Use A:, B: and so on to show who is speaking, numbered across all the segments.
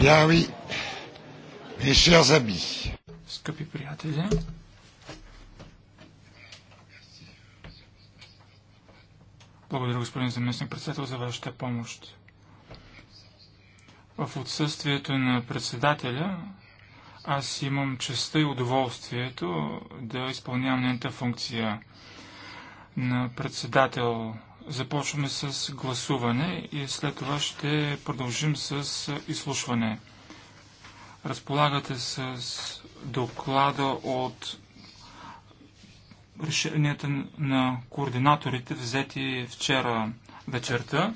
A: Бяви
B: vous pouvez... Скъпи приятели,
C: благодаря господин заместник председател за вашата помощ. В отсъствието на председателя аз имам честа и удоволствието да изпълнявам нейната функция на председател Започваме с гласуване и след това ще продължим с изслушване. Разполагате с доклада от решенията на координаторите, взети вчера вечерта.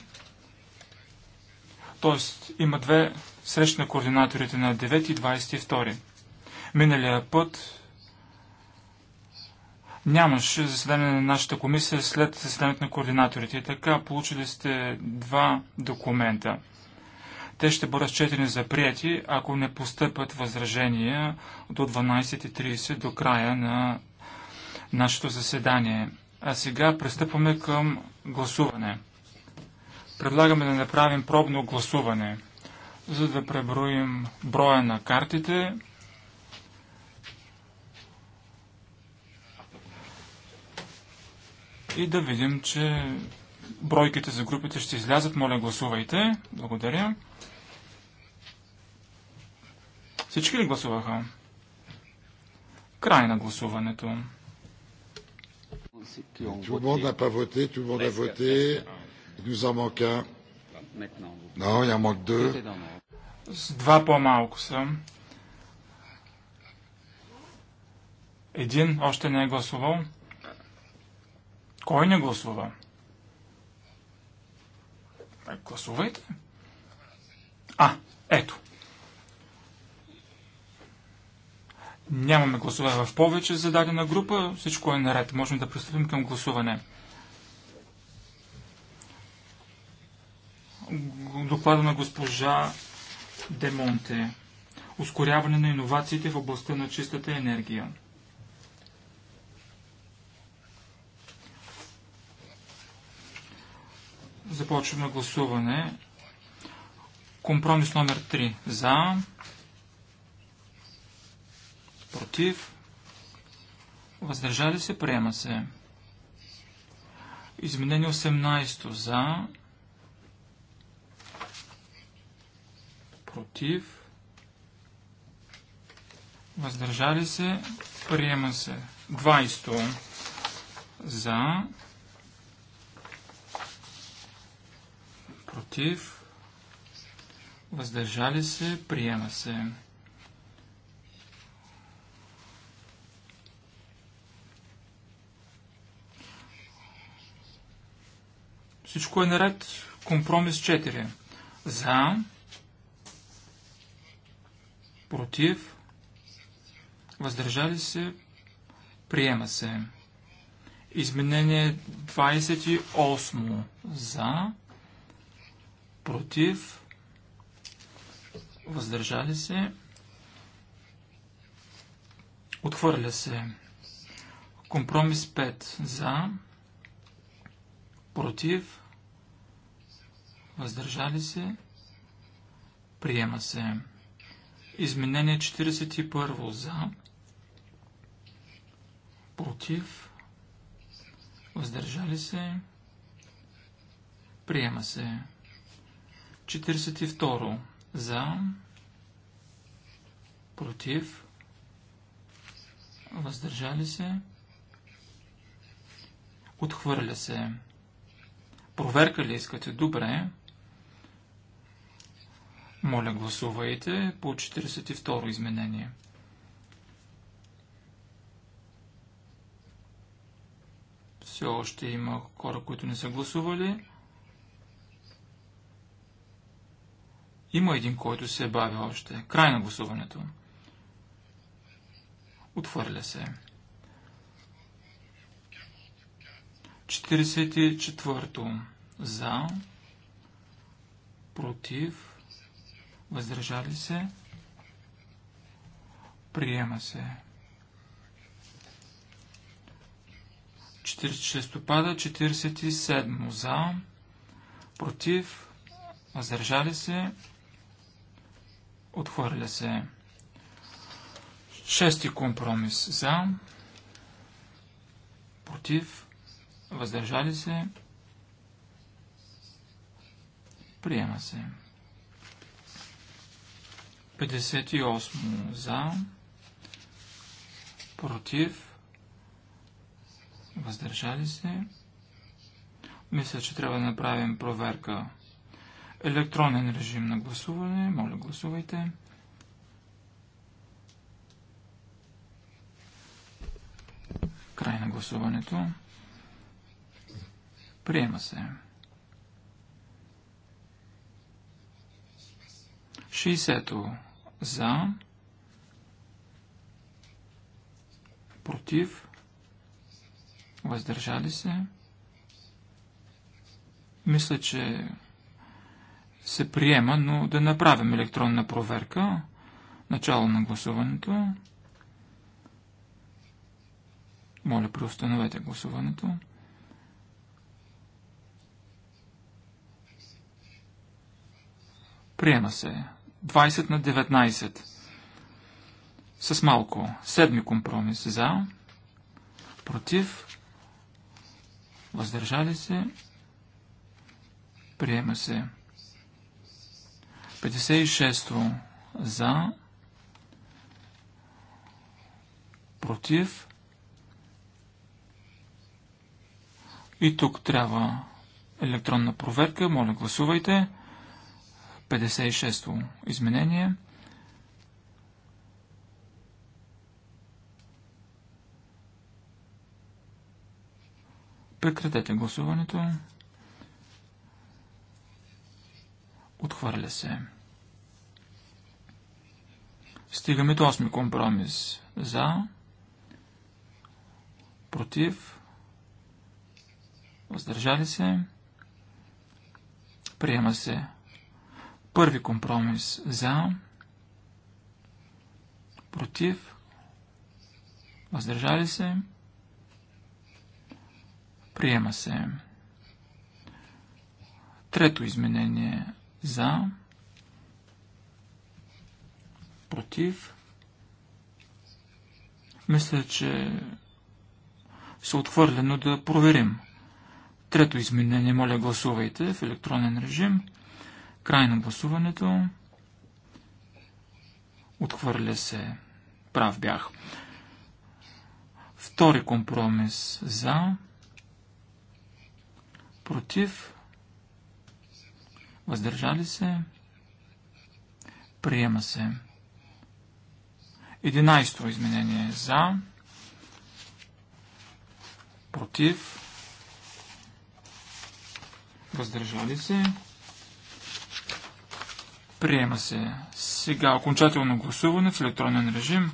C: Тоест, има две срещи на координаторите на 9 и 22. Миналия път Нямаше заседание на нашата комисия след заседанието на координаторите. И така получили сте два документа. Те ще бъдат четени за прияти, ако не постъпят възражения до 12.30 до края на нашето заседание. А сега пристъпваме към гласуване. Предлагаме да направим пробно гласуване, за да преброим броя на картите. и да видим, че бройките за групите ще излязат. Моля, гласувайте. Благодаря. Всички ли гласуваха? Край на гласуването.
B: Tout le monde n'a pas voté, tout le monde a voté. Il nous en manque un.
C: Non, il en manque deux. два по-малко са. Един още не е гласувал. Кой не гласува? Е, гласувайте. А, ето. Нямаме гласове в повече за дадена група. Всичко е наред. Можем да приступим към гласуване. Доклада на госпожа Демонте. Ускоряване на иновациите в областта на чистата енергия. Започваме гласуване. Компромис номер 3. За. Против. Въздържали се. Приема се. Изменение 18. За. Против. Въздържали се. Приема се. 20. За. против, въздържали се, приема се. Всичко е наред. Компромис 4. За, против, въздържали се, приема се. Изменение 28. За, против, въздържали се, отхвърля се. Компромис 5 за, против, въздържали се, приема се. Изменение 41 за, против, въздържали се, приема се. 42. За. Против. Въздържали се. Отхвърля се. Проверка ли искате? Добре. Моля, гласувайте по 42 изменение. Все още има хора, които не са гласували. Има един, който се бави още. Край на гласуването. Отвърля се. 44. За. Против. Въздържали се. Приема се. 46 пада, 47 за, против, въздържали се, Отхвърля се. Шести компромис за. Против. Въздържали се. Приема се. 58 за. Против. Въздържали се. Мисля, че трябва да направим проверка. Електронен режим на гласуване. Моля, гласувайте. Край на гласуването. Приема се. 60 за, против, въздържали се. Мисля, че се приема, но да направим електронна проверка. Начало на гласуването. Моля, преустановете гласуването. Приема се. 20 на 19. С малко. Седми компромис за. Против. Въздържали се. Приема се. 56-то за, против. И тук трябва електронна проверка. Моля, гласувайте. 56-то изменение. Прекратете гласуването. Отхвърля се. Стигаме до осми компромис. За. Против. Въздържали се. Приема се. Първи компромис. За. Против. Въздържали се. Приема се. Трето изменение. За. Против. Мисля, че се отхвърлено да проверим. Трето изменение, моля гласувайте в електронен режим. Край на гласуването. Отхвърля се. Прав бях. Втори компромис за. Против въздържали се, приема се. 11 изменение е за, против, въздържали се, приема се. Сега окончателно гласуване в електронен режим.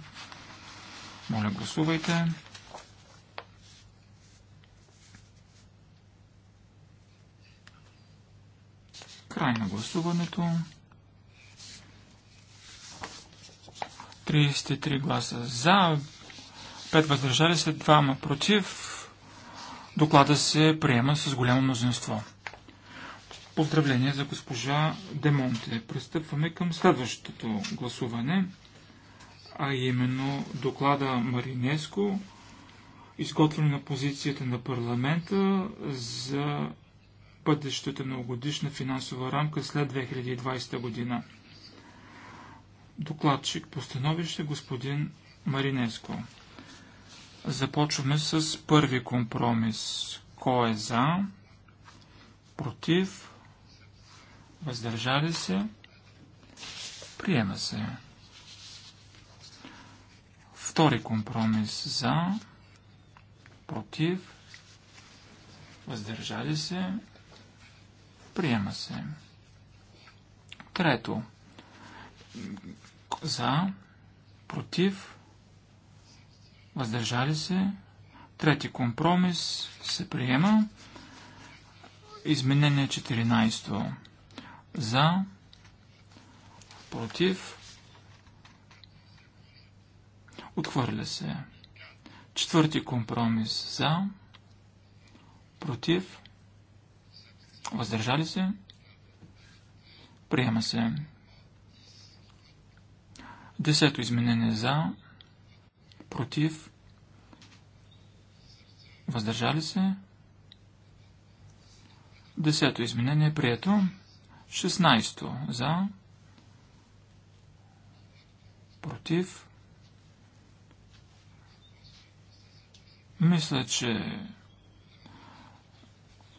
C: Моля, гласувайте. Край на гласуването. 33 гласа за, 5 въздържали се, 2 против. Доклада се приема с голямо мнозинство. Поздравление за госпожа Демонте. Пристъпваме към следващото гласуване, а именно доклада Маринеско, изготвяне на позицията на парламента за бъдещата многогодишна финансова рамка след 2020 година. Докладчик по становище господин Маринеско. Започваме с първи компромис. Кой е за? Против? Въздържали се? Приема се. Втори компромис за, против, въздържали се, Приема се. Трето. За, против, въздържали се. Трети компромис се приема. Изменение 14. За, против, отхвърля се. Четвърти компромис за, против, Въздържали се? Приема се. Десето изменение за. Против. Въздържали се? Десето изменение е прието. 16 за. Против. Мисля, че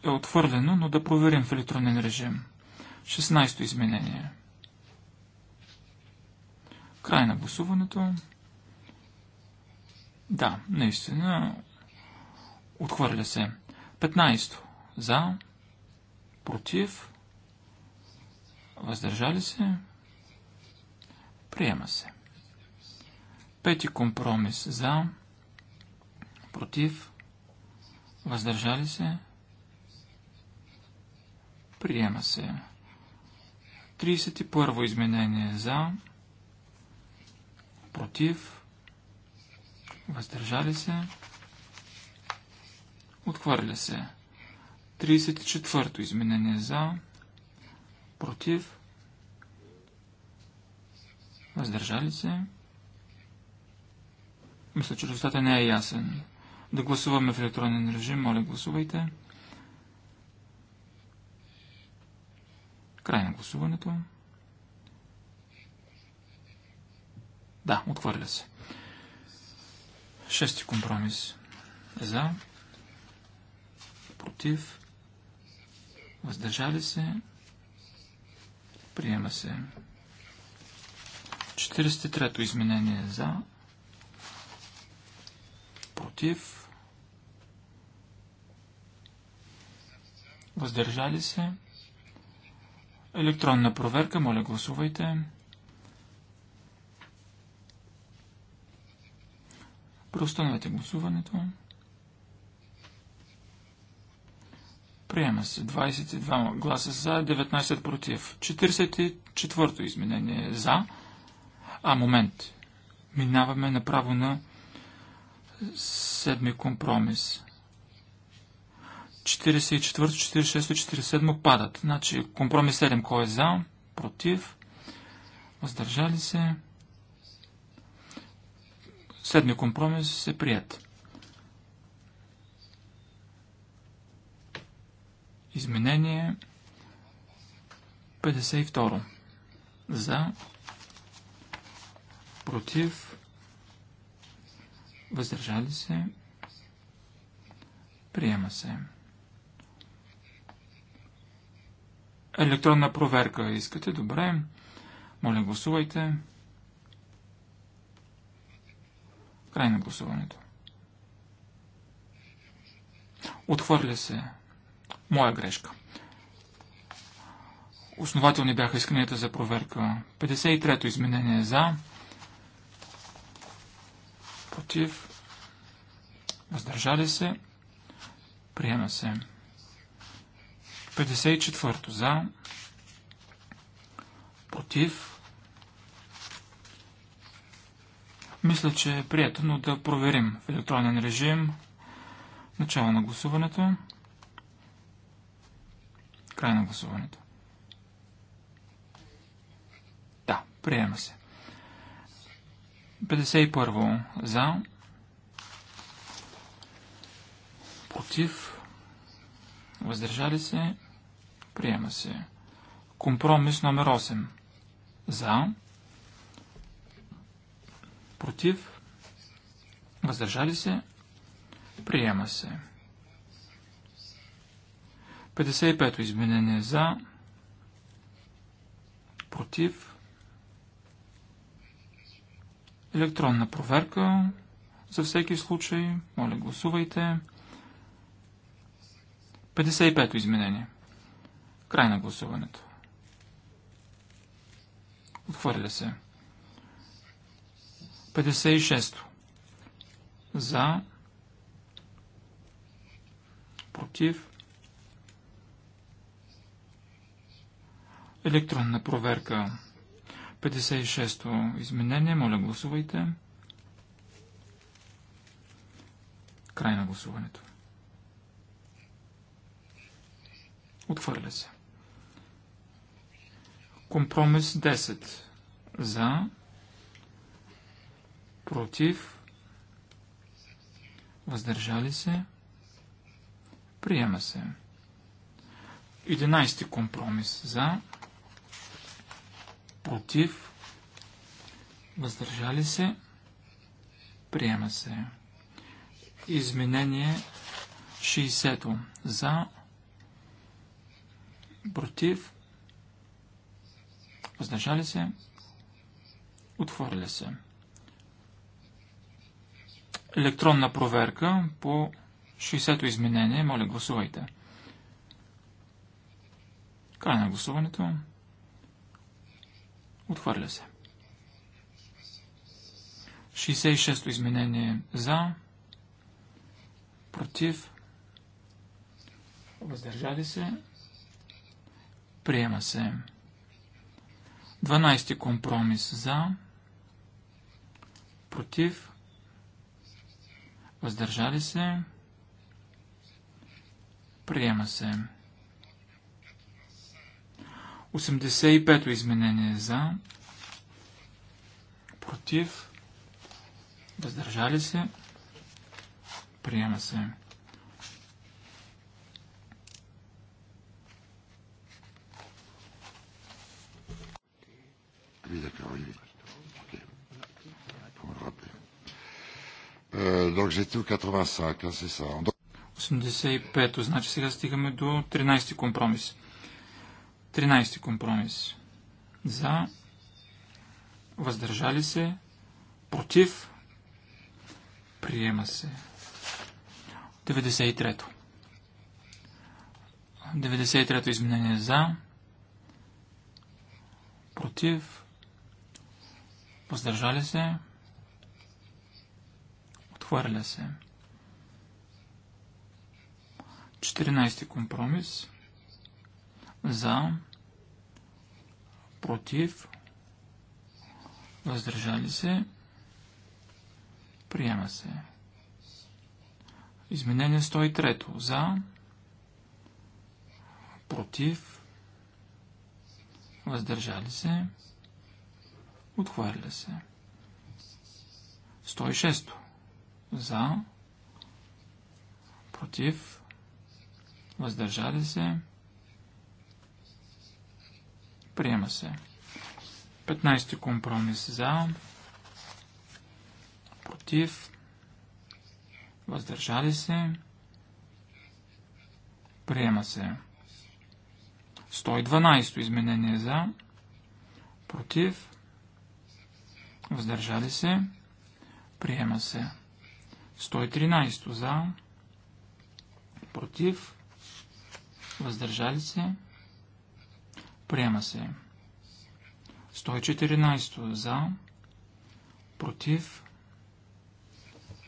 C: е отхвърлено, но да проверим в електронен режим. 16 то изменение. Край на гласуването. Да, наистина. Отхвърля се. 15. то За. Против. Въздържали се. Приема се. Пети компромис. За. Против. Въздържали се. Приема се. 31 изменение за. Против. Въздържали се. Отхвърля се. 34 изменение за. Против. Въздържали се. Мисля, че резултатът не е ясен. Да гласуваме в електронен режим. Моля, гласувайте. Край на гласуването. Да, отхвърля се. Шести компромис. За. Против. Въздържали се. Приема се. 43-то изменение за. Против. Въздържали се. Електронна проверка, моля гласувайте. Простановете гласуването. Приема се 22 гласа за, 19 против. 44-то изменение е за. А, момент. Минаваме направо на седми компромис. 44, 46 47 падат. Значи компромис 7, кой е за, против, въздържали се. Седми компромис се прият. Изменение 52. За, против, въздържали се, приема се. Електронна проверка искате? Добре. Моля, гласувайте. Край на гласуването. Отхвърля се. Моя грешка. Основателни бяха исканията за проверка. 53-то изменение е за. Против. Въздържали се. Приема се. 54 за, против. Мисля, че е прието, но да проверим в електронен режим начало на гласуването, край на гласуването. Да, приема се. 51 за, против Въздържали се. Приема се. Компромис номер 8. За. Против. Въздържали се. Приема се. 55-то изменение за. Против. Електронна проверка. За всеки случай, моля гласувайте. 55-то изменение. Край на гласуването. Отхвърля се. 56-то. За. Против. Електронна проверка. 56-то изменение. Моля, гласувайте. Край на гласуването. Отхвърля се. Компромис 10. За. Против. Въздържали се. Приема се. 11 компромис. За. Против. Въздържали се. Приема се. Изменение 60. За против, въздържали се, отворили се. Електронна проверка по 60-то изменение. Моля, гласувайте. Край на гласуването. Отхвърля се. 66-то изменение за, против, въздържали се, Приема се. 12 компромис за, против, въздържали се, приема се. 85-то изменение за, против, въздържали се, приема се. 85, 85, е, значи сега стигаме до 13-ти компромис. 13-ти компромис. За, въздържали се, против, приема се. 93-то. 93-то изменение за, против, Въздържали се. Отхвърля се. 14 компромис. За. Против. Въздържали се. Приема се. Изменение 103. За. Против. Въздържали се. Отхвърля се. 106. За. Против. Въздържали се. Приема се. 15 компромис за. Против. Въздържали се. Приема се. 112 изменение за. Против въздържали се, приема се. 113 за, против, въздържали се, приема се. 114 за, против,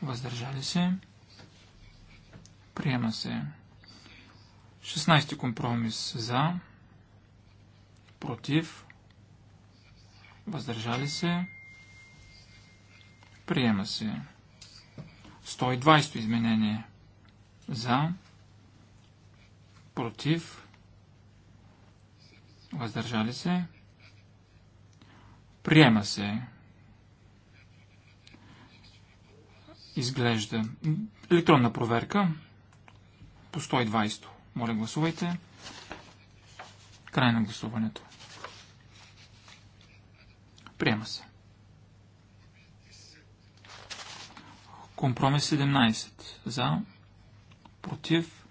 C: въздържали се, приема се. 16 компромис за, против, въздържали се, Приема се. 120 изменение. За. Против. Въздържали се. Приема се. Изглежда. Електронна проверка по 120. Моля, гласувайте. Край на гласуването. Приема се. Компромис 17. За. Против.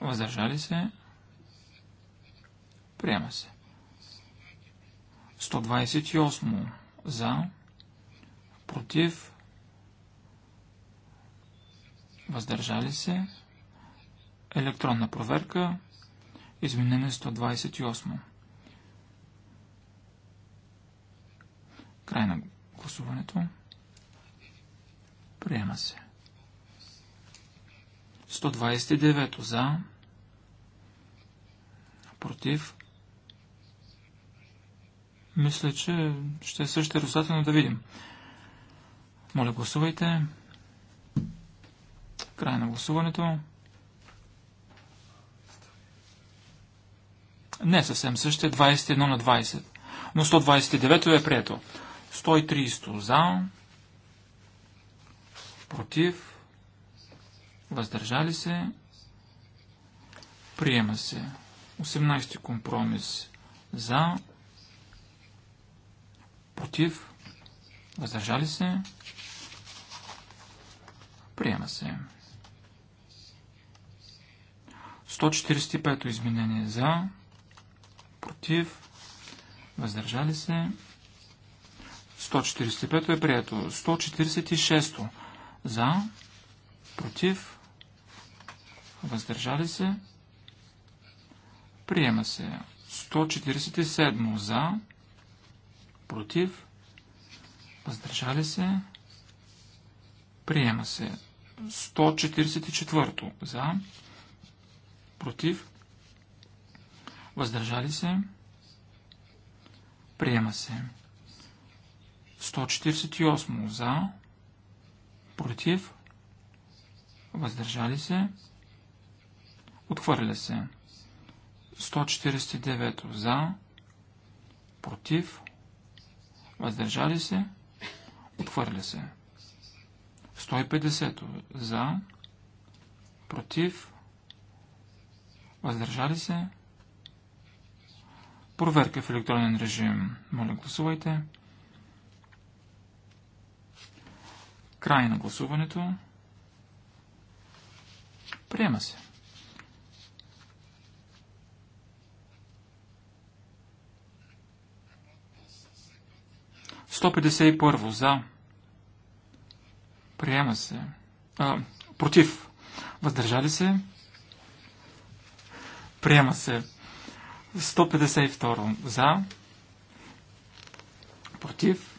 C: Въздържали се. Приема се. 128. За. Против. Въздържали се. Електронна проверка. Изменение 128. Край на гласуването. Приема се. 129 за. Против. Мисля, че ще е същия резултат, но да видим. Моля, гласувайте. Край на гласуването. Не съвсем същия, е 21 на 20. Но 129 е прието. 130 за против, въздържали се, приема се. 18 компромис за, против, въздържали се, приема се. 145 изменение за, против, въздържали се. 145 е прието. 146 за. Против. Въздържали се. Приема се. 147 за. Против. Въздържали се. Приема се. 144 за. Против. Въздържали се. Приема се. 148 за против, въздържали се, отхвърля се. 149 за, против, въздържали се, отхвърля се. 150 за, против, въздържали се. Проверка в електронен режим. Моля, гласувайте. Край на гласуването. Приема се. Сто първо за. Приема се. А, против. Въздържали се. Приема се. 152 за. Против.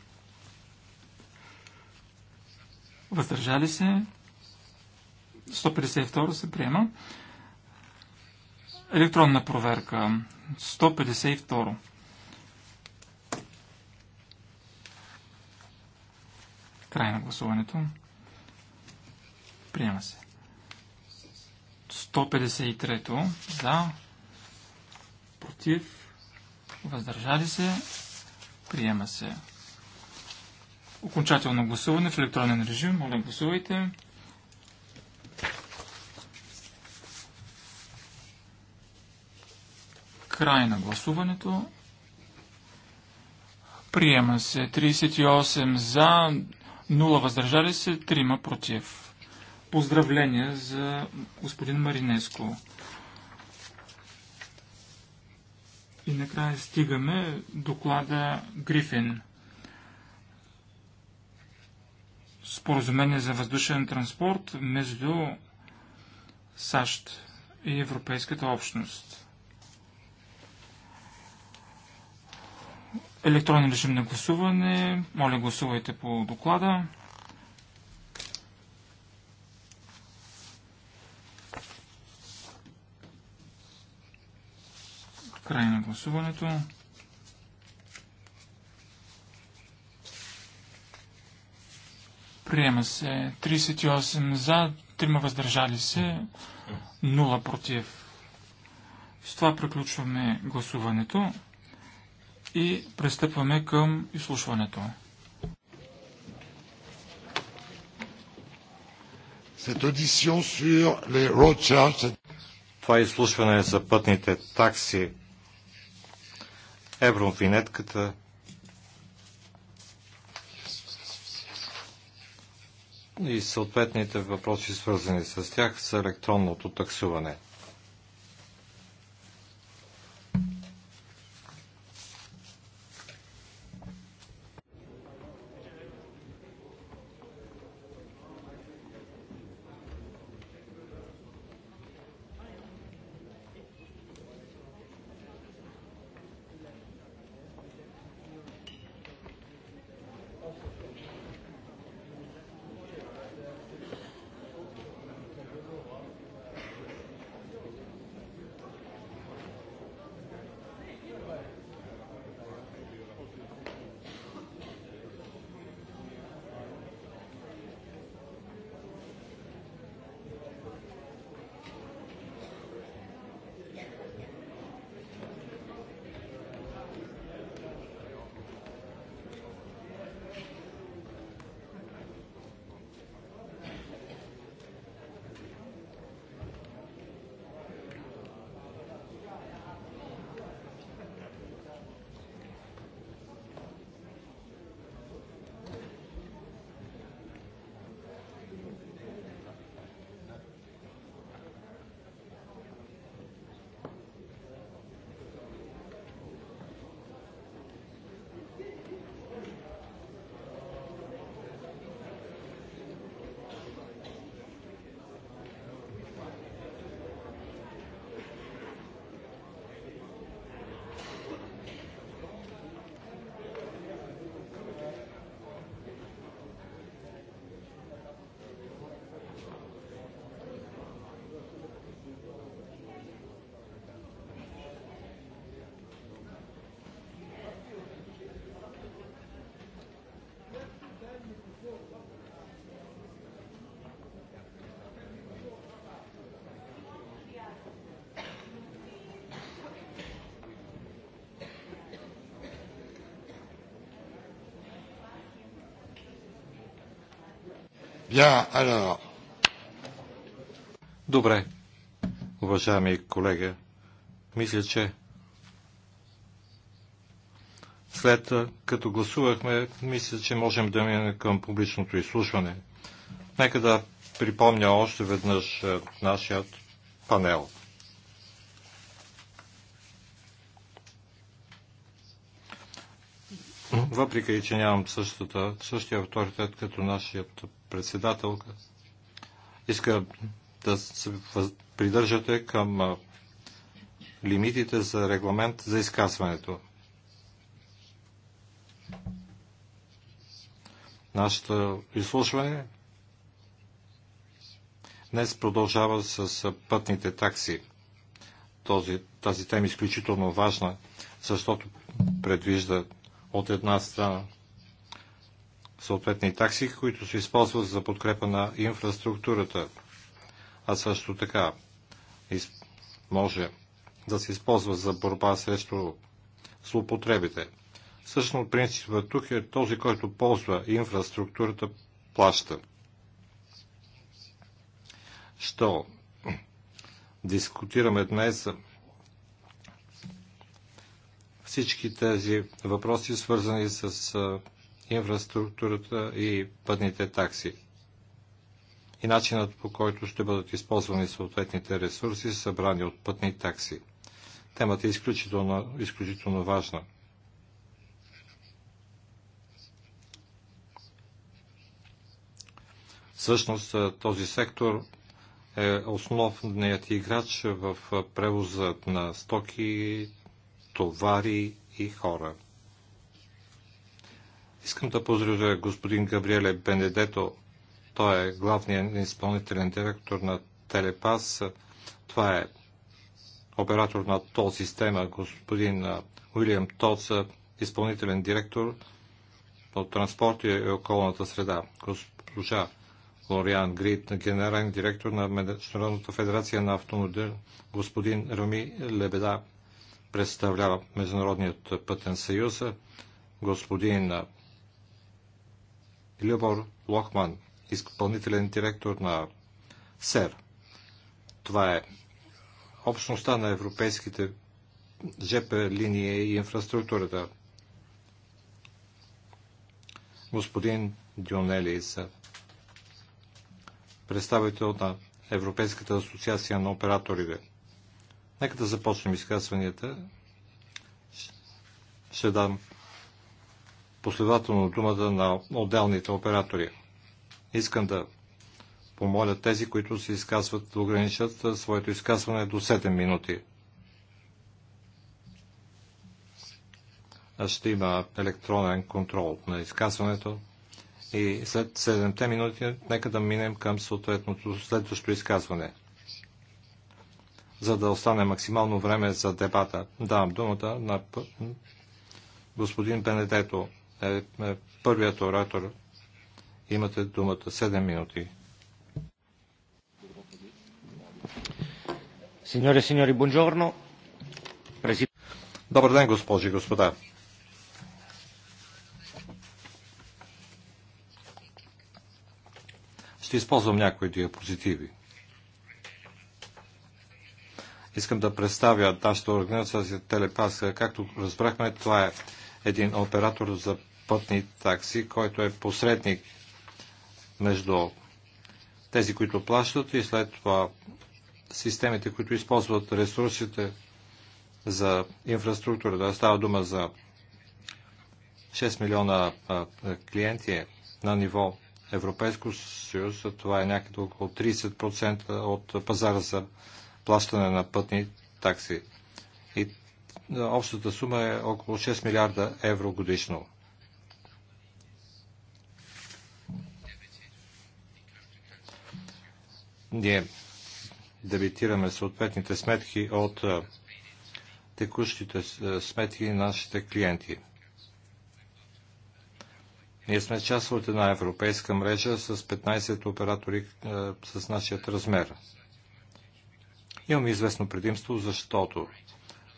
C: въздържали се, 152 се приема. Електронна проверка, 152. Край на гласуването. Приема се. 153 за, против, въздържали се, приема се. Окончателно гласуване в електронен режим. Моля, гласувайте. Край на гласуването. Приема се 38 за, 0 въздържали се, 3 против. Поздравления за господин Маринеско. И накрая стигаме доклада Грифин. споразумение за въздушен транспорт между САЩ и Европейската общност. Електронен режим на гласуване. Моля, гласувайте по доклада. Край на гласуването. Приема се 38 за, 3 въздържали се, 0 против. С това приключваме гласуването и пристъпваме към изслушването.
D: Това изслушване е за пътните такси, евровинетката, и съответните въпроси, свързани с тях, с електронното таксуване. Bien, alors. Добре, уважаеми колега, мисля, че след като гласувахме, мисля, че можем да минем към публичното изслушване. Нека да припомня още веднъж нашият панел. въпреки че нямам същата, същия авторитет като нашият председател, иска да се придържате към лимитите за регламент за изказването. Нашето изслушване днес продължава с пътните такси. Този, тази тема е изключително важна, защото предвижда от една страна съответни такси, които се използват за подкрепа на инфраструктурата, а също така може да се използва за борба срещу злоупотребите. Същност принципът тук е този, който ползва инфраструктурата, плаща. Що дискутираме днес всички тези въпроси, свързани с инфраструктурата и пътните такси. И начинът по който ще бъдат използвани съответните ресурси, събрани от пътни такси. Темата е изключително, изключително важна. Всъщност този сектор е основният играч в превоза на стоки, товари и хора. Искам да поздравя господин Габриеле Бенедето. Той е главният изпълнителен директор на Телепас. Това е оператор на тол система, господин Уилиам Тоц, изпълнителен директор от транспорт и околната среда, госпожа Лориан Грид, генерален директор на Международната федерация на автомобил, господин Рами Лебеда, представлява Международният пътен съюз, господин Любор Лохман, изпълнителен директор на СЕР. Това е общността на европейските ЖП линии и инфраструктурата. Господин Дионелис, представител на Европейската асоциация на операторите – Нека да започнем изказванията. Ще дам последователно думата на отделните оператори. Искам да помоля тези, които се изказват, да ограничат своето изказване до 7 минути. Аз ще има електронен контрол на изказването и след 7 минути нека да минем към съответното следващо изказване за да остане максимално време за дебата. Давам думата на господин Бенедето, е, е първият оратор. Имате думата 7 минути. Сеньори, сеньори, бонжорно. Добър ден, госпожи и господа. Ще използвам някои диапозитиви. Искам да представя нашата организация Телепаска. Както разбрахме, това е един оператор за пътни такси, който е посредник между тези, които плащат и след това системите, които използват ресурсите за инфраструктура. Да става дума за 6 милиона клиенти на ниво Европейско съюз. Това е някъде около 30% от пазара за плащане на пътни такси. И общата сума е около 6 милиарда евро годишно. Ние дебитираме съответните сметки от текущите сметки на нашите клиенти. Ние сме част от една европейска мрежа с 15 оператори с нашият размер. Имаме известно предимство, защото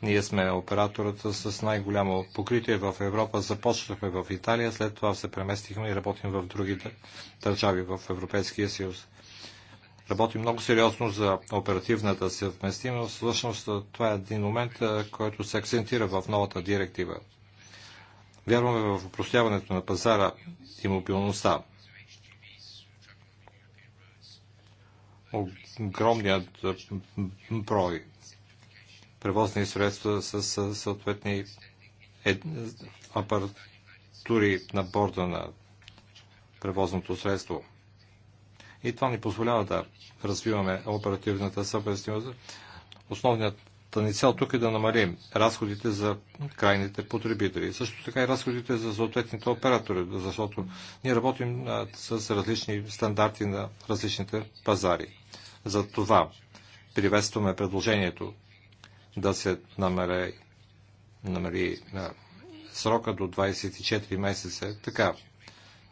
D: ние сме оператората с най-голямо покритие в Европа. Започнахме в Италия, след това се преместихме и работим в други държави в Европейския съюз. Работим много сериозно за оперативната съвместимост. Всъщност това е един момент, който се акцентира в новата директива. Вярваме в упростяването на пазара и мобилността. огромният брой превозни средства с съответни е, апаратури на борда на превозното средство. И това ни позволява да развиваме оперативната съвместимост. Основният ни цел тук е да намалим разходите за крайните потребители. Също така и разходите за съответните оператори, защото ние работим с различни стандарти на различните пазари. За това приветстваме предложението да се намери, намери на срока до 24 месеца. Така,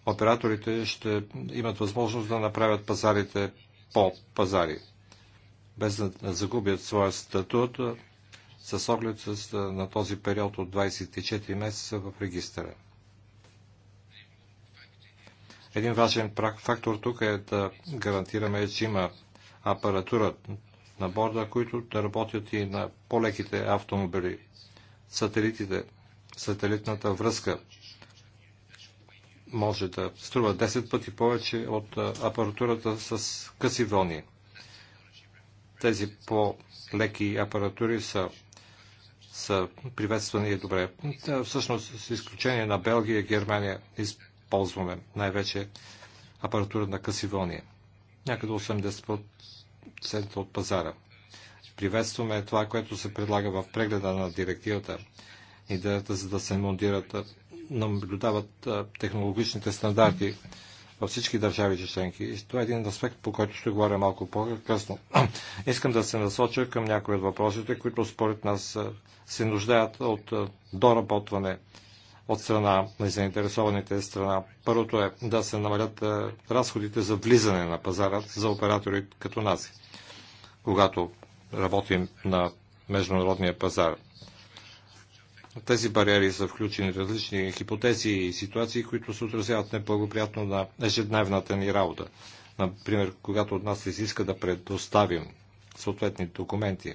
D: операторите ще имат възможност да направят пазарите по пазари, без да загубят своя статут с оглед на този период от 24 месеца в регистъра. Един важен фактор тук е да гарантираме, че има апаратура на борда, които да работят и на по-леките автомобили. Сателитите, сателитната връзка може да струва 10 пъти повече от апаратурата с къси вълни. Тези по-леки апаратури са, са приветствани и добре. Всъщност, с изключение на Белгия и Германия, използваме най-вече апаратура на къси вълния някъде 80% от пазара. Приветстваме това, което се предлага в прегледа на директивата. Идеята за да се монтират, наблюдават технологичните стандарти във всички държави членки. И това е един аспект, по който ще говоря малко по-късно. Искам да се насоча към някои от въпросите, които според нас се нуждаят от доработване от страна на заинтересованите страна. Първото е да се намалят е, разходите за влизане на пазара за оператори като нас, когато работим на международния пазар. Тези бариери са включени различни хипотези и ситуации, които се отразяват неблагоприятно на ежедневната ни работа. Например, когато от нас се изиска да предоставим съответни документи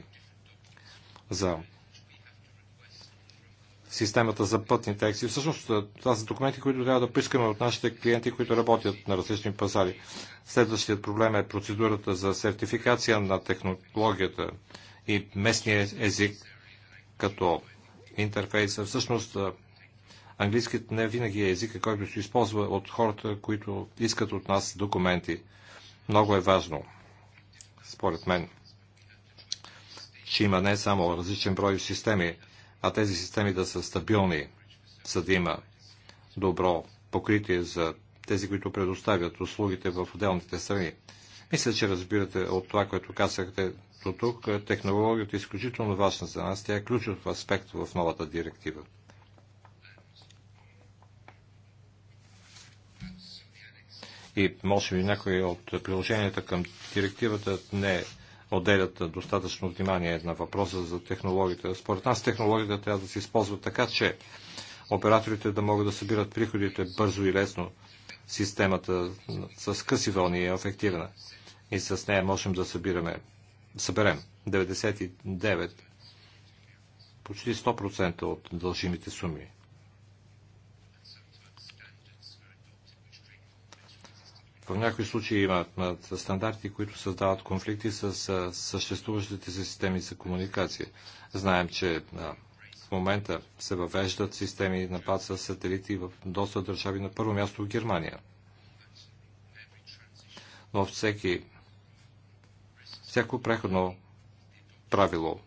D: за системата за пътни такси. Всъщност е, това са документи, които трябва да поискаме от нашите клиенти, които работят на различни пазари. Следващият проблем е процедурата за сертификация на технологията и местния език като интерфейс. Всъщност е, английският не винаги е езика, който се използва от хората, които искат от нас документи. Много е важно, според мен, че има не само различен брой системи, а тези системи да са стабилни, за да има добро покритие за тези, които предоставят услугите в отделните страни. Мисля, че разбирате от това, което казахте до тук, технологията е изключително важна за нас. Тя е ключов аспект в новата директива. И може би някои от приложенията към директивата не отделят достатъчно внимание на въпроса за технологията. Според нас технологията трябва да се използва така, че операторите да могат да събират приходите бързо и лесно. Системата с къси вълни е ефективна и с нея можем да събираме, съберем 99, почти 100% от дължимите суми. В някои случаи има стандарти, които създават конфликти с съществуващите си системи за комуникация. Знаем, че в момента се въвеждат системи напад с сателити в доста държави, на първо място в Германия. Но всеки, всяко преходно правило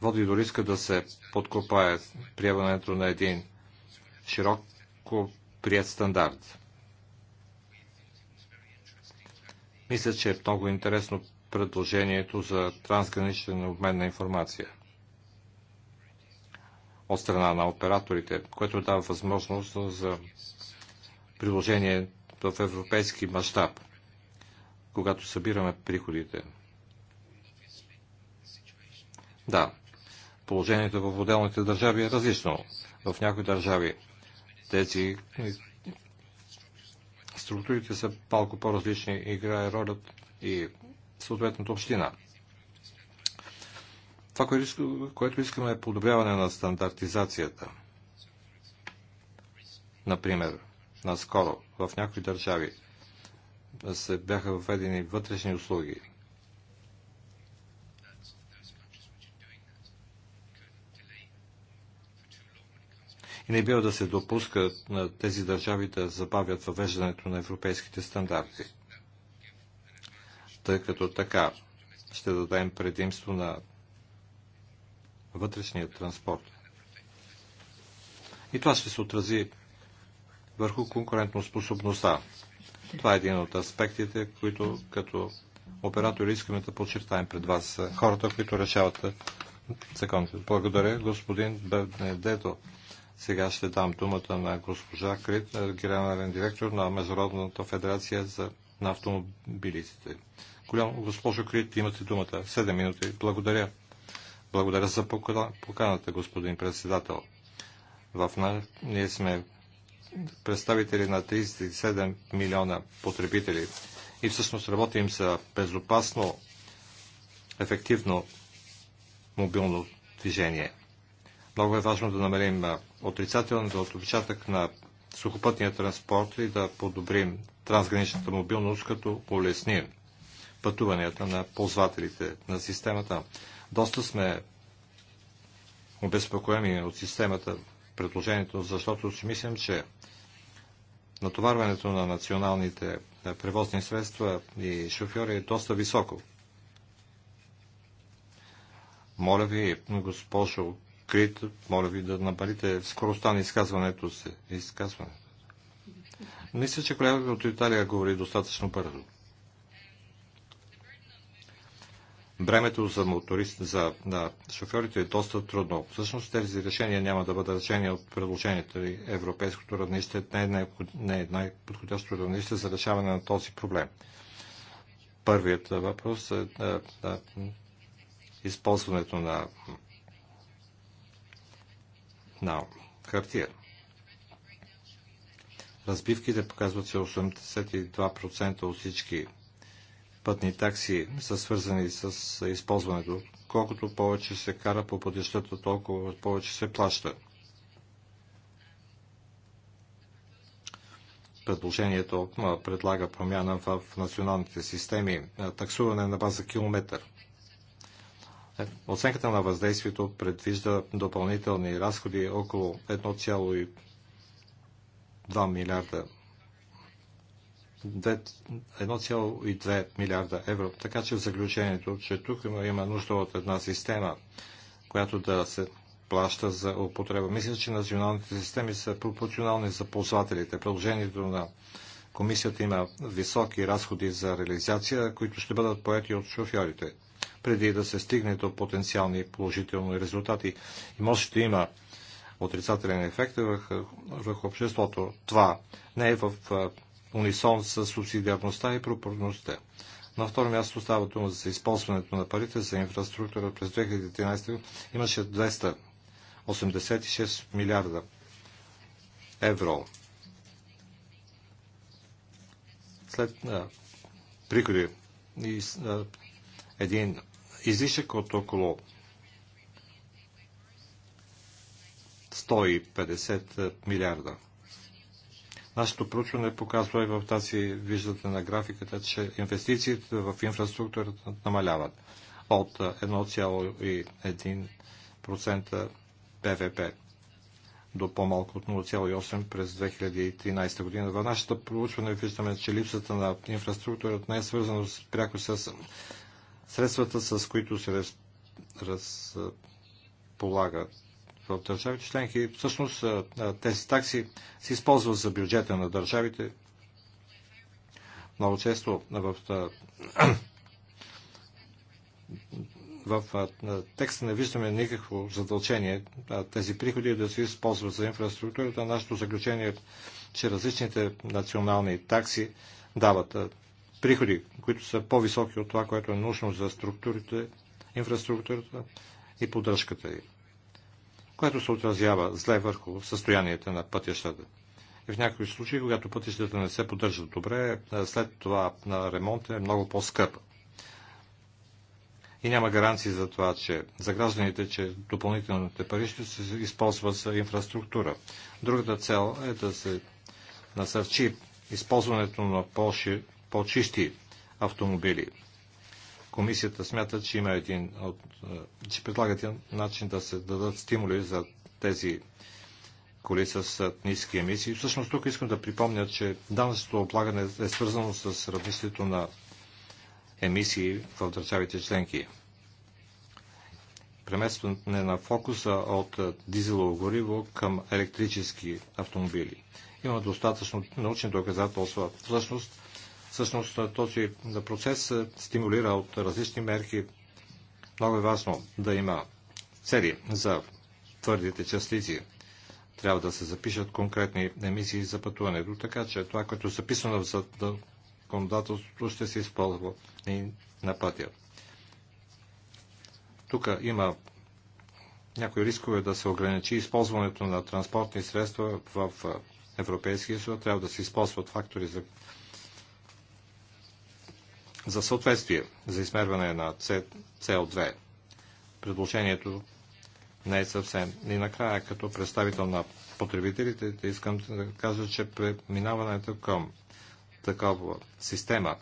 D: води до риска да се подкопае приемането на един широко прият стандарт. Мисля, че е много интересно предложението за трансграничен обмен на информация от страна на операторите, което дава възможност за приложение в европейски мащаб, когато събираме приходите. Да, положението в отделните държави е различно. В някои държави тези структурите са малко по-различни, играе роля и съответната община. Това, което искаме е подобряване на стандартизацията. Например, наскоро в някои държави се бяха введени вътрешни услуги И не бива да се допуска на тези държави да забавят въвеждането на европейските стандарти. Тъй като така ще дадем предимство на вътрешния транспорт. И това ще се отрази върху конкурентоспособността. Това е един от аспектите, които като оператори искаме да подчертаем пред вас. Хората, които решават законите. Благодаря, господин Бенедето. Сега ще дам думата на госпожа Крит, генерален директор на Международната федерация за, на автомобилистите. Голям, госпожо Крит, имате думата. 7 минути. Благодаря. Благодаря за поканата, господин председател. В на... Ние сме представители на 37 милиона потребители и всъщност работим за безопасно, ефективно мобилно движение – много е важно да намерим отрицателната от отпечатък на сухопътния транспорт и да подобрим трансграничната мобилност, като улесним пътуванията на ползвателите на системата. Доста сме обезпокоени от системата предложението, защото си мислим, че натоварването на националните превозни средства и шофьори е доста високо. Моля ви, госпожо Крит, Моля ви да намалите скоростта на изказването се. Изказване. Мисля, че колегата от Италия говори достатъчно бързо. Бремето за моторист, за да, шофьорите е доста трудно. Всъщност тези решения няма да бъдат решени от предложението и европейското равнище не е, най- не е най-подходящо равнище за решаване на този проблем. Първият въпрос е, да, е, е използването на на хартия. Разбивките показват, че 82% от всички пътни такси са свързани с използването. Колкото повече се кара по пътищата, толкова повече се плаща. Предложението предлага промяна в националните системи, таксуване на база километър – Оценката на въздействието предвижда допълнителни разходи около 1,2 милиарда 1,2 милиарда евро. Така че в заключението, че тук има, има нужда от една система, която да се плаща за употреба. Мисля, че националните системи са пропорционални за ползвателите. Продължението на комисията има високи разходи за реализация, които ще бъдат поети от шофьорите преди да се стигне до потенциални положителни резултати. И може да има отрицателен ефект върху обществото. Това не е в унисон с субсидиарността и пропорността. На второ място става дума за използването на парите за инфраструктура. През 2013 имаше 286 милиарда евро. След а, приходи и а, един излишък от около 150 милиарда. Нашето проучване показва и в тази, виждате на графиката, че инвестициите в инфраструктурата намаляват от 1,1% ПВП до по-малко от 0,8 през 2013 година. В нашето проучване виждаме, че липсата на инфраструктурата не е свързана пряко с средствата, с които се раз, разполага в държавите членки. Всъщност тези такси се използват за бюджета на държавите. Много често в, в текста не виждаме никакво задължение тези приходи да се използват за инфраструктурата. Нашето заключение е, че различните национални такси дават приходи, които са по-високи от това, което е нужно за структурите, инфраструктурата и поддръжката й, което се отразява зле върху състоянието на пътищата. И в някои случаи, когато пътищата не се поддържат добре, след това на ремонт е много по-скъпа. И няма гаранции за това, че за гражданите, че допълнителните пари ще се използват за инфраструктура. Другата цел е да се насърчи използването на по по-чисти автомобили. Комисията смята, че има един от, е, че предлагат начин да се дадат стимули за тези коли с е, ниски емисии. Всъщност тук искам да припомня, че данъчното облагане е свързано с равнището на емисии в държавите членки. Преместване на фокуса от е, дизелово гориво към електрически автомобили. Има достатъчно научни доказателства всъщност Всъщност този процес се стимулира от различни мерки. Много е важно да има цели за твърдите частици. Трябва да се запишат конкретни емисии за пътуването, така че това, което е записано в законодателството, ще се използва и на пътя. Тук има някои рискове да се ограничи използването на транспортни средства в Европейския съюз. Трябва да се използват фактори за за съответствие за измерване на CO2. Предложението не е съвсем. И накрая, като представител на потребителите, искам да кажа, че преминаването към такава система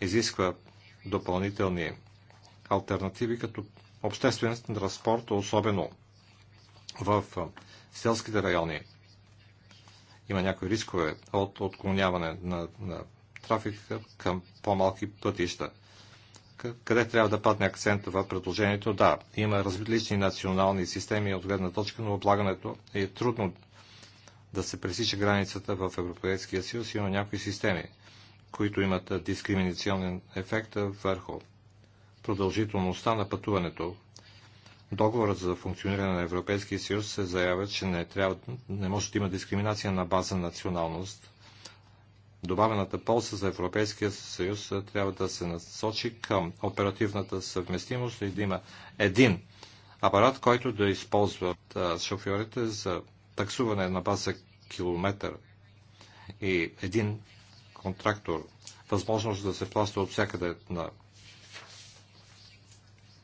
D: изисква допълнителни альтернативи, като обществен транспорт, особено в селските райони. Има някои рискове от отклоняване на, на трафика към по-малки пътища. Къде трябва да падне акцент в предложението? Да, има различни национални системи от гледна точка, но облагането е трудно да се пресича границата в Европейския съюз. Има някои системи, които имат дискриминационен ефект върху продължителността на пътуването. Договорът за функциониране на Европейския съюз се заявя, че не, трябва, не може да има дискриминация на база националност. Добавената полза за Европейския съюз трябва да се насочи към оперативната съвместимост и да има един апарат, който да използват шофьорите за таксуване на база километър и един контрактор, възможност да се плаща от всякъде на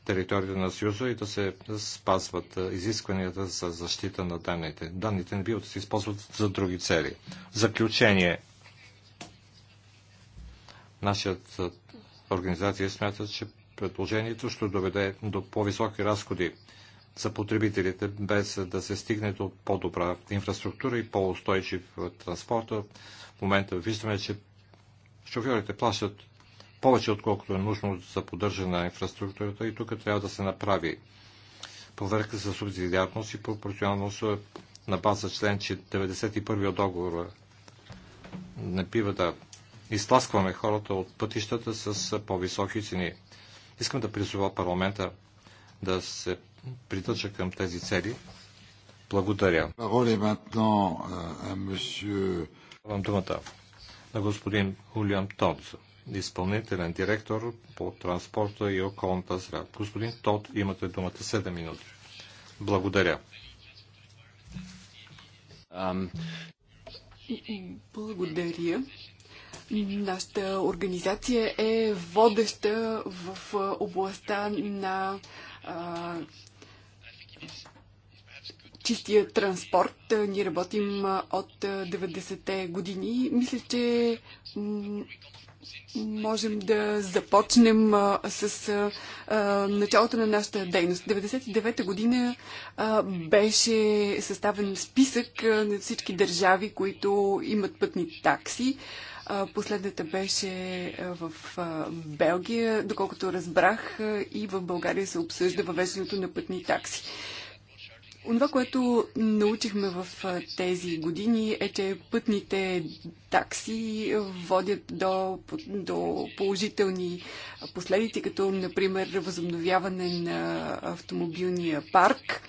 D: територията на Съюза и да се спазват изискванията за защита на данните. Данните не биват да се използват за други цели. Заключение – Нашата организация смята, че предложението ще доведе до по-високи разходи за потребителите, без да се стигне до по-добра инфраструктура и по-устойчив транспорт. В момента виждаме, че шофьорите плащат повече, отколкото е нужно за поддържане на инфраструктурата и тук трябва да се направи проверка за субсидиарност и пропорционалност на база член 91 от договора. Не бива да изтласкваме хората от пътищата с по-високи цени. Искам да призова парламента да се придържа към тези цели. Благодаря. Давам думата на господин Улиан Тодс, изпълнителен директор по транспорта и околната среда. Господин Тод, имате думата 7 минути. Благодаря.
E: Благодаря. Нашата организация е водеща в областта на чистия транспорт. Ние работим от 90-те години. Мисля, че можем да започнем с а, началото на нашата дейност. 99-та година а, беше съставен списък на всички държави, които имат пътни такси. Последната беше в Белгия, доколкото разбрах, и в България се обсъжда въвеждането на пътни такси. Онова, което научихме в тези години е, че пътните такси водят до, до положителни последици, като например възобновяване на автомобилния парк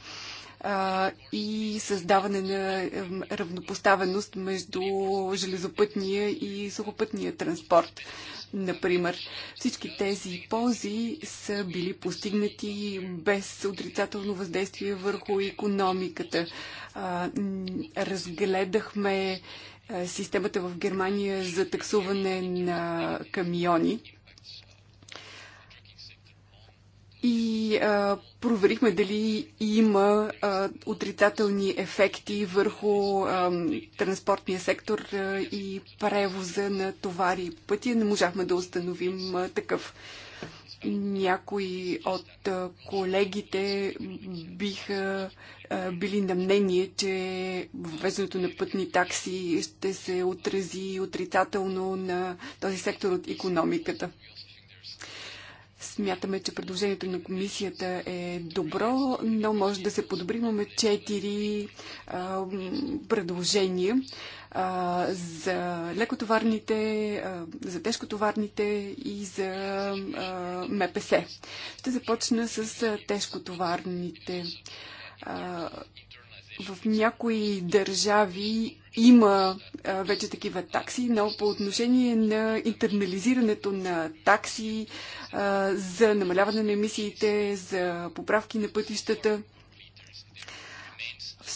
E: и създаване на равнопоставеност между железопътния и сухопътния транспорт. Например, всички тези ползи са били постигнати без отрицателно въздействие върху економиката. Разгледахме е, системата в Германия за таксуване на камиони и а, проверихме дали има а, отрицателни ефекти върху а, транспортния сектор а, и превоза на товари и пътя. Не можахме да установим а, такъв. Някои от а, колегите биха а, били на мнение, че въвеждането на пътни такси ще се отрази отрицателно на този сектор от економиката. Смятаме, че предложението на комисията е добро, но може да се подобри. Имаме четири предложения а, за лекотоварните, а, за тежкотоварните и за а, МПС. Ще започна с а, тежкотоварните. А, в някои държави има а, вече такива такси, но по отношение на интернализирането на такси а, за намаляване на емисиите, за поправки на пътищата,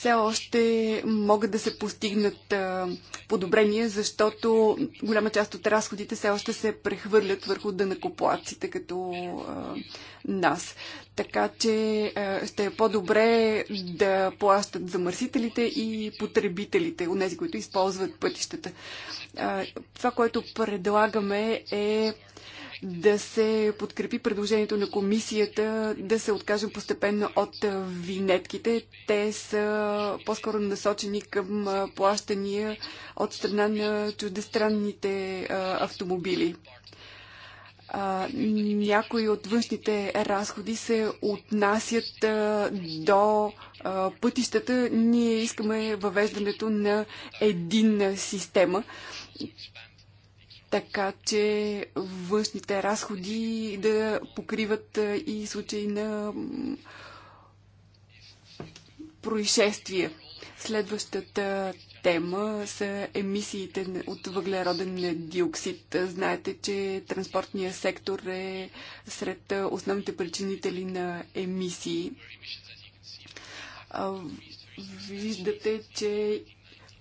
E: все още могат да се постигнат подобрения, защото голяма част от разходите все още се прехвърлят върху дънакоплаците като нас. Така че ще е по-добре да плащат замърсителите и потребителите, от тези, които използват пътищата. Това, което предлагаме е да се подкрепи предложението на комисията да се откажем постепенно от винетките. Те са по-скоро насочени към плащания от страна на чуждестранните автомобили. Някои от външните разходи се отнасят до пътищата. Ние искаме въвеждането на единна система така че външните разходи да покриват и случаи на происшествия. Следващата тема са емисиите от въглероден диоксид. Знаете, че транспортният сектор е сред основните причинители на емисии. Виждате, че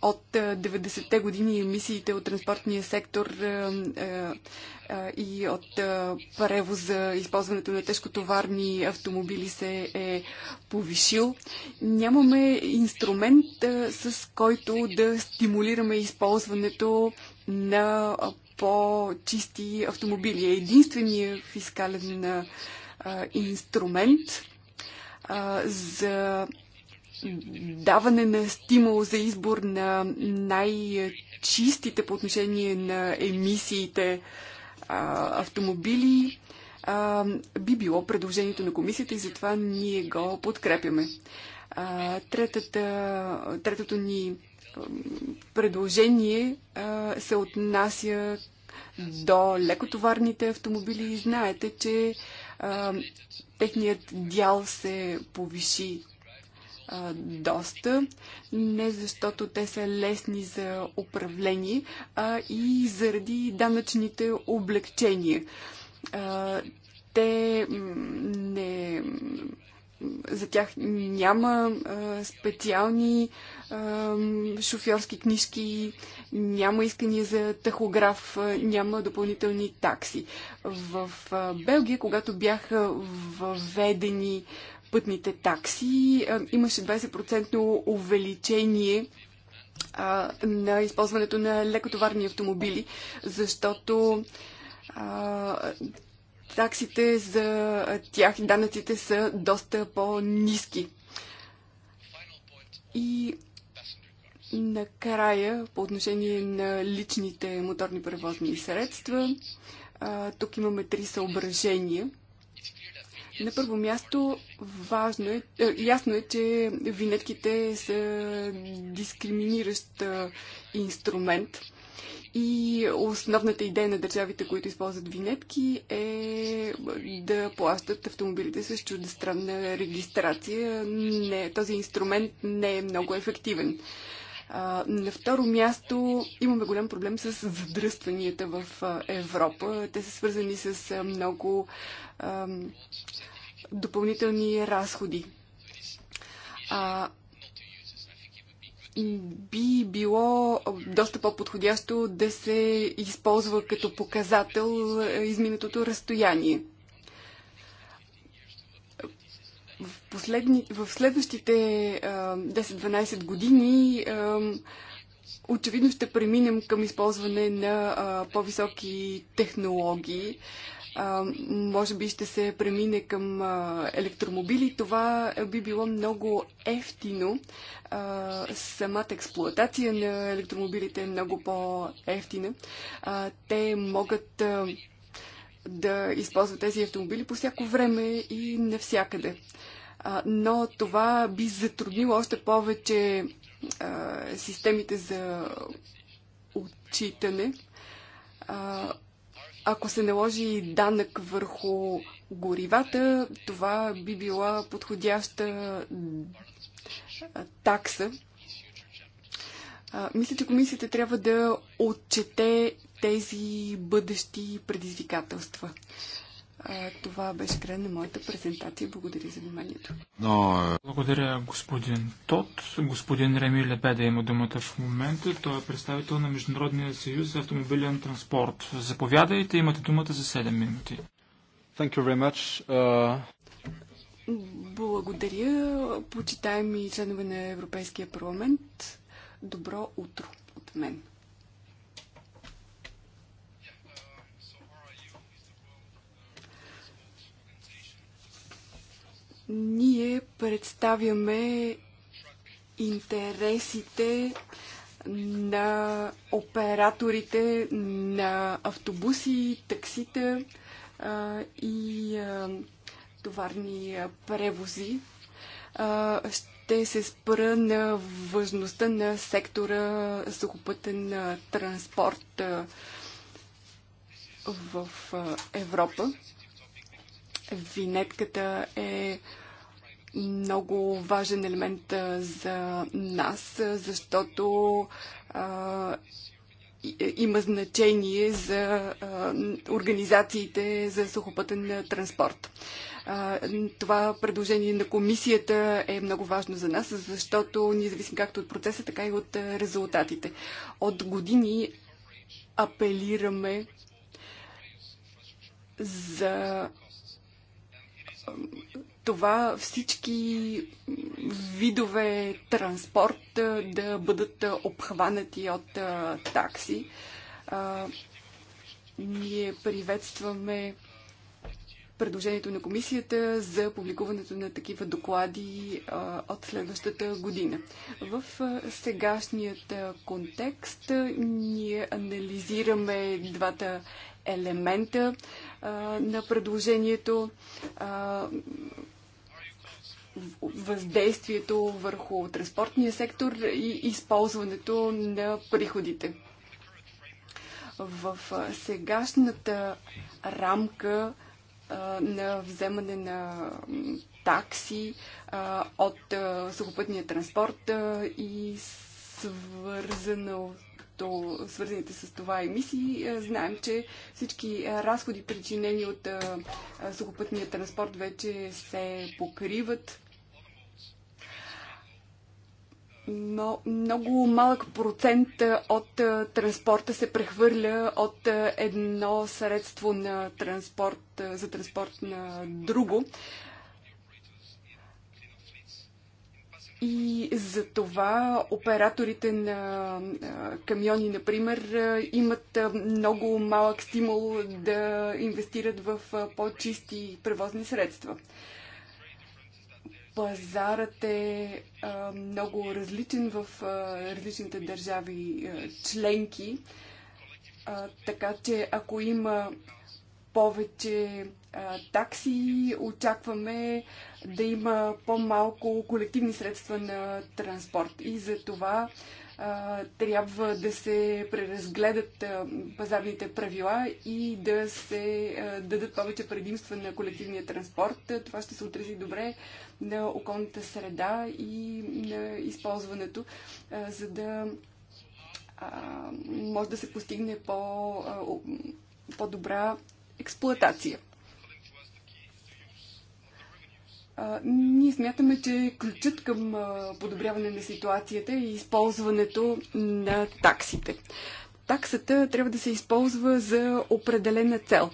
E: от 90-те е, години емисиите от транспортния сектор е, е, и от превоза, използването на тежкотоварни автомобили се е повишил. Нямаме инструмент, с който да стимулираме използването на по-чисти автомобили. Единственият фискален инструмент за даване на стимул за избор на най-чистите по отношение на емисиите а, автомобили а, би било предложението на комисията и затова ние го подкрепяме. А, третата, третото ни предложение а, се отнася до лекотоварните автомобили. Знаете, че а, техният дял се повиши доста, не защото те са лесни за управление, а и заради данъчните облегчения. А, те не за тях няма а, специални а, шофьорски книжки, няма искания за тахограф, а, няма допълнителни такси. В а, Белгия, когато бяха въведени пътните такси. Имаше 20% увеличение на използването на лекотоварни автомобили, защото таксите за тях и данъците са доста по-низки. И накрая, по отношение на личните моторни превозни средства, тук имаме три съображения – на първо място, важно е, е, ясно е, че винетките са дискриминиращ инструмент. И основната идея на държавите, които използват винетки, е да плащат автомобилите с чуждестранна регистрация. Не, този инструмент не е много ефективен. на второ място имаме голям проблем с задръстванията в Европа. Те са свързани с много допълнителни разходи. А, би било доста по-подходящо да се използва като показател изминатото разстояние. В, последни, в следващите 10-12 години очевидно ще преминем към използване на по-високи технологии а, може би ще се премине към а, електромобили. Това би било много ефтино. А, самата експлуатация на електромобилите е много по-ефтина. те могат а, да използват тези автомобили по всяко време и навсякъде. А, но това би затруднило още повече а, системите за отчитане. А, ако се наложи данък върху горивата, това би била подходяща такса. Мисля, че комисията трябва да отчете тези бъдещи предизвикателства това беше край на е моята презентация. Благодаря за вниманието.
C: Но... Е, Благодаря господин Тот. Господин Реми Лебеда има думата в момента. Той е представител на Международния съюз за автомобилен транспорт. Заповядайте, имате думата за 7 минути.
D: Thank you very much. Uh...
E: Благодаря, почитаеми членове на Европейския парламент. Добро утро от мен. Ние представяме интересите на операторите на автобуси, таксита а, и а, товарни а, превози. А, ще се спра на важността на сектора сухопътен транспорт а, в а, Европа. Винетката е а, много важен елемент за нас, защото има значение за организациите за сухопътен транспорт. това предложение на комисията е много важно за нас, защото ние зависим както от процеса, така и от резултатите. От години апелираме за това всички видове транспорт да бъдат обхванати от такси. Ние приветстваме предложението на комисията за публикуването на такива доклади от следващата година. В сегашният контекст ние анализираме двата елемента на предложението въздействието върху транспортния сектор и използването на приходите. В сегашната рамка на вземане на такси от сухопътния транспорт и свързано които свързаните с това емисии. Е, знаем, че всички е, разходи, причинени от е, сухопътния транспорт, вече се покриват. Но много малък процент от транспорта се прехвърля от едно средство на транспорт, за транспорт на друго. И за това операторите на камиони, например, имат много малък стимул да инвестират в по-чисти превозни средства. Пазарът е много различен в различните държави членки, така че ако има повече такси, очакваме да има по-малко колективни средства на транспорт. И за това трябва да се преразгледат пазарните правила и да се дадат повече предимства на колективния транспорт. Това ще се отрази добре на околната среда и на използването, за да може да се постигне по, по-добра експлуатация. Ние смятаме, че ключът към подобряване на ситуацията е използването на таксите. Таксата трябва да се използва за определена цел.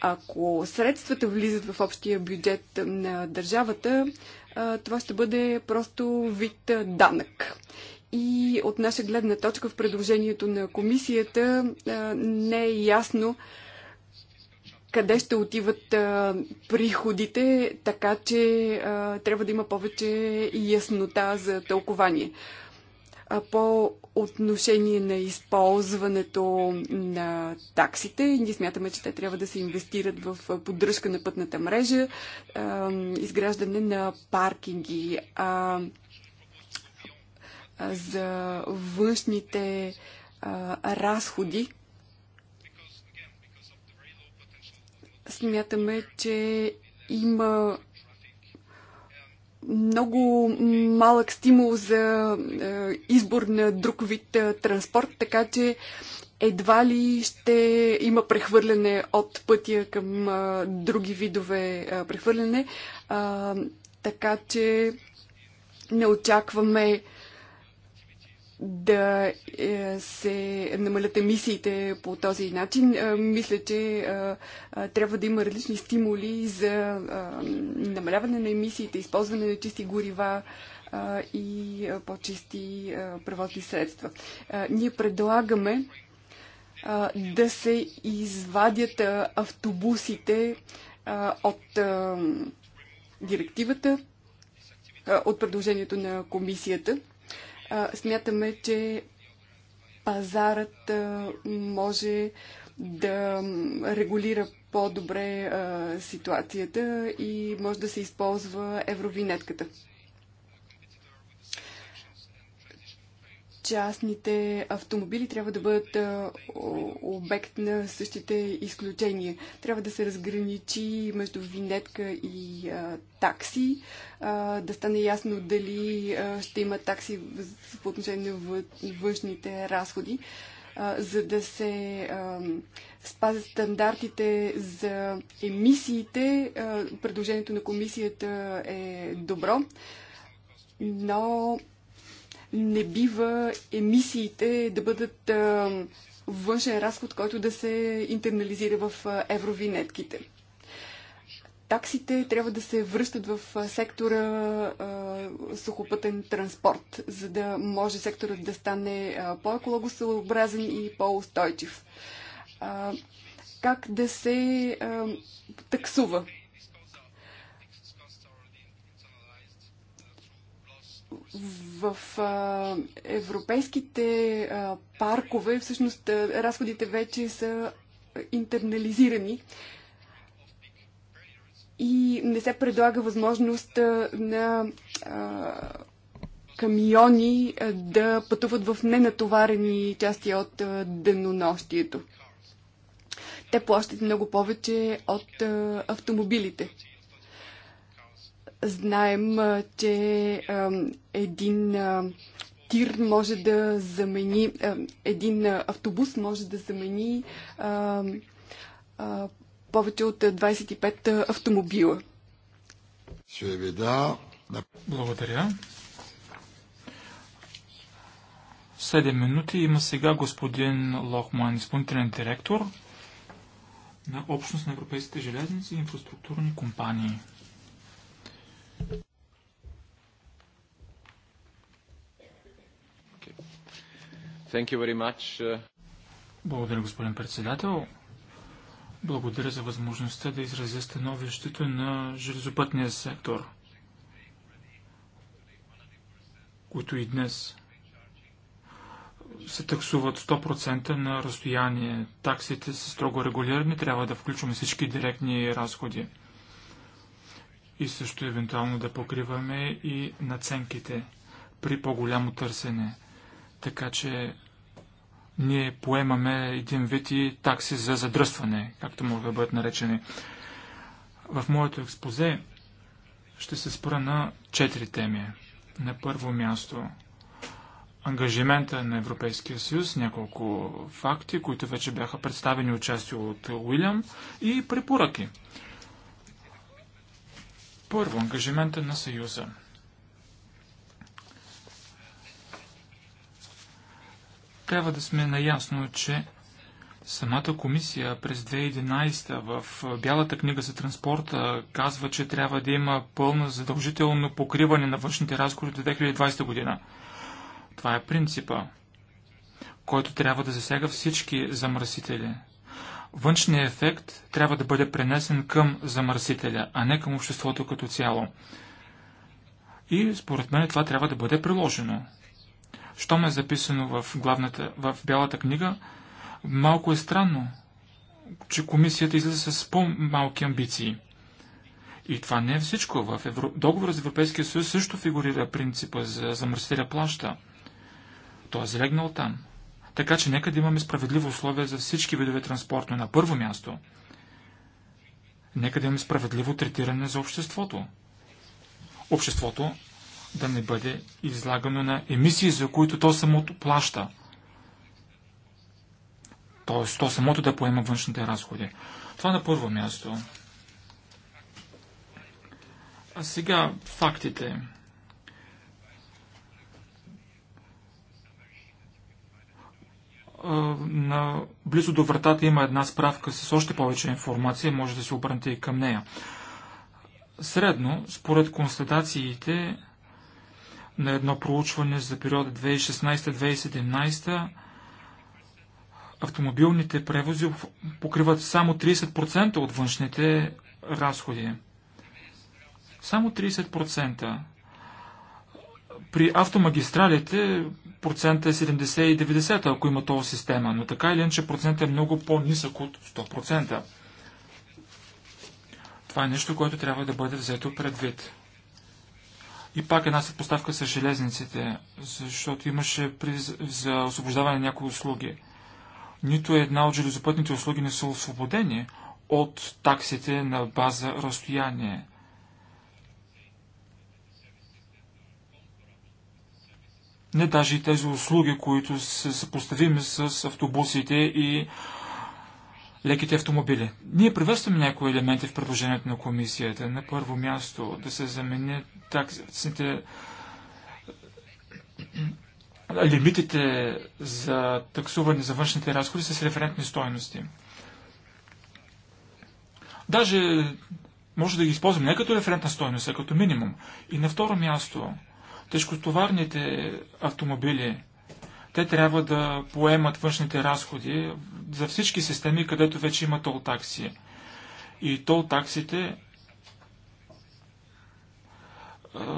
E: Ако средствата влизат в общия бюджет на държавата, това ще бъде просто вид данък. И от наша гледна точка в предложението на комисията не е ясно къде ще отиват а, приходите, така че а, трябва да има повече яснота за тълкование. А по отношение на използването на таксите, ние смятаме, че те трябва да се инвестират в поддръжка на пътната мрежа, а, изграждане на паркинги, а, а за външните а, разходи, Смятаме, че има много малък стимул за е, избор на друг вид е, транспорт, така че едва ли ще има прехвърляне от пътя към е, други видове а, прехвърляне. така че не очакваме да е, се намалят емисиите по този начин. Е, мисля, че е, трябва да има различни стимули за намаляване на емисиите, използване на чисти горива и по-чисти превозни средства. Ние предлагаме да се извадят автобусите от директивата, от предложението на комисията смятаме, че пазарът може да регулира по-добре ситуацията и може да се използва евровинетката. частните автомобили трябва да бъдат обект на същите изключения. Трябва да се разграничи между винетка и такси, да стане ясно дали ще има такси по отношение на външните разходи, за да се спазят стандартите за емисиите. предложението на комисията е добро, но не бива емисиите да бъдат външен разход, който да се интернализира в евровинетките. Таксите трябва да се връщат в сектора а, сухопътен транспорт, за да може секторът да стане по-екологосъобразен и по-устойчив. как да се а, таксува в а, европейските а, паркове всъщност а, разходите вече са интернализирани и не се предлага възможност а, на а, камиони а, да пътуват в ненатоварени части от а, денонощието. Те плащат много повече от а, автомобилите. Знаем, че един тир може да замени, един автобус може да замени повече от 25 автомобила.
C: Благодаря. 7 минути има сега господин Лохман, изпълнителен директор на Общност на европейските железници и инфраструктурни компании.
A: Uh,
C: Благодаря, господин председател. Благодаря за възможността да изразя становището на железопътния сектор, които и днес се таксуват 100% на разстояние. Таксите са строго регулирани, трябва да включваме всички директни разходи и също евентуално да покриваме и наценките при по-голямо търсене. Така че ние поемаме един вид и такси за задръстване, както могат да бъдат наречени. В моето експозе ще се спра на четири теми. На първо място ангажимента на Европейския съюз, няколко факти, които вече бяха представени от от Уилям и препоръки първо, ангажимента на Съюза. Трябва да сме наясно, че самата комисия през 2011 в Бялата книга за транспорта казва, че трябва да има пълно задължително покриване на външните разходи до 2020 година. Това е принципа, който трябва да засяга всички замърсители – външният ефект трябва да бъде пренесен към замърсителя, а не към обществото като цяло. И според мен това трябва да бъде приложено. Щом е записано в, главната, в Бялата книга, малко е странно, че комисията излиза с по-малки амбиции. И това не е всичко. В Евро... договора за Европейския съюз също фигурира принципа за замърсителя плаща. Той е залегнал там. Така че нека да имаме справедливо условие за всички видове транспорт, но на първо място нека да имаме справедливо третиране за обществото. Обществото да не бъде излагано на емисии, за които то самото плаща. Тоест, то самото да поема външните разходи. Това на първо място. А сега фактите. на близо до вратата има една справка с още повече информация, може да се обърнете и към нея. Средно, според констатациите на едно проучване за периода 2016-2017, автомобилните превози покриват само 30% от външните разходи. Само 30%. При автомагистралите процента е 70 и 90, ако има това система, но така или иначе процентът е много по-нисък от 100%. Това е нещо, което трябва да бъде взето предвид. И пак една съпоставка с железниците, защото имаше за освобождаване на някои услуги. Нито една от железопътните услуги не са освободени от таксите на база разстояние. не даже и тези услуги, които се съпоставими с автобусите и леките автомобили. Ние приветстваме някои елементи в предложението на комисията. На първо място да се замени таксите лимитите за таксуване за външните разходи с референтни стоености. Даже може да ги използваме не като референтна стоеност, а като минимум. И на второ място тежкотоварните автомобили. Те трябва да поемат външните разходи за всички системи, където вече има тол такси. И тол таксите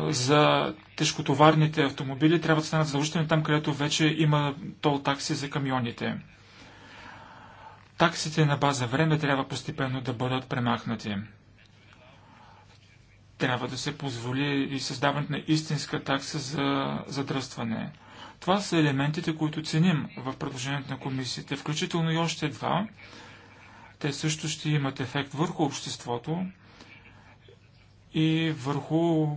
C: за тежкотоварните автомобили трябва да станат задължителни там, където вече има тол такси за камионите. Таксите на база време трябва постепенно да бъдат премахнати. Трябва да се позволи и създаването на истинска такса за задръстване. Това са елементите, които ценим в предложението на комисията, включително и още два. Те също ще имат ефект върху обществото и върху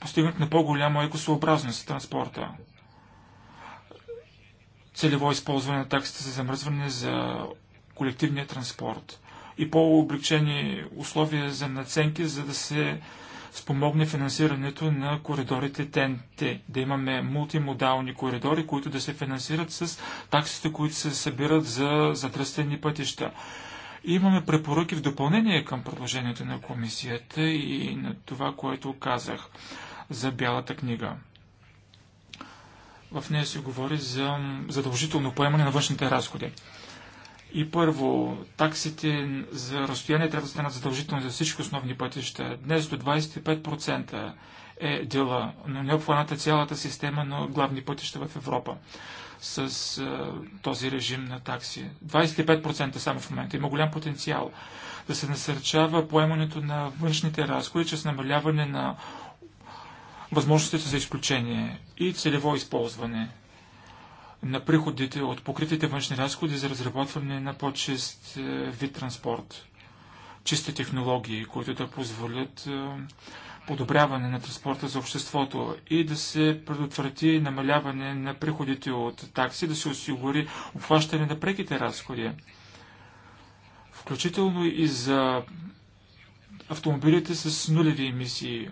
C: постигането на по-голяма екосообразност в транспорта. Целево използване на таксите за замръзване за колективния транспорт и по-облегчени условия за наценки, за да се спомогне финансирането на коридорите ТНТ, да имаме мултимодални коридори, които да се финансират с таксите, които се събират за затръстени пътища. И имаме препоръки в допълнение към предложението на комисията и на това, което казах за Бялата книга. В нея се говори за задължително поемане на външните разходи. И първо, таксите за разстояние трябва да станат задължителни за всички основни пътища. Днес до 25% е дела, но не обхваната цялата система на главни пътища в Европа с а, този режим на такси. 25% само в момента. Има голям потенциал да се насърчава поемането на външните разходи чрез намаляване на възможностите за изключение и целево използване на приходите от покритите външни разходи за разработване на по-чист е, вид транспорт, чисти технологии, които да позволят е, подобряване на транспорта за обществото и да се предотврати намаляване на приходите от такси, да се осигури обхващане на преките разходи, включително и за автомобилите с нулеви емисии.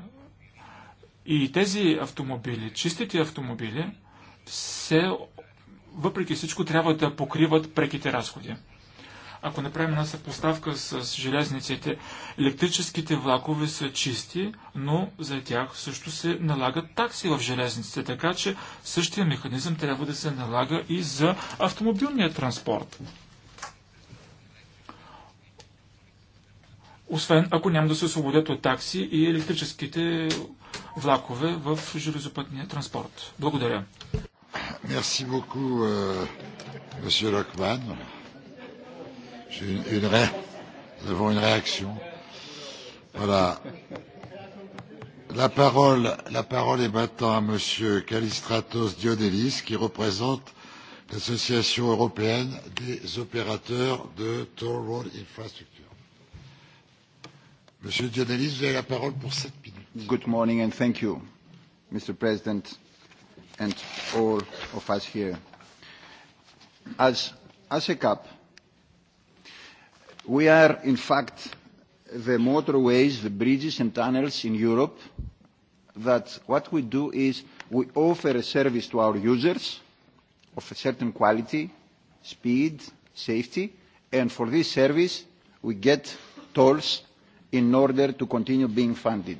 C: И тези автомобили, чистите автомобили, се въпреки всичко трябва да покриват преките разходи. Ако направим една съпоставка с железниците, електрическите влакове са чисти, но за тях също се налагат такси в железниците, така че същия механизъм трябва да се налага и за автомобилния транспорт. Освен ако няма да се освободят от такси и електрическите влакове в железопътния транспорт. Благодаря.
B: Merci beaucoup, euh, Monsieur Lockman. Une, une ré... Nous avons une réaction. Voilà. La parole, la parole est maintenant à Monsieur Kalistratos Diodelis, qui représente l'Association européenne des opérateurs de toll road infrastructure. Monsieur Diodelis, vous avez la parole pour sept
A: minutes. Good morning and thank you, Mr. President and all of us here. As, as a CAP, we are in fact the motorways, the bridges and tunnels in Europe that what we do is we offer a service to our users of a certain quality, speed, safety, and for this service we get tolls in order to continue being funded.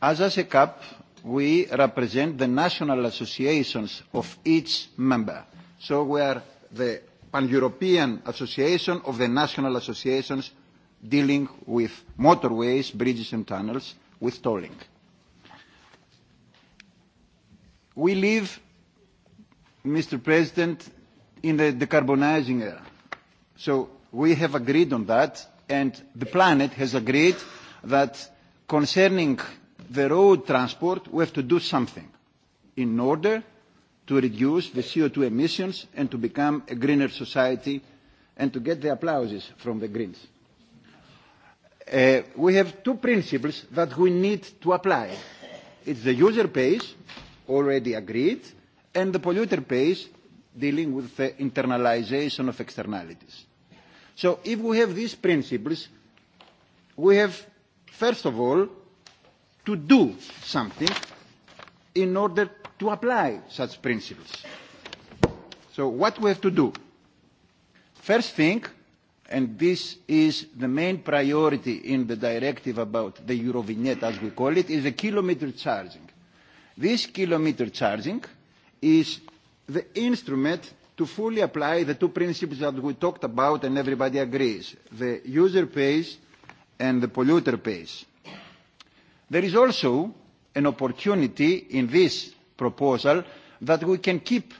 A: As ASECAP, we represent the national associations of each member. So we are the pan-European association of the national associations dealing with motorways, bridges and tunnels, with tolling. We live, Mr. President, in the decarbonizing era. So we have agreed on that, and the planet has agreed that concerning the road transport, we have to do something in order to reduce the CO2 emissions and to become a greener society and to get the applauses from the Greens. Uh, we have two principles that we need to apply. It's the user pays, already agreed, and the polluter pays, dealing with the internalization of externalities. So if we have these principles, we have, first of all, to do something in order to apply such principles. So what we have to do? First thing, and this is the main priority in the directive about the Eurovignette as we call it, is the kilometer charging. This kilometer charging is the instrument to fully apply the two principles that we talked about and everybody agrees. The user pays and the polluter pays There is also an opportunity in this proposal that we can keep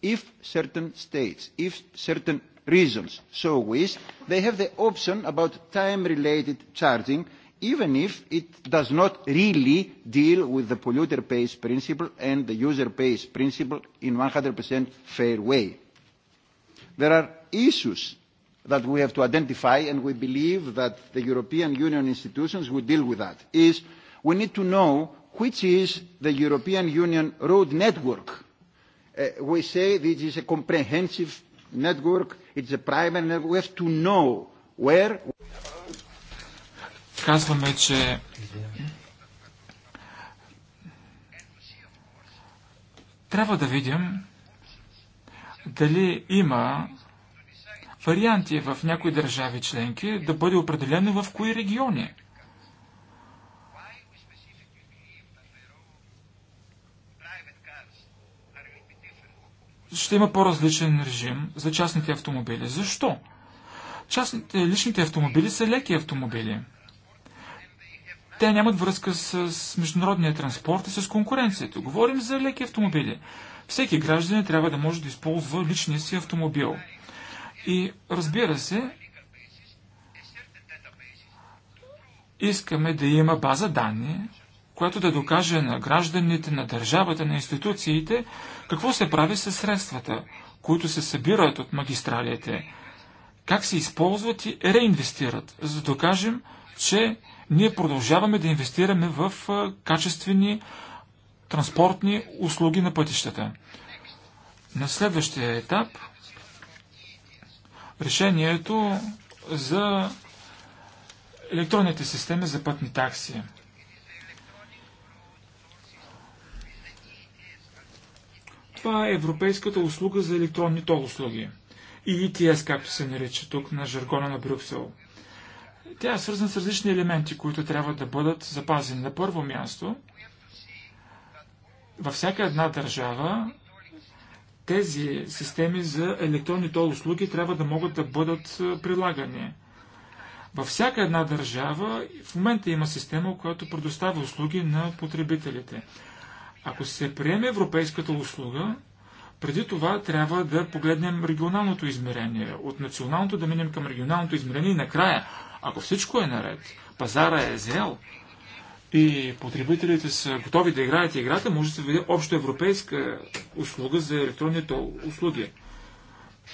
A: if certain states, if certain regions so wish, they have the option about time-related charging, even if it does not really deal with the polluter pays principle and the user pays principle in 100% fair way. There are issues that we have to identify, and we believe that the European Union institutions will deal with that, is we need to know which is the European Union road network. we say this is a comprehensive network, it's a private network, we have to know where...
C: Казваме, че трябва да видим дали има варианти е в някои държави членки да бъде определено в кои региони. Ще има по-различен режим за частните автомобили. Защо? Частните личните автомобили са леки автомобили. Те нямат връзка с, с международния транспорт и с конкуренцията. Говорим за леки автомобили. Всеки гражданин трябва да може да използва личния си автомобил. И разбира се, искаме да има база данни, която да докаже на гражданите, на държавата, на институциите, какво се прави с средствата, които се събират от магистралите, как се използват и реинвестират, за да докажем, че ние продължаваме да инвестираме в качествени транспортни услуги на пътищата. На следващия етап – решението за електронните системи за пътни такси. Това е Европейската услуга за електронни тол услуги. И ETS, както се нарича тук на жаргона на Брюксел. Тя е свързана с различни елементи, които трябва да бъдат запазени. На първо място, във всяка една държава тези системи за електронни тол услуги трябва да могат да бъдат прилагани. Във всяка една държава в момента има система, която предоставя услуги на потребителите. Ако се приеме европейската услуга, преди това трябва да погледнем регионалното измерение. От националното да минем към регионалното измерение и накрая, ако всичко е наред, пазара е зел, и потребителите са готови да играят играта, може да се введе общо европейска услуга за електронните услуги.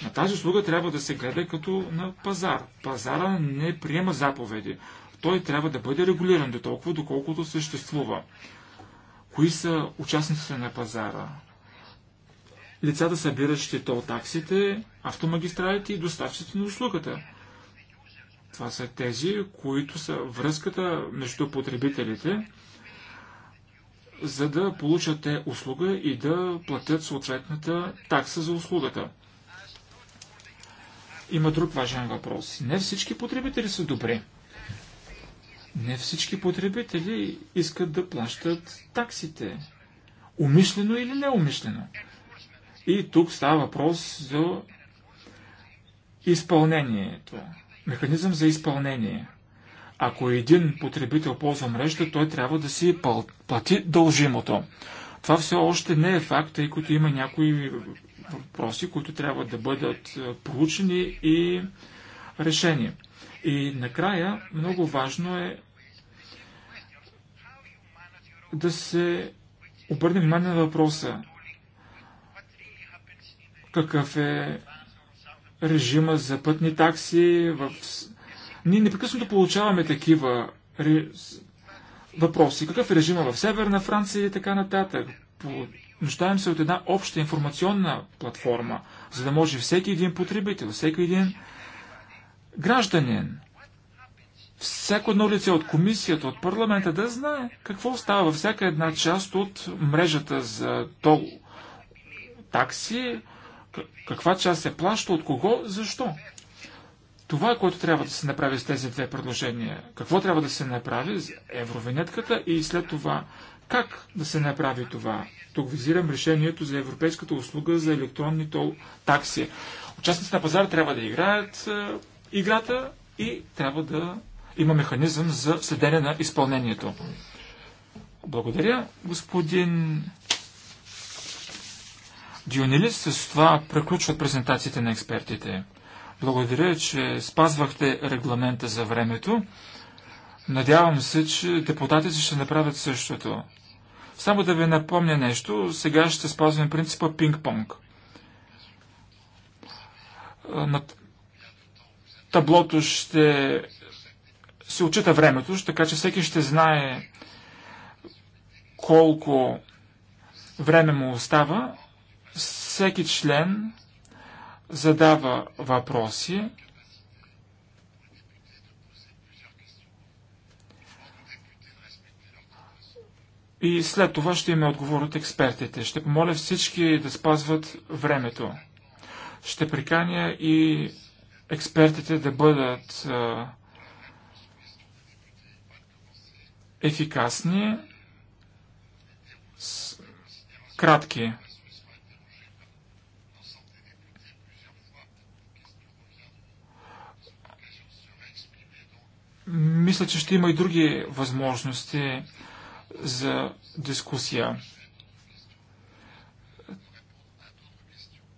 C: На тази услуга трябва да се гледа като на пазар. Пазара не приема заповеди. Той трябва да бъде регулиран до толкова, доколкото съществува. Кои са участниците на пазара? Лицата събиращи тол таксите, автомагистралите и доставчиците на услугата. Това са тези, които са връзката между потребителите, за да получат те услуга и да платят съответната такса за услугата. Има друг важен въпрос. Не всички потребители са добри. Не всички потребители искат да плащат таксите. Умишлено или неумишлено. И тук става въпрос за изпълнението. Механизъм за изпълнение. Ако един потребител ползва мрежата, той трябва да си плати дължимото. Това все още не е факт, тъй като има някои въпроси, които трябва да бъдат е, проучени и решени. И накрая много важно е да се обърне внимание на въпроса какъв е режима за пътни такси. В... Ние непрекъснато получаваме такива ре... въпроси. Какъв е режима в Северна Франция и така нататък. По... Нуждаем се от една обща информационна платформа, за да може всеки един потребител, всеки един гражданин, всяко едно лице от комисията, от парламента да знае какво става във всяка една част от мрежата за тол такси, каква част се плаща, от кого, защо. Това е което трябва да се направи с тези две предложения. Какво трябва да се направи с евровинетката и след това как да се направи това. Тук визирам решението за европейската услуга за електронни тол такси. Участниците на пазара трябва да играят е, играта и трябва да има механизъм за следене на изпълнението. Благодаря, господин Дионилис с това преключва презентациите на експертите. Благодаря, че спазвахте регламента за времето. Надявам се, че депутатите ще направят същото. Само да ви напомня нещо, сега ще спазваме принципа пинг-понг. На таблото ще се отчита времето, така че всеки ще знае колко време му остава всеки член задава въпроси. И след това ще има отговор от експертите. Ще помоля всички да спазват времето. Ще приканя и експертите да бъдат а, ефикасни, с, кратки. Мисля, че ще има и други възможности за дискусия.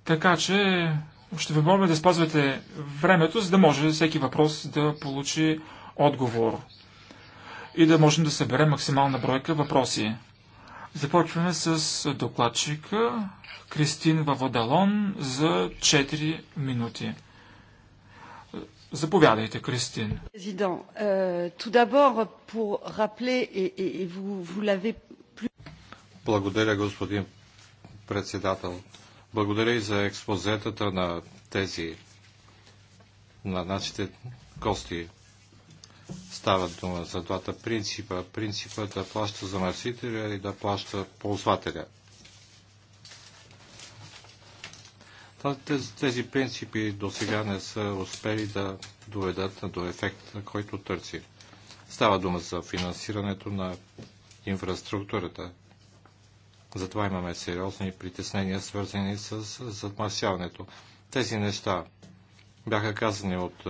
C: Така че ще ви моля да спазвате времето, за да може всеки въпрос да получи отговор и да можем да съберем максимална бройка въпроси. Започваме с докладчика Кристин Ваводалон за 4 минути. Заповядайте, Кристин.
E: Президент, euh,
D: Благодаря, господин председател. Благодаря и за експозетата на тези на нашите гости. Става дума за двата принципа. Принципа да плаща замърсителя и да плаща ползвателя. Тези принципи до сега не са успели да доведат до ефект, който търси. Става дума за финансирането на инфраструктурата. Затова имаме сериозни притеснения, свързани с задмасяването. Тези неща бяха казани от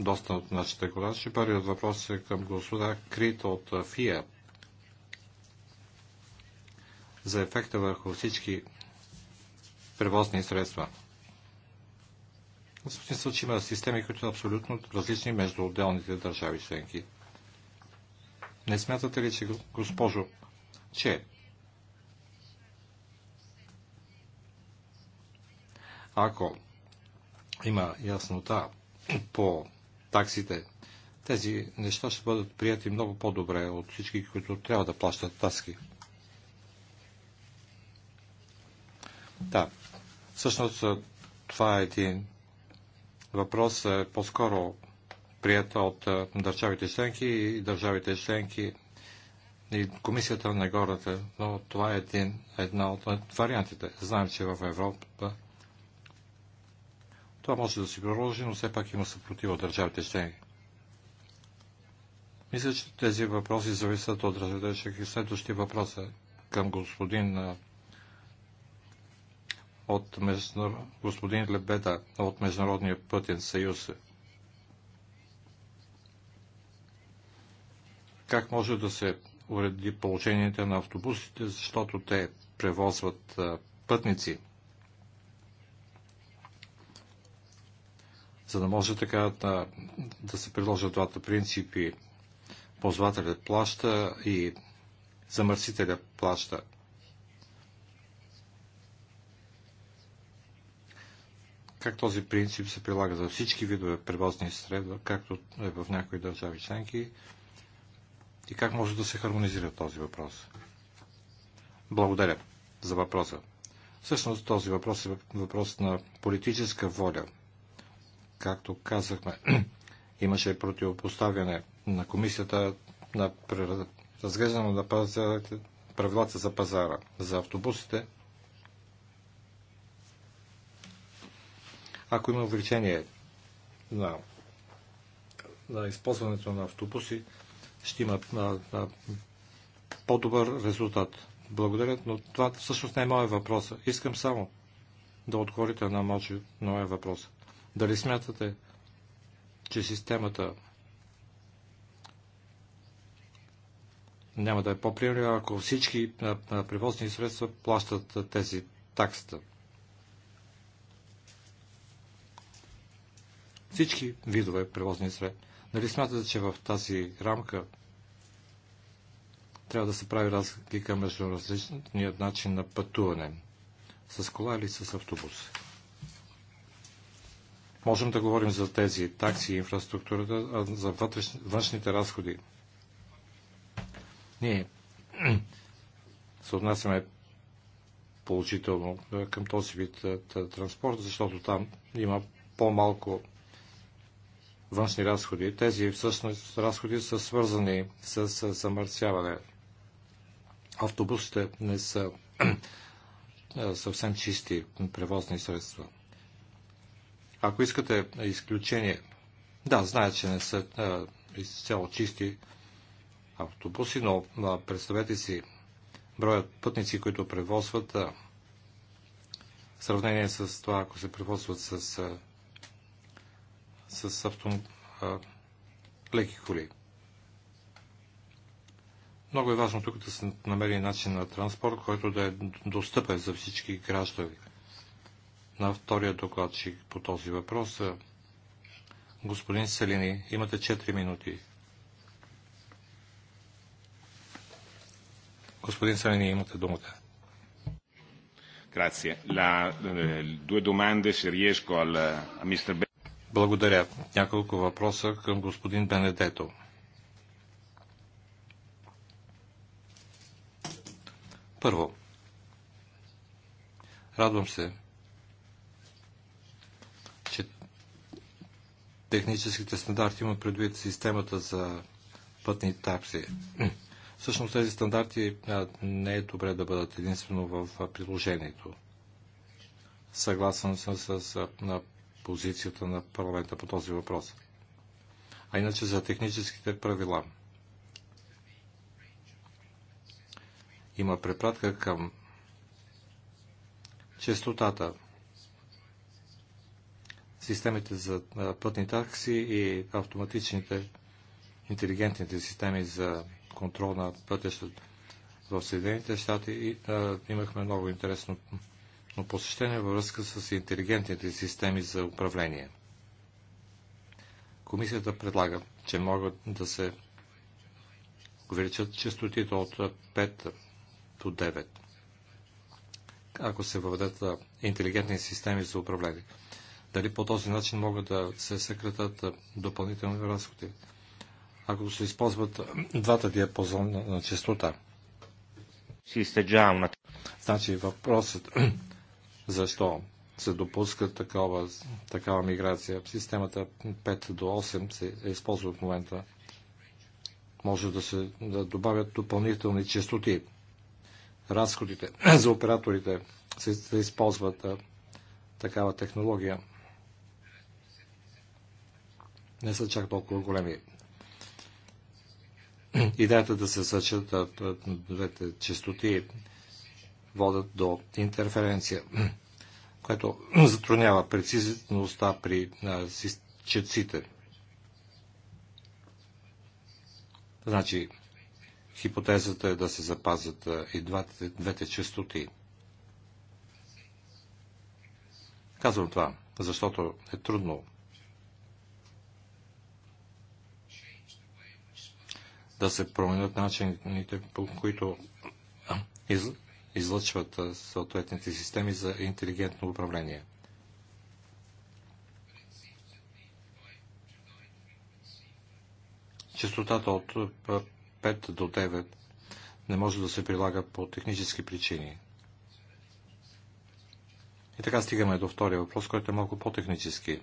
D: доста от нашите колажи. Първият въпрос е към господа Крит от ФИА за ефекта върху всички превозни средства смисъл, че има системи, които са абсолютно различни между отделните държави членки. Не смятате ли, че, госпожо, че ако има яснота по таксите, тези неща ще бъдат прияти много по-добре от всички, които трябва да плащат таски. Да, всъщност това е един въпрос е по-скоро прият от е, държавите членки и държавите членки и комисията на гората, но това е един, една от вариантите. Знаем, че в Европа това може да се приложи, но все пак има съпротива от държавите членки. Мисля, че тези въпроси зависят от държавите членки. Следващия въпрос е към господин е, от междунар... господин Лебеда от Международния пътен съюз. Как може да се уреди положението на автобусите, защото те превозват пътници, за да може така да, да се приложат двата принципи ползвателят плаща и замърсителят плаща. как този принцип се прилага за всички видове превозни средства, както е в някои държави членки и как може да се хармонизира този въпрос. Благодаря за въпроса. Всъщност този въпрос е въпрос на политическа воля. Както казахме, имаше противопоставяне на комисията на разглеждане на правилата за пазара за автобусите – Ако има увеличение на, на използването на автобуси, ще има по-добър резултат. Благодаря, но това всъщност не е моят въпрос. Искам само да отговорите на моят, въпрос. Дали смятате, че системата няма да е по-приемлива, ако всички превозни средства плащат тези таксата? всички видове превозни средства. Нали смятате, че в тази рамка трябва да се прави разлика между различния начин на пътуване? С кола или с автобус? Можем да говорим за тези такси и инфраструктурата, а за вътрешни, външните разходи. Ние се отнасяме положително е, към този вид е, транспорт, защото там има по-малко външни разходи. Тези всъщност разходи са свързани с замърсяване. Автобусите не са съвсем чисти превозни средства. Ако искате изключение, да, зная, че не са а, изцяло чисти автобуси, но а, представете си броят пътници, които превозват а, в сравнение с това, ако се превозват с а, с авто... леки коли. Много е важно тук да се намери начин на транспорт, който да е достъпен за всички граждани. На втория докладчик по този въпрос господин Селини, имате 4 минути. Господин Селини, имате думата. Grazie. La, eh, due domande, se riesco, al, a Mr. Be- благодаря. Няколко въпроса към господин Бенедето. Първо, радвам се, че техническите стандарти имат предвид системата за пътни такси. Всъщност тези стандарти не е добре да бъдат единствено в приложението. Съгласен съм с позицията на парламента по този въпрос. А иначе за техническите правила. Има препратка към честотата, системите за пътни такси и автоматичните интелигентните системи за контрол на пътещата в Съединените щати. И, а, имахме много интересно но посещение във връзка с интелигентните системи за управление. Комисията предлага, че могат да се увеличат частотите от 5 до 9, ако се въведат интелигентни системи за управление. Дали по този начин могат да се съкратат допълнителни разходи, ако се използват двата диапазона на частота. Значи въпросът защо се допуска такова, такава миграция. Системата 5 до 8 се е използва в момента. Може да се да добавят допълнителни частоти. Разходите за операторите се да използват а, такава технология. Не са чак толкова големи. Идеята да се съчетат двете частоти водят до интерференция, което затруднява прецизността при четците. Значи, хипотезата е да се запазят и двете, двете частоти. Казвам това, защото е трудно да се променят начините, по които излъчват съответните системи за интелигентно управление. Частотата от 5 до 9 не може да се прилага по технически причини. И така стигаме до втория въпрос, който е малко по-технически.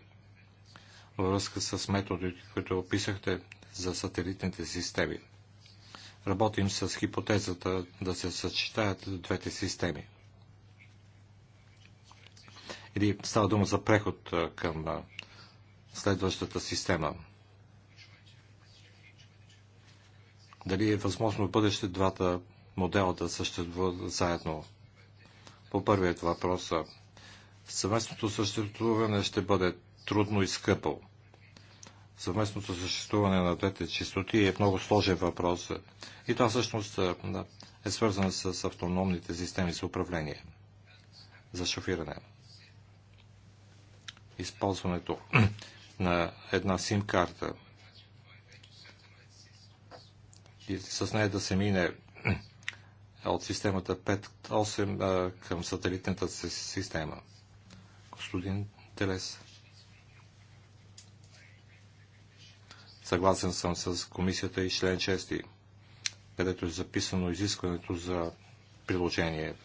D: Във връзка с методите, които описахте за сателитните системи. Работим с хипотезата да се съчетаят двете системи. Или става дума за преход към следващата система. Дали е възможно в бъдеще двата модела да съществуват заедно? По първият въпрос съвместното съществуване ще бъде трудно и скъпо съвместното съществуване на двете чистоти е много сложен въпрос. И това всъщност е свързано с автономните системи за управление, за шофиране. Използването на една сим-карта и с нея да се мине от системата 5-8 към сателитната система. Господин Телес. Съгласен съм с комисията и член 6, където е записано изискването за приложение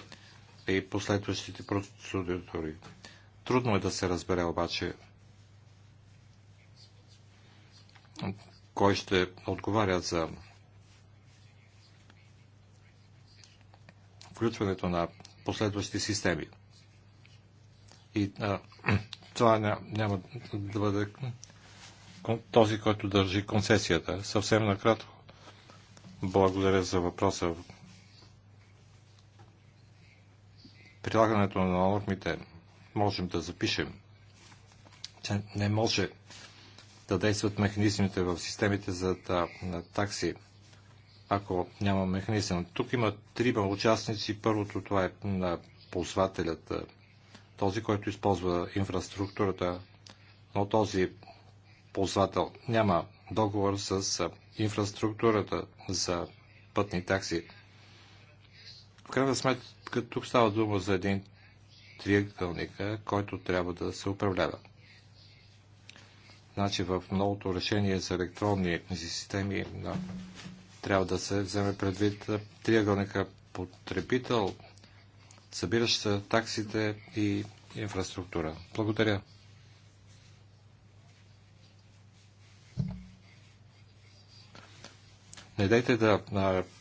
D: и последващите процедури. Трудно е да се разбере обаче кой ще отговаря за включването на последващи системи. И а, това няма да бъде този, който държи концесията. Съвсем накратко. Благодаря за въпроса. Прилагането на нормите можем да запишем, че не може да действат механизмите в системите за да, на такси, ако няма механизъм. Тук има трима участници. Първото това е на ползвателят, този, който използва инфраструктурата, но този ползвател. Няма договор с инфраструктурата за пътни такси. В крайна сметка тук става дума за един триъгълник, който трябва да се управлява. Значи в новото решение за електронни системи да, трябва да се вземе предвид триъгълника потребител, събиращ таксите и инфраструктура. Благодаря. Не дайте да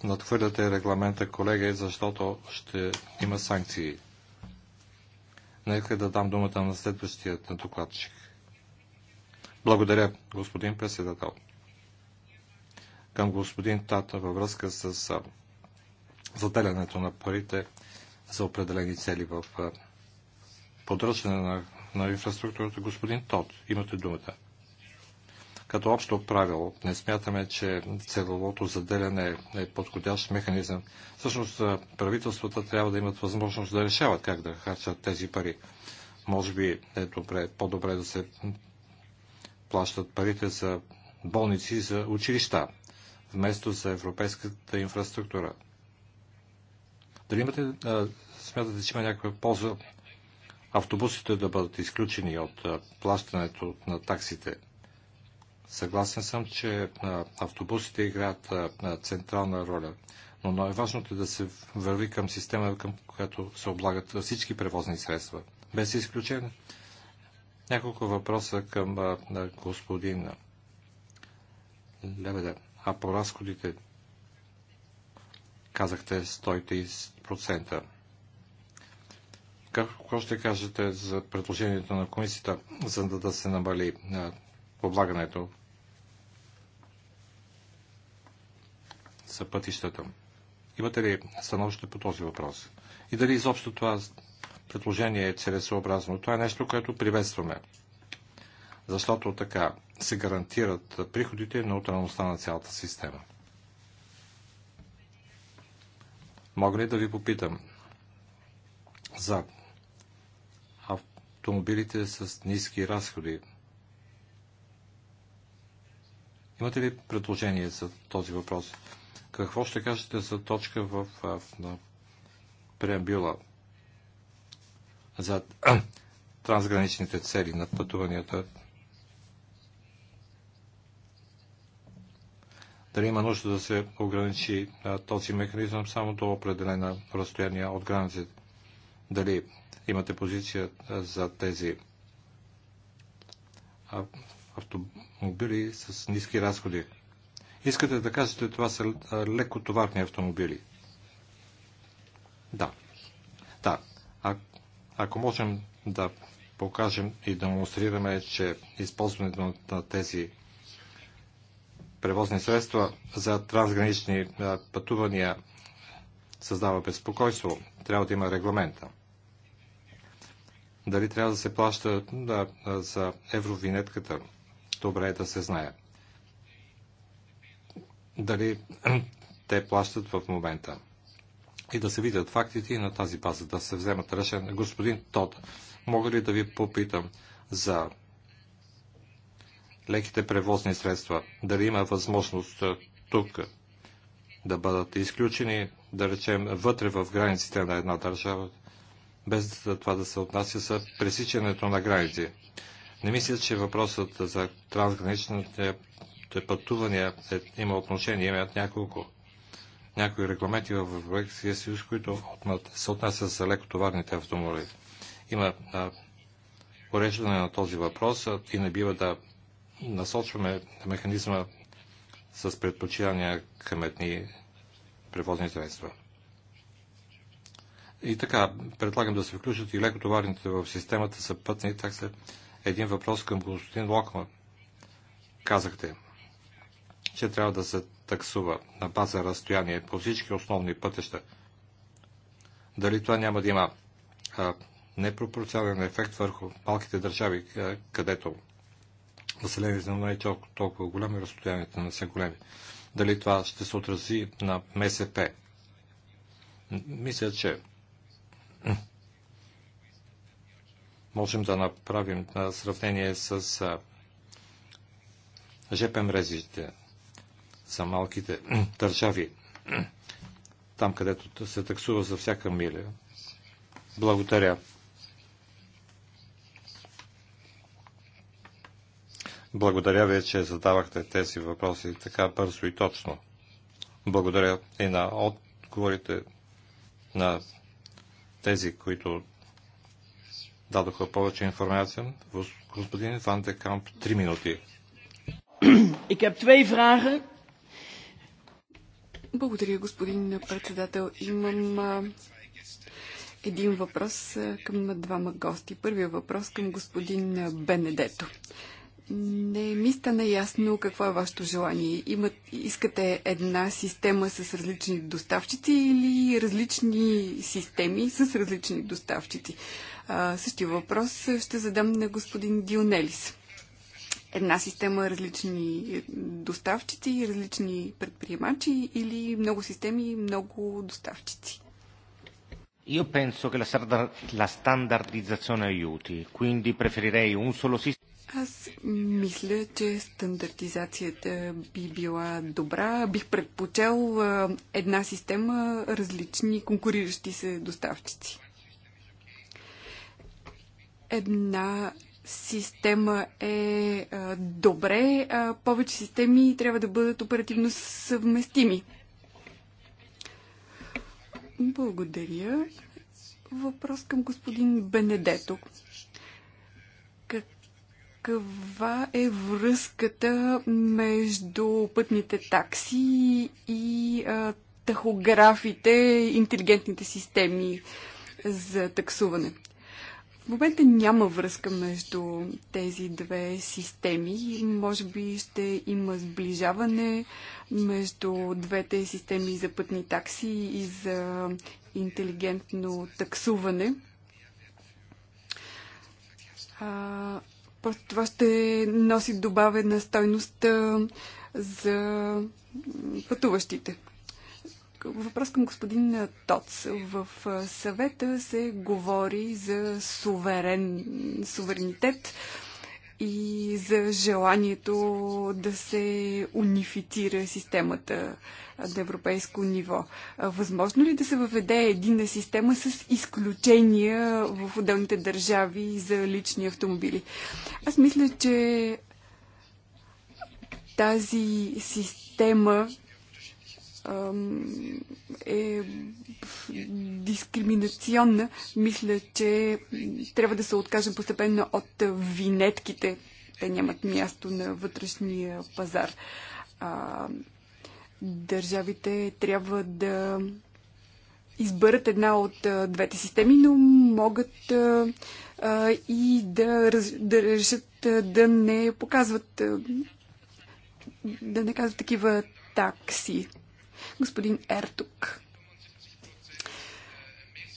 D: надхвърляте регламента, колеги, защото ще има санкции. Нека да дам думата на следващия на докладчик. Благодаря, господин председател. Към господин Тата във връзка с заделянето на парите за определени цели в поддръжане на, на инфраструктурата. Господин Тот, имате думата. Като общо правило не смятаме, че целовото заделяне е подходящ механизъм. Всъщност правителствата трябва да имат възможност да решават как да харчат тези пари. Може би е добре, по-добре да се плащат парите за болници и за училища, вместо за европейската инфраструктура. Дали имате, смятате, че има някаква полза автобусите да бъдат изключени от плащането на таксите? Съгласен съм, че автобусите играят централна роля, но най-важното е, е да се върви към система, към която се облагат всички превозни средства, без изключение. Няколко въпроса към господин Лебеде. А по разходите казахте 130%. Какво ще кажете за предложението на комисията, за да, да се намали облагането са пътищата. Имате ли становище по този въпрос? И дали изобщо това предложение е целесообразно? Това е нещо, което приветстваме. Защото така се гарантират приходите на неутралността на цялата система. Мога ли да ви попитам за автомобилите с ниски разходи? Имате ли предложение за този въпрос? Какво ще кажете за точка в, в на преамбюла за трансграничните цели на пътуванията? Дали има нужда да се ограничи а, този механизъм само до определена разстояние от границите? Дали имате позиция а, за тези а, автомобили с ниски разходи. Искате да кажете, това са лекотоварни автомобили. Да. Да. А, ако можем да покажем и демонстрираме, че използването на тези превозни средства за трансгранични пътувания създава безпокойство. Трябва да има регламента. Дали трябва да се плаща да, за евровинетката? добре е да се знае. Дали те плащат в момента. И да се видят фактите и на тази база да се вземат решение. Господин Тод, мога ли да ви попитам за леките превозни средства? Дали има възможност тук да бъдат изключени, да речем, вътре в границите на една държава, без това да се отнася за пресичането на граници. Не мисля, че въпросът за трансграничните пътувания е, има отношение. Имат няколко някои регламенти в Европейския съюз, които се отнасят за лекотоварните автомобили. Има а, уреждане на този въпрос а, и не бива да насочваме механизма с предпочитания към едни превозни средства. И така, предлагам да се включат и лекотоварните в системата са пътни такси един въпрос към господин Локман. Казахте, че трябва да се таксува на база разстояние по всички основни пътища. Дали това няма да има а, непропорционален ефект върху малките държави, където населението не е толкова, толкова голямо и разстоянията не са големи. Дали това ще се отрази на МСП? Мисля, че можем да направим на сравнение с ЖП мрежите за малките държави, там където се таксува за всяка миля. Благодаря. Благодаря ви, че задавахте тези въпроси така бързо и точно. Благодаря и на отговорите на тези, които дадоха повече информация. Господин Ван де Камп, три минути.
E: Ik heb twee vragen. Благодаря, господин председател. Имам а, един въпрос а, към двама гости. Първият въпрос към господин Бенедето. Не ми стана ясно какво е вашето желание. Имат, искате една система с различни доставчици или различни системи с различни доставчици? А, същия въпрос ще задам на господин Дионелис. Една система, различни доставчици, различни предприемачи или много системи, много доставчици?
D: Io penso che la standardizzazione aiuti, quindi preferirei un solo sistema.
E: Аз мисля, че стандартизацията би била добра. Бих предпочел една система, различни конкуриращи се доставчици. Една система е добре, а повече системи трябва да бъдат оперативно съвместими. Благодаря. Въпрос към господин Бенедето каква е връзката между пътните такси и а, тахографите, интелигентните системи за таксуване? В момента няма връзка между тези две системи. Може би ще има сближаване между двете системи за пътни такси и за интелигентно таксуване. А, Просто това ще носи добавена стойност за пътуващите. Въпрос към господин Тоц. В съвета се говори за суверен, суверенитет и за желанието да се унифицира системата на европейско ниво. Възможно ли да се въведе единна система с изключения в отделните държави за лични автомобили? Аз мисля, че тази система е дискриминационна. Мисля, че трябва да се откажем постепенно от винетките. Те нямат място на вътрешния пазар. държавите трябва да изберат една от двете системи, но могат и да, да решат да не показват да не казват такива такси господин Ертук.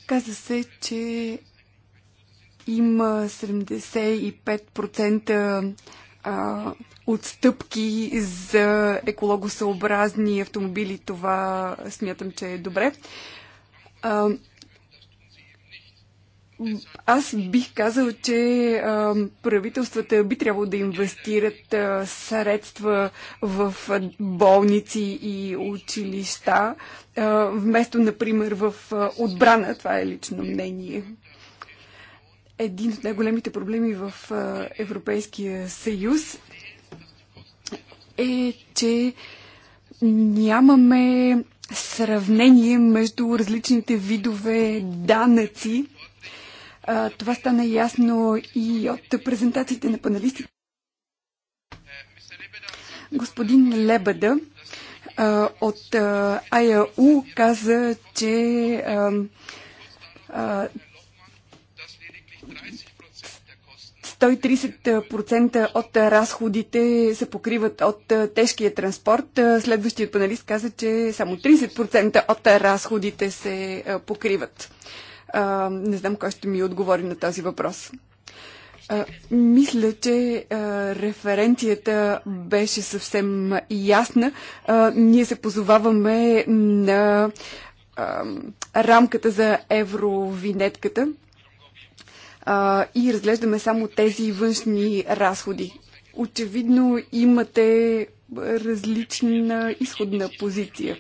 E: Каза се, че има 75% отстъпки за екологосъобразни автомобили. Това смятам, че е добре. Аз бих казал, че а, правителствата би трябвало да инвестират а, средства в болници и училища, а, вместо, например, в а, отбрана. Това е лично мнение. Един от най-големите проблеми в а, Европейския съюз е, че нямаме сравнение между различните видове данъци а, това стана ясно и от презентациите на паналистите. Господин Лебеда а, от а, АЯУ каза, че а, 130% от разходите се покриват от тежкия транспорт. Следващият паналист каза, че само 30% от разходите се покриват. А, не знам кой ще ми отговори на този въпрос. А, мисля, че а, референцията беше съвсем ясна. А, ние се позоваваме на а, рамката за евровинетката а, и разглеждаме само тези външни разходи. Очевидно имате различна изходна позиция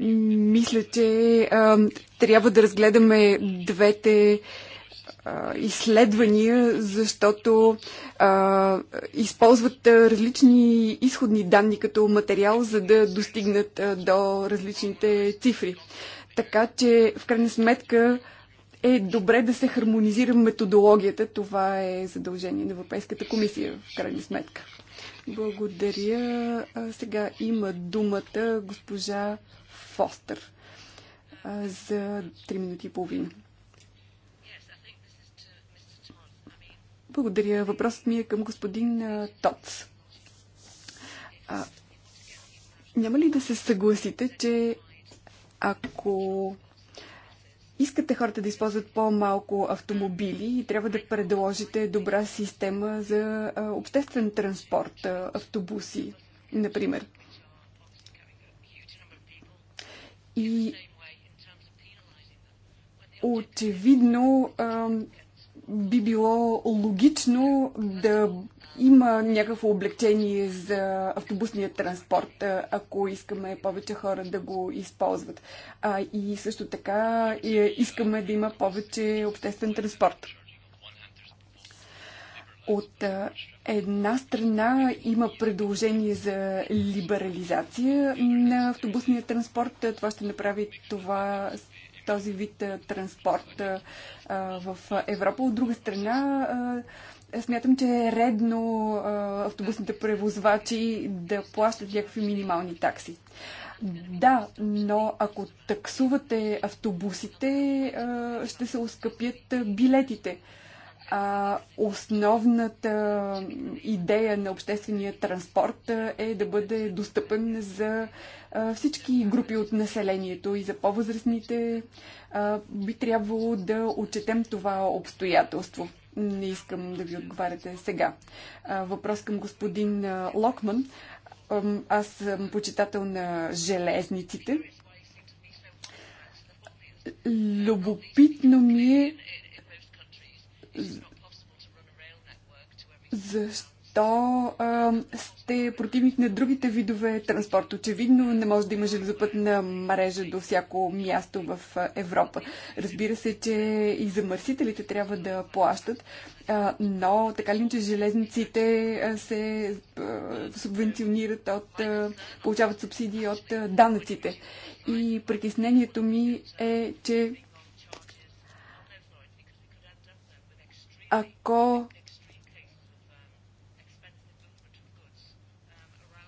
E: мисля, че а, трябва да разгледаме двете а, изследвания, защото а, използват различни изходни данни като материал, за да достигнат а, до различните цифри. Така че, в крайна сметка, е добре да се хармонизира методологията. Това е задължение на Европейската комисия, в крайна сметка. Благодаря. А сега има думата госпожа Фостер за 3 минути и половина. Благодаря. Въпросът ми е към господин Тоц. няма ли да се съгласите, че ако искате хората да използват по-малко автомобили и трябва да предложите добра система за обществен транспорт, автобуси, например? И очевидно би било логично да има някакво облегчение за автобусния транспорт, ако искаме повече хора да го използват. А, и също така искаме да има повече обществен транспорт. От една страна има предложение за либерализация на автобусния транспорт. Това ще направи това, този вид транспорт в Европа. От друга страна, смятам, че е редно автобусните превозвачи да плащат някакви минимални такси. Да, но ако таксувате автобусите, ще се оскъпят билетите а, основната идея на обществения транспорт е да бъде достъпен за а, всички групи от населението и за по-възрастните. би трябвало да отчетем това обстоятелство. Не искам да ви отговаряте сега. А, въпрос към господин Локман. Аз съм почитател на железниците. Любопитно ми е защо а, сте противник на другите видове транспорт? Очевидно не може да има железопътна мрежа до всяко място в Европа. Разбира се, че и замърсителите трябва да плащат, а, но така ли, че железниците се а, субвенционират от, а, получават субсидии от а, данъците. И притеснението ми е, че ако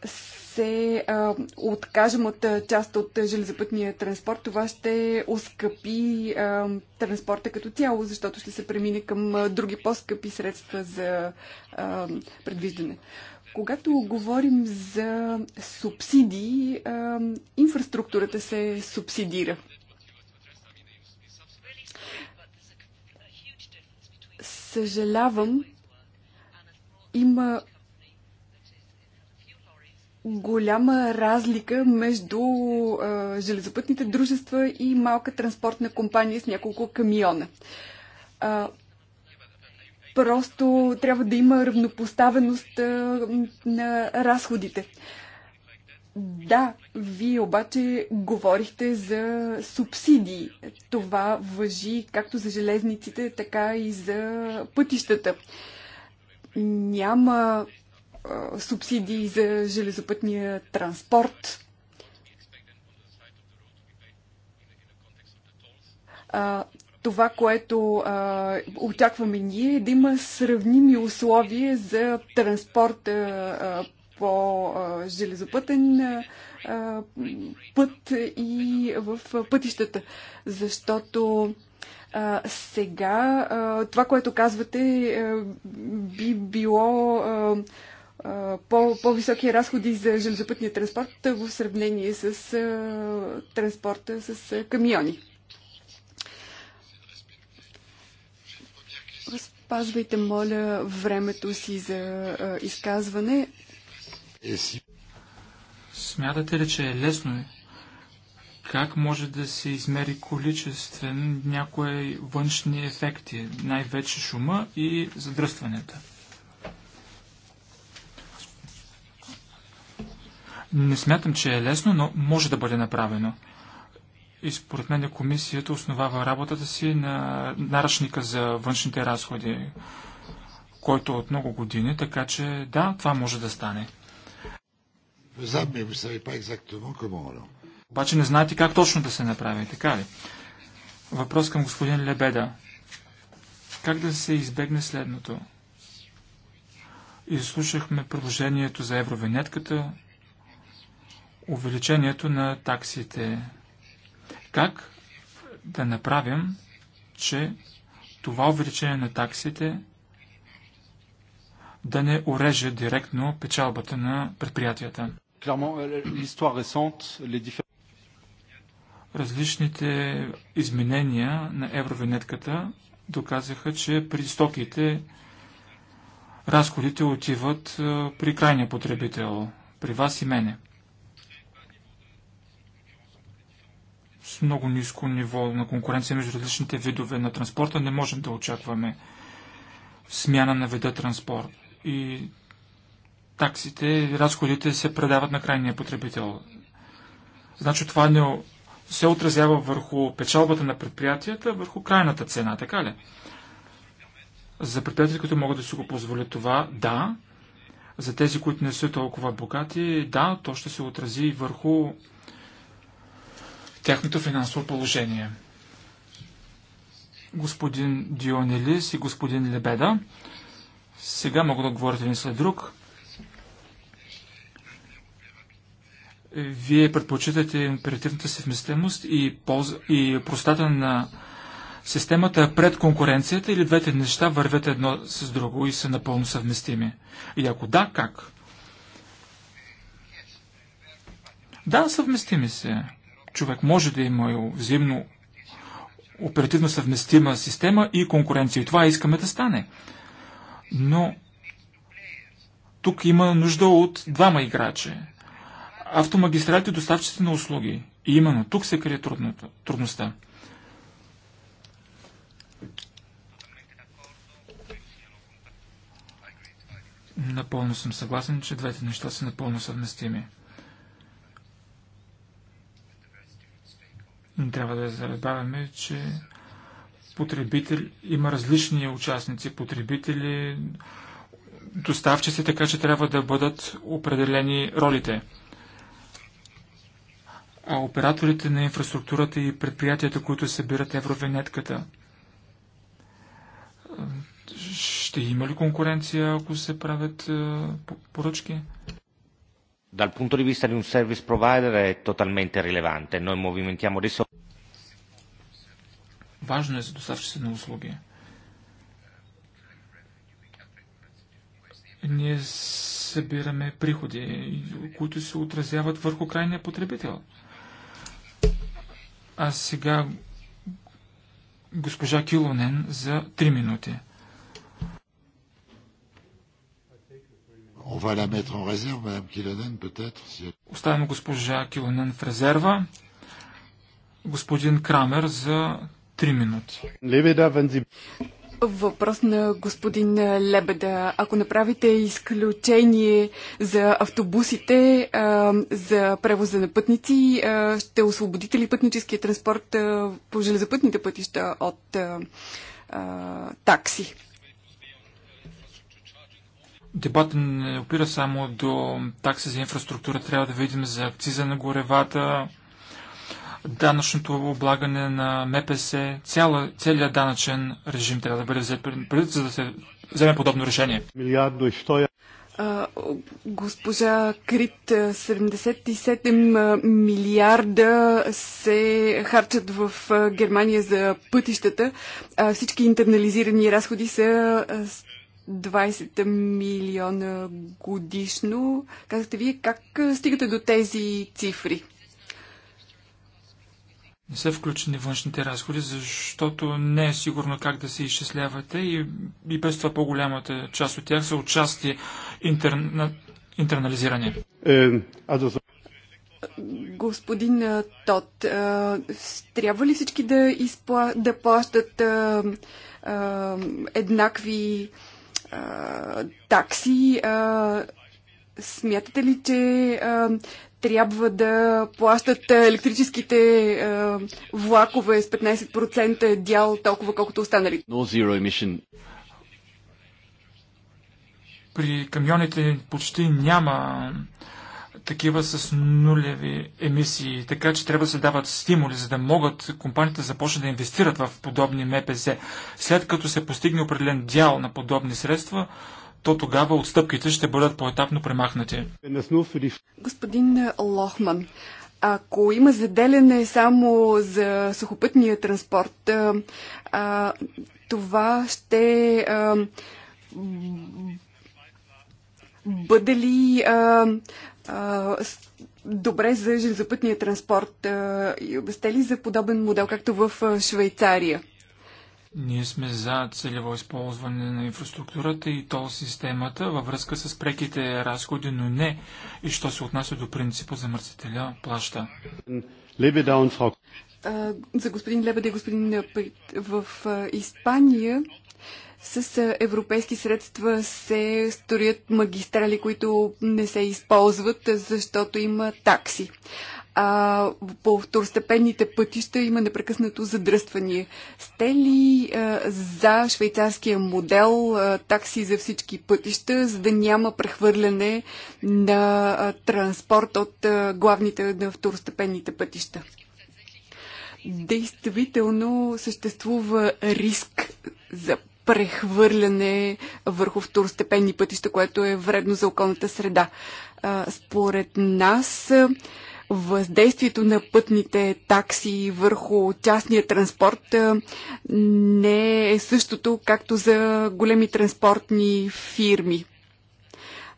E: се а, откажем от част от железопътния транспорт, това ще оскъпи а, транспорта като цяло, защото ще се премине към а, други по-скъпи средства за а, предвиждане. Когато говорим за субсидии, а, инфраструктурата се субсидира. Съжалявам, има голяма разлика между а, железопътните дружества и малка транспортна компания с няколко камиона. А, просто трябва да има равнопоставеност а, на разходите. Да, вие обаче говорихте за субсидии. Това въжи както за железниците, така и за пътищата. Няма а, субсидии за железопътния транспорт. А, това, което а, очакваме ние е да има сравними условия за транспорт а, по железопътен път и в пътищата. Защото а, сега а, това, което казвате, а, би било по, високи разходи за железопътния транспорт в сравнение с а, транспорта с а, камиони. Спазвайте, моля, времето си за а, изказване.
B: Е
C: Смятате ли, че е лесно? Как може да се измери количествен някои външни ефекти, най-вече шума и задръстванията? Не смятам, че е лесно, но може да бъде направено. И според мен комисията основава работата си на наръчника за външните разходи, който е от много години, така че да, това може да стане
B: faisable, mais vous savez pas
C: exactement comment Обаче не знаете как точно да се направи, така ли? Въпрос към господин Лебеда. Как да се избегне следното? Изслушахме предложението за евровинетката, увеличението на таксите. Как да направим, че това увеличение на таксите да не уреже директно печалбата на предприятията?
A: Euh,
C: различните изменения на евровинетката доказаха, че при стоките разходите отиват при крайния потребител, при вас и мене. С много ниско ниво на конкуренция между различните видове на транспорта не можем да очакваме смяна на вида транспорт. И таксите и разходите се предават на крайния потребител. Значи това не се отразява върху печалбата на предприятията, върху крайната цена, така ли? За предприятията, които могат да си го позволят това, да. За тези, които не са толкова богати, да, то ще се отрази и върху тяхното финансово положение. Господин Дионелис и господин Лебеда, сега могат да говорят един след друг. Вие предпочитате императивната съвместимост и, полз... и простата на системата пред конкуренцията или двете неща вървят едно с друго и са напълно съвместими? И ако да, как? Да, съвместими се. Човек може да има взаимно оперативно съвместима система и конкуренция. И това искаме да стане. Но тук има нужда от двама играчи автомагистралите доставчиците на услуги. И именно тук се крие трудността. Напълно съм съгласен, че двете неща са напълно съвместими. Не трябва да забравяме, че потребител... има различни участници, потребители, доставчици, така че трябва да бъдат определени ролите а операторите на инфраструктурата и предприятията, които събират евровенетката. Ще има ли конкуренция, ако се правят поръчки?
D: Dal punto di vista di un service provider è totalmente rilevante. Noi movimentiamo risorse.
C: Важно е за доставчиците на услуги. Ние събираме приходи, които се отразяват върху крайния потребител. А сега госпожа Килонен за 3 минути.
B: On Оставяме
C: госпожа Килонен в резерва. Господин Крамер за 3
E: минути. Въпрос на господин Лебеда. Ако направите изключение за автобусите, за превоза на пътници, ще освободите ли пътническия транспорт по железопътните пътища от такси?
C: Дебатът не опира само до такси за инфраструктура. Трябва да видим за акциза на горевата, данъчното облагане на МПС, целият данъчен режим трябва да бъде взет предвид, за да се вземе подобно решение.
D: и
E: Госпожа Крит, 77 милиарда се харчат в Германия за пътищата. Всички интернализирани разходи са 20 милиона годишно. Казахте вие, как стигате до тези цифри?
C: не са включени външните разходи, защото не е сигурно как да се изчислявате и, и без това по-голямата част от тях са отчасти интерна, интернализирани.
D: Е,
E: Господин Тот, трябва ли всички да, изпла... да плащат а, а, еднакви а, такси? А, смятате ли, че а, трябва да плащат електрическите е, влакове с 15% дял, толкова колкото останали.
C: При камионите почти няма такива с нулеви емисии, така че трябва да се дават стимули, за да могат компаниите да започнат да инвестират в подобни МПЗ. След като се постигне определен дял на подобни средства, то тогава отстъпките ще бъдат поетапно премахнати.
E: Господин Лохман, ако има заделяне само за сухопътния транспорт, а, това ще а, бъде ли а, а, добре за железопътния транспорт? А, сте ли за подобен модел, както в Швейцария?
C: Ние сме за целево използване на инфраструктурата и тол системата във връзка с преките разходи, но не и що се отнася до принципа за мърсителя плаща.
E: За господин Лебеда и господин в Испания с европейски средства се строят магистрали, които не се използват, защото има такси а, по второстепенните пътища има непрекъснато задръстване. Сте ли а, за швейцарския модел а, такси за всички пътища, за да няма прехвърляне на а, транспорт от а, главните на второстепенните пътища? Действително съществува риск за прехвърляне върху второстепенни пътища, което е вредно за околната среда. Според нас въздействието на пътните такси върху частния транспорт не е същото, както за големи транспортни фирми.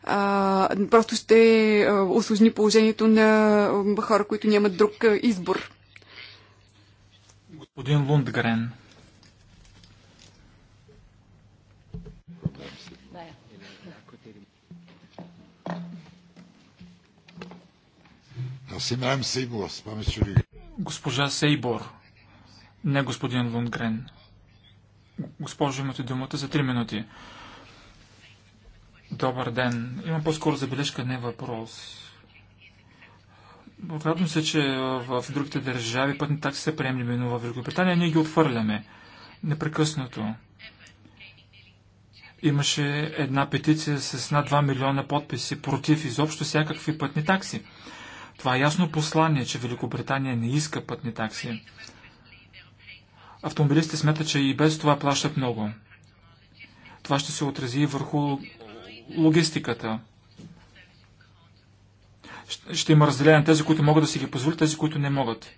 E: А, просто ще осложни положението на хора, които нямат друг избор.
C: Господин Лундгрен. C'est Madame Госпожа Сейбор, не господин Лундгрен. Госпожо, имате думата за 3 минути. Добър ден. Има по-скоро забележка, не въпрос. Радвам се, че в другите държави пътни такси са приемлими, но в Великобритания ние ги отвърляме. Непрекъснато. Имаше една петиция с над 2 милиона подписи против изобщо всякакви пътни такси. Това е ясно послание, че Великобритания не иска пътни такси. Автомобилистите смятат, че и без това плащат много. Това ще се отрази и върху логистиката. Ще има разделение на тези, които могат да си ги позволят, тези, които не могат.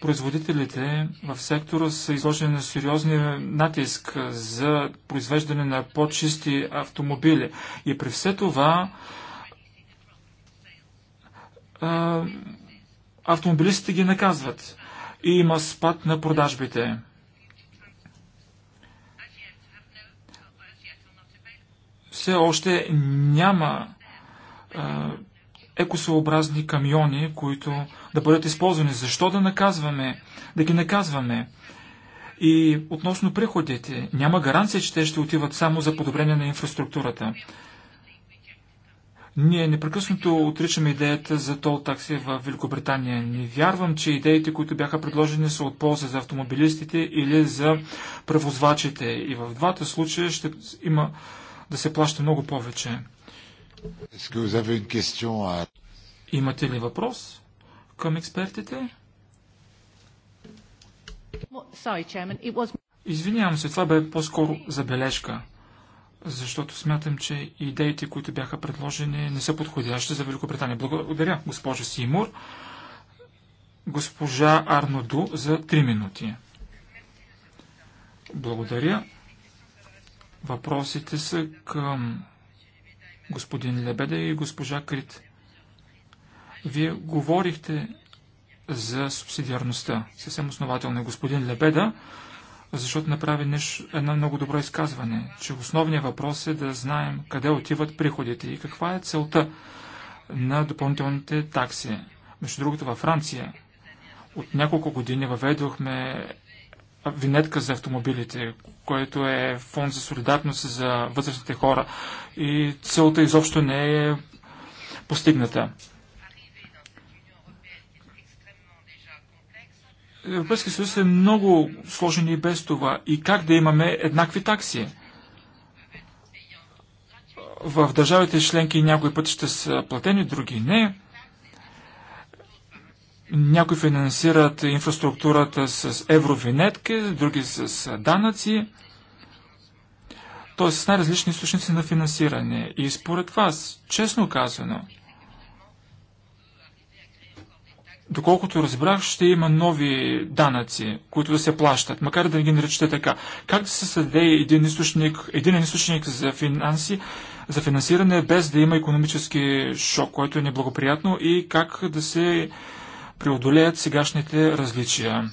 C: Производителите в сектора са изложени на сериозни натиск за произвеждане на по-чисти автомобили. И при все това автомобилистите ги наказват и има спад на продажбите. Все още няма а, екосъобразни камиони, които да бъдат използвани. Защо да наказваме? Да ги наказваме. И относно приходите, няма гаранция, че те ще отиват само за подобрение на инфраструктурата. Ние непрекъснато отричаме идеята за тол такси в Великобритания. Не вярвам, че идеите, които бяха предложени, са от полза за автомобилистите или за превозвачите. И в двата случая ще има да се плаща много повече. Имате ли въпрос към експертите? Извинявам се, това бе по-скоро забележка защото смятам, че идеите, които бяха предложени, не са подходящи за Великобритания. Благодаря, госпожа Симур. Госпожа Арноду за 3 минути. Благодаря. Въпросите са към господин Лебеда и госпожа Крит. Вие говорихте за субсидиарността. Съвсем основателно. Е, господин Лебеда защото направи нещо, едно много добро изказване, че основният въпрос е да знаем къде отиват приходите и каква е целта на допълнителните такси. Между другото, във Франция от няколко години въведохме винетка за автомобилите, което е фонд за солидарност за възрастните хора и целта изобщо не е постигната. Европейския съюз е много сложен и без това. И как да имаме еднакви такси? В държавите членки някои пъти ще са платени, други не. Някои финансират инфраструктурата с евровинетки, други с данъци. Тоест с най-различни източници на финансиране. И според вас, честно казано, доколкото разбрах, ще има нови данъци, които да се плащат, макар да не ги наричате така. Как да се създаде един източник, един източник за финанси, за финансиране, без да има економически шок, който е неблагоприятно и как да се преодолеят сегашните различия.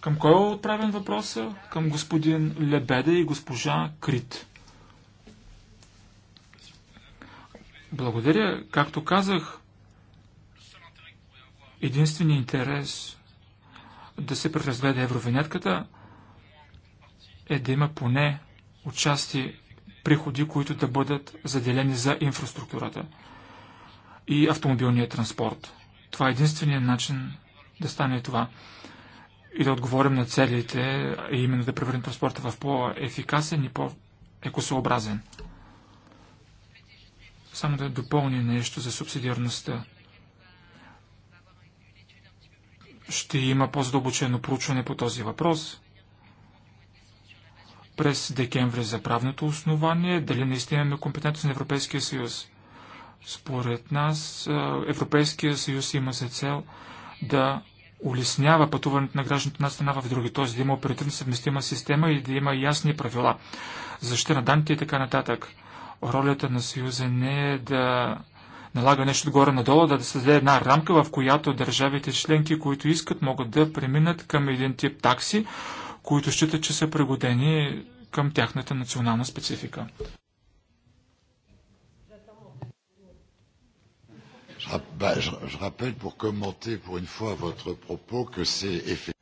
C: Към кой е отправен въпроса? Към господин Лебеда и госпожа Крит. Благодаря. Както казах, единствения интерес да се преразгледа евровинетката е да има поне участие приходи, които да бъдат заделени за инфраструктурата и автомобилния транспорт. Това е единственият начин да стане това и да отговорим на целите, и именно да превърнем транспорта в по-ефикасен и по-екосъобразен. Само да допълня нещо за субсидиарността. Ще има по-задълбочено проучване по този въпрос през декември за правното основание, дали наистина имаме компетентност на Европейския съюз. Според нас Европейския съюз има за цел да улеснява пътуването на гражданите на страна в други, т.е. да има оперативна съвместима система и да има ясни правила. Защита на данните и така нататък. Ролята на Съюза не е да налага нещо отгоре надолу, да, да създаде една рамка, в която държавите членки, които искат, могат да преминат към един тип такси, които считат, че са пригодени към тяхната национална специфика.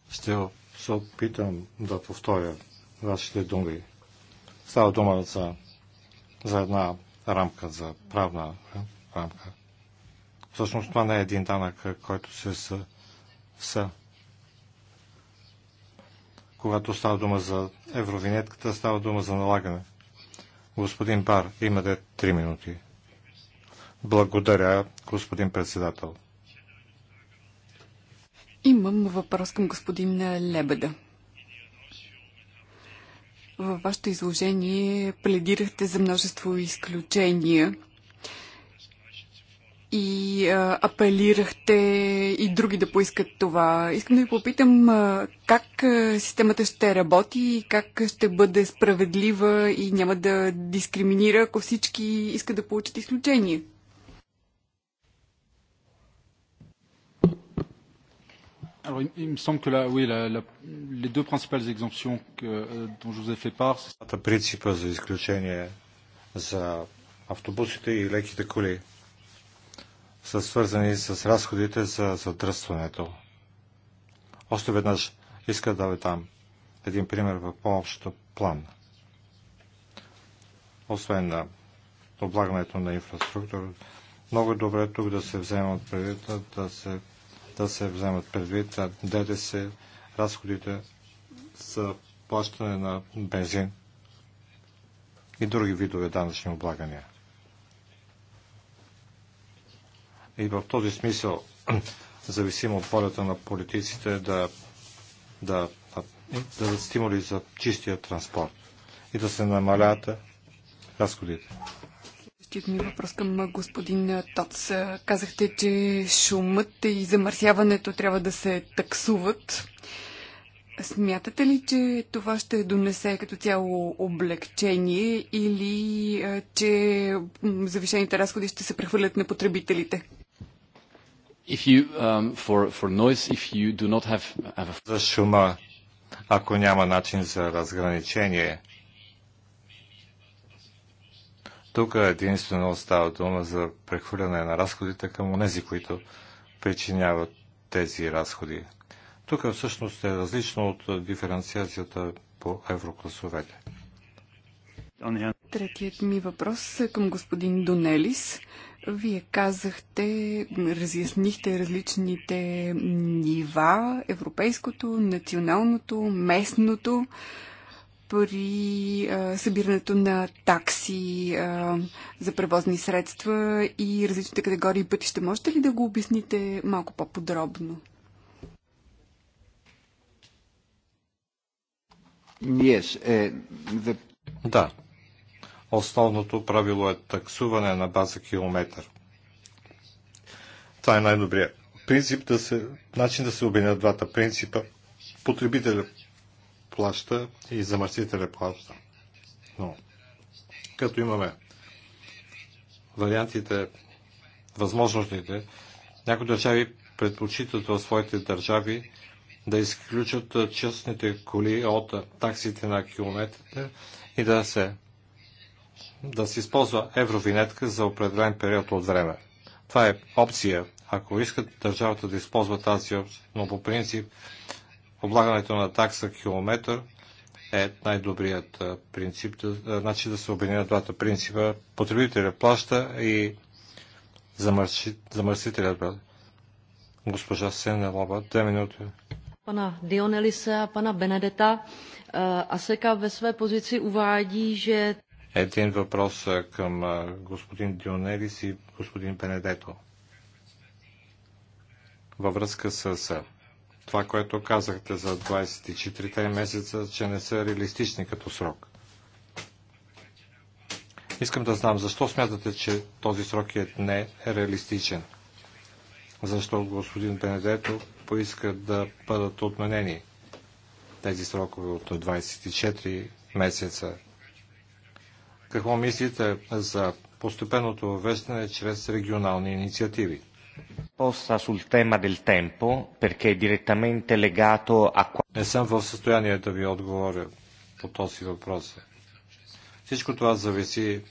B: Ще се опитам
D: да повторя вашите думи. Става дума за, за една рамка за правна рамка. Всъщност това не е един данък, който се са, са. Когато става дума за евровинетката, става дума за налагане. Господин Бар, имате 3 минути. Благодаря, господин председател.
E: Имам въпрос към господин Лебеда. Във вашето изложение пледирахте за множество изключения – и а, апелирахте и други да поискат това. Искам да ви попитам а, как системата ще работи и как ще бъде справедлива и няма да дискриминира, ако всички искат да получат изключение.
B: Alors, il me semble que là, oui, la, la, les deux principales
D: exemptions que, euh, dont je vous ai fait part, c'est... принципа за изключение за автобусите и леките коли са свързани с разходите за задръстването. Още веднъж иска да ви там един пример в по-общото план. Освен на облагането на инфраструктура, много добре е тук да се вземат предвид, да се, да се вземат предвид се разходите за плащане на бензин и други видове данъчни облагания. И в този смисъл, зависимо от волята на политиците, да, да, да, да стимули за чистия транспорт и да се намалят разходите.
E: ми въпрос към господин Тоц. Казахте, че шумът и замърсяването трябва да се таксуват. Смятате ли, че това ще донесе като цяло облегчение или че завишените разходи ще се прехвърлят на потребителите? If
D: you, um, for, for noise, if you do not have, have a... За шума, ако няма начин за разграничение, тук единствено става дума за прехвърляне на разходите към онези, които причиняват тези разходи. Тук всъщност е различно от диференциацията по еврокласовете.
E: Третият ми въпрос е към господин Донелис. Вие казахте, разяснихте различните нива, европейското, националното, местното, при а, събирането на такси а, за превозни средства и различните категории пътища. Можете ли да го обясните малко по-подробно?
D: Yes, eh, the... Да, Основното правило е таксуване на база километър. Това е най-добрият принцип да се, начин да се обединят двата принципа. Потребителя плаща и замърсителя плаща. Но като имаме вариантите, възможностите, някои държави предпочитат в своите държави да изключат частните коли от таксите на километрите и да се да се използва евровинетка за определен период от време. Това е опция, ако искат държавата да използва тази опция, но по принцип облагането на такса километър е най-добрият принцип, значи да се обединят двата принципа. Потребителя плаща и замърсителят Госпожа Сенелова, две минути.
E: Пана Дионелиса, пана Бенедета, Benedeta. ve své pozici uvádí, že
D: един въпрос към господин Дионелис и господин Пенедето. Във връзка с това, което казахте за 24-те месеца, че не са реалистични като срок. Искам да знам, защо смятате, че този срок е не реалистичен? Защо господин Бенедето поиска да бъдат отменени тези срокове от 24 месеца какво мислите за постепенното въвеждане чрез регионални инициативи? Не съм в състояние да ви отговоря по този въпрос. Всичко това зависи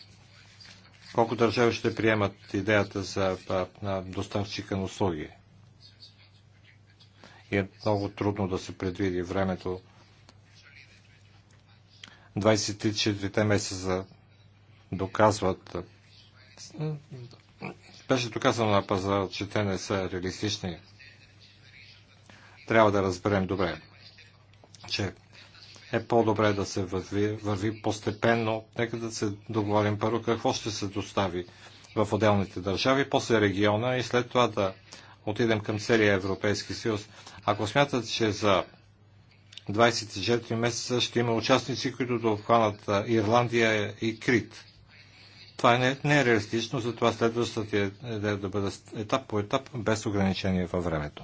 D: колко държави ще приемат идеята за на доставчика на услуги. И е много трудно да се предвиди времето. 24-те месеца доказват. Беше доказано на пазара, че те не са реалистични. Трябва да разберем добре, че е по-добре да се върви, върви постепенно. Нека да се договорим първо какво ще се достави в отделните държави, после региона и след това да отидем към целия Европейски съюз. Ако смятат, че за 24 месеца ще има участници, които да обхванат Ирландия и Крит. Това е не, не е реалистично, затова следващата е да бъде етап по етап, без ограничение във времето.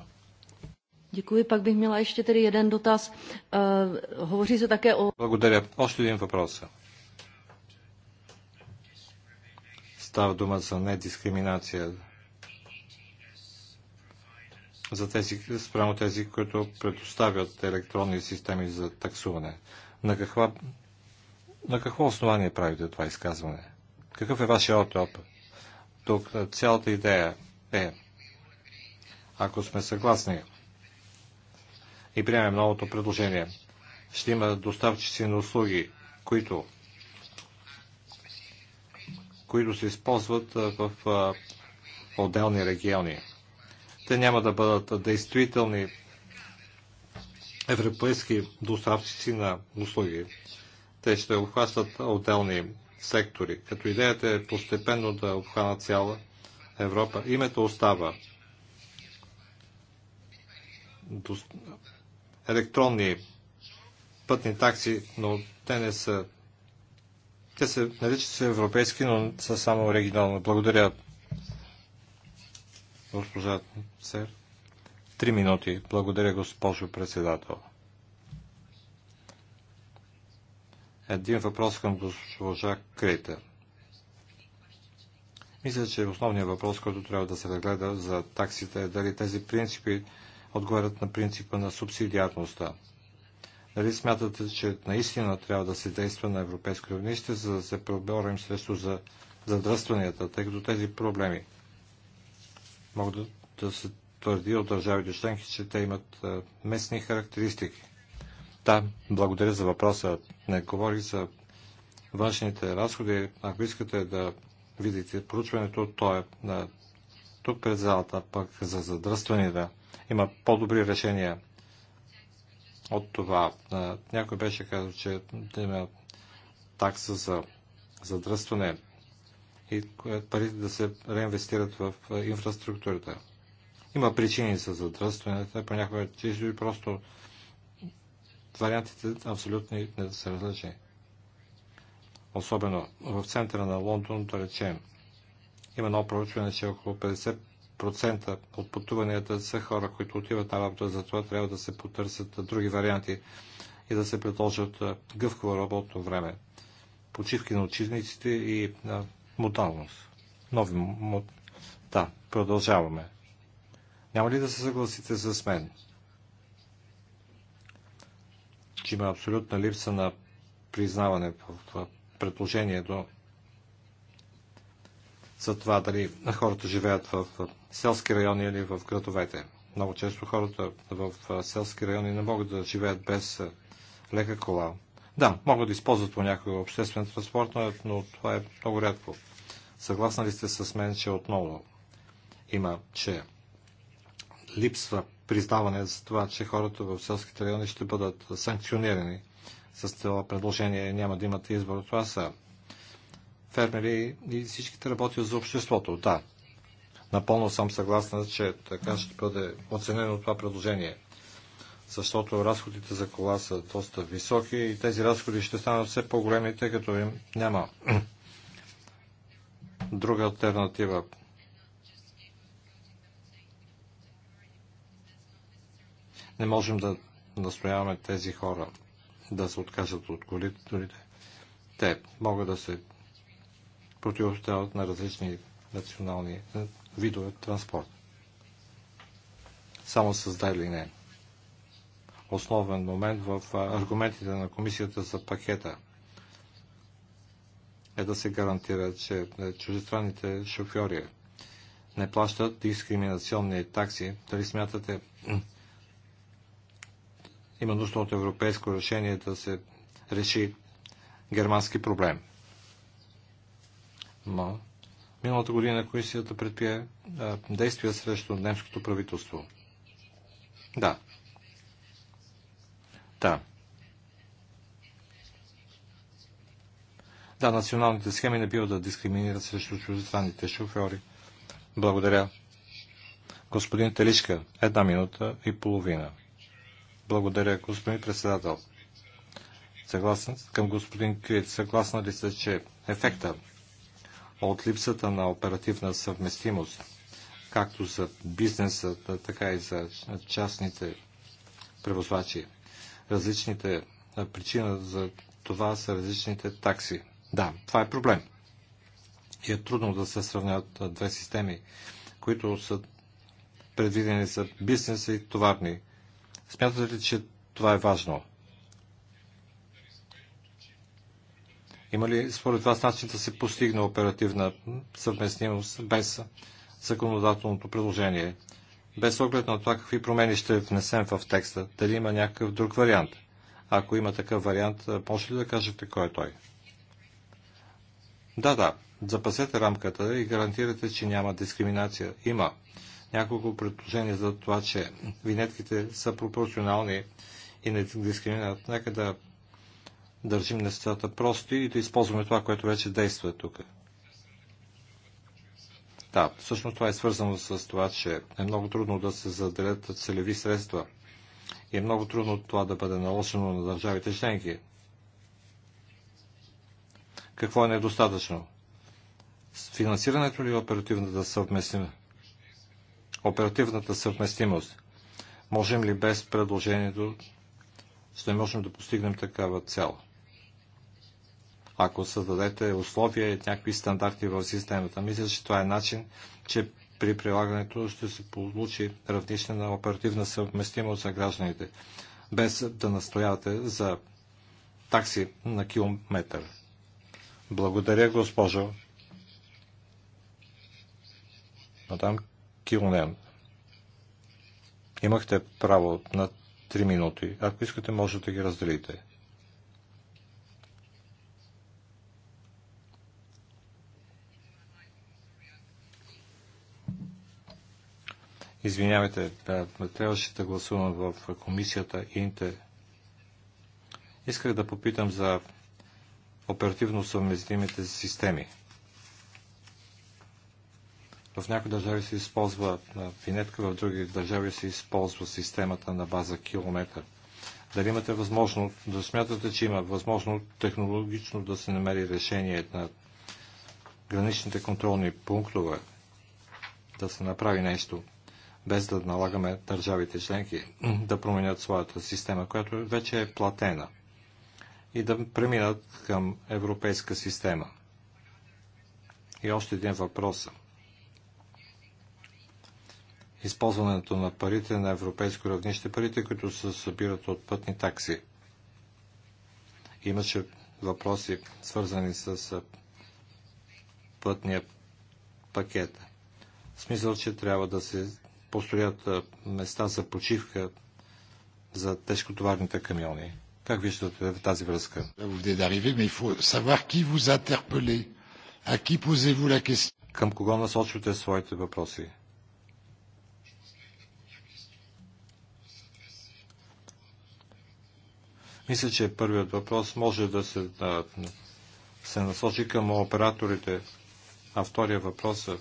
E: Děkuji. Pak bych měla ještě tedy jeden dotaz. Uh, hovoří se také o...
D: Благодаря. Още един въпрос. Става дума за недискриминация за тези, спрямо тези, които предоставят електронни системи за таксуване. На, каква, на какво основание правите това изказване? Какъв е вашия отоп? Тук е, цялата идея е, ако сме съгласни и приемем новото предложение, ще има доставчици на услуги, които, които се използват е, в е, отделни региони. Те няма да бъдат действителни европейски доставчици на услуги. Те ще обхващат отделни сектори, като идеята е постепенно да обхвана цяла Европа. Името остава електронни пътни такси, но те не са. Те се наричат се европейски, но са само оригинални. Благодаря, госпожа Цер. Три минути. Благодаря, госпожо председател. Един въпрос към госпожа Крейта. Мисля, че основният въпрос, който трябва да се разгледа за таксите е дали тези принципи отговарят на принципа на субсидиарността. Дали смятате, че наистина трябва да се действа на европейско равнище, за да се преборим срещу за задръстванията, тъй като тези проблеми могат да се твърди от държавите членки, че те имат местни характеристики. Да, благодаря за въпроса. Не говорих за външните разходи. Ако искате да видите проучването, то е на, тук пред залата, пък за задръстване да има по-добри решения от това. Някой беше казал, че има такса за задръстване и парите да се реинвестират в инфраструктурата. Има причини за задръстването, понякога чисто и просто вариантите абсолютно не са различни. Особено в центъра на Лондон, да речем, има едно проучване, че около 50% от пътуванията са хора, които отиват на работа, затова трябва да се потърсят други варианти и да се предложат гъвково работно време, почивки на учениците и на моталност. Нови мод... Да, продължаваме. Няма ли да се съгласите с мен? че има абсолютна липса на признаване в предложението за това дали хората живеят в селски райони или в градовете. Много често хората в селски райони не могат да живеят без е, лека кола. Да, могат да използват по някой обществен транспорт, но това е много рядко. Съгласна ли сте с мен, че отново има, че липсва признаване за това, че хората в селските райони ще бъдат санкционирани с това предложение няма да имат избор. Това са фермери и всичките работят за обществото. Да, напълно съм съгласен, че така ще бъде оценено това предложение. Защото разходите за кола са доста високи и тези разходи ще станат все по-големи, тъй като им няма друга альтернатива. Не можем да настояваме тези хора да се откажат от колиторите. Те могат да се противостоят на различни национални е, видове транспорт. Само създай или не. Основен момент в аргументите на комисията за пакета е да се гарантира, че е, чужестранните шофьори не плащат дискриминационни такси. Дали смятате, има нужда от европейско решение да се реши германски проблем. Но миналата година комисията предприе действия срещу немското правителство. Да. Да. Да, националните схеми не бива да дискриминират срещу чуждестранните шофьори. Благодаря. Господин Телишка, една минута и половина. Благодаря, господин председател. Съгласен към господин Кюит. Съгласна ли сте, че ефекта от липсата на оперативна съвместимост, както за бизнеса, така и за частните превозвачи, различните причина за това са различните такси. Да, това е проблем. И е трудно да се сравняват две системи, които са предвидени за бизнеса и товарни Смятате ли, че това е важно? Има ли според вас начин да се постигне оперативна съвместимост без законодателното предложение? Без оглед на това какви промени ще внесем в текста, дали има някакъв друг вариант? Ако има такъв вариант, може ли да кажете кой е той? Да, да, запасете рамката и гарантирате, че няма дискриминация. Има няколко предложения за това, че винетките са пропорционални и не дискриминират. Нека да държим нещата прости и да използваме това, което вече действа тук. Да, всъщност това е свързано с това, че е много трудно да се заделят целеви средства и е много трудно това да бъде наложено на държавите членки. Какво е недостатъчно? С финансирането ли е оперативно да съвместиме? Оперативната съвместимост. Можем ли без предложението ще можем да постигнем такава цел? Ако създадете условия и някакви стандарти в системата, мисля, че това е начин, че при прилагането ще се получи равнище на оперативна съвместимост за гражданите, без да настоявате за такси на километър. Благодаря, госпожо. Мадам Килонен. Имахте право на 3 минути. Ако искате, може да ги разделите. Извинявайте, трябваше да гласувам в комисията Инте. Исках да попитам за оперативно съвместимите системи. В някои държави се използва винетка, в други държави се използва системата на база километър. Дали имате възможно, да смятате, че има възможно технологично да се намери решение на граничните контролни пунктове, да се направи нещо, без да налагаме държавите членки да променят своята система, която вече е платена и да преминат към европейска система. И още един въпрос използването на парите на европейско равнище, парите, които се събират от пътни такси. Имаше въпроси, свързани с пътния пакет. В смисъл, че трябва да се построят места за почивка за тежкотоварните камиони. Как виждате в тази връзка? Към кого насочвате своите въпроси? Мисля, че първият въпрос може да се, да, се насочи към операторите, а втория въпрос е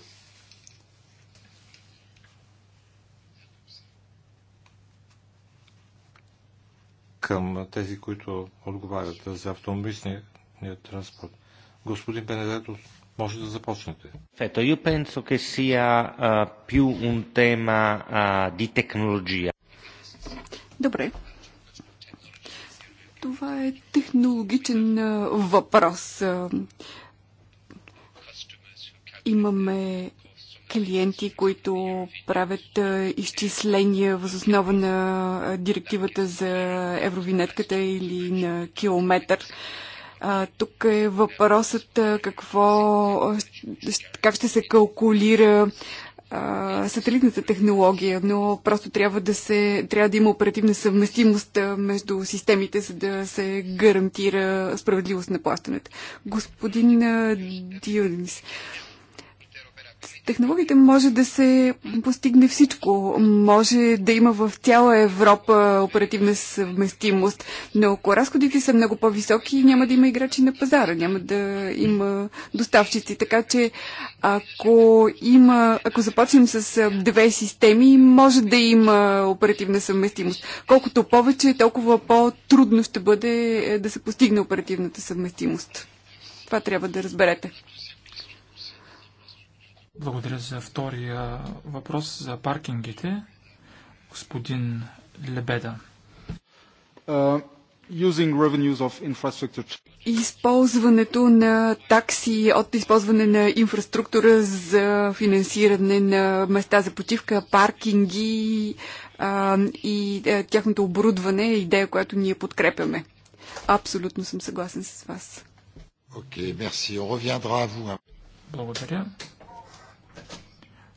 D: към тези, които отговарят за автомобилния транспорт. Господин Бенедето, може да започнете. Фето, ю пенсо, che sia uh, più un tema uh,
E: Добре, това е технологичен въпрос. Имаме клиенти, които правят изчисления въз основа на директивата за евровинетката или на километър. А, тук е въпросът какво, как ще се калкулира сателитната технология, но просто трябва да, се, трябва да има оперативна съвместимост между системите, за да се гарантира справедливост на плащането. Господин Дионис, технологиите може да се постигне всичко. Може да има в цяла Европа оперативна съвместимост, но ако разходите са много по-високи, няма да има играчи на пазара, няма да има доставчици. Така че ако, има, ако започнем с две системи, може да има оперативна съвместимост. Колкото повече, толкова по-трудно ще бъде е, да се постигне оперативната съвместимост. Това трябва да разберете.
C: Благодаря за втория въпрос за паркингите. Господин Лебеда. using revenues
A: of infrastructure.
E: Използването на такси от използване на инфраструктура за финансиране на места за почивка, паркинги а, и а, е, тяхното оборудване е идея, която ние подкрепяме. Абсолютно съм съгласен с вас.
B: Окей, okay, мерси.
C: Благодаря.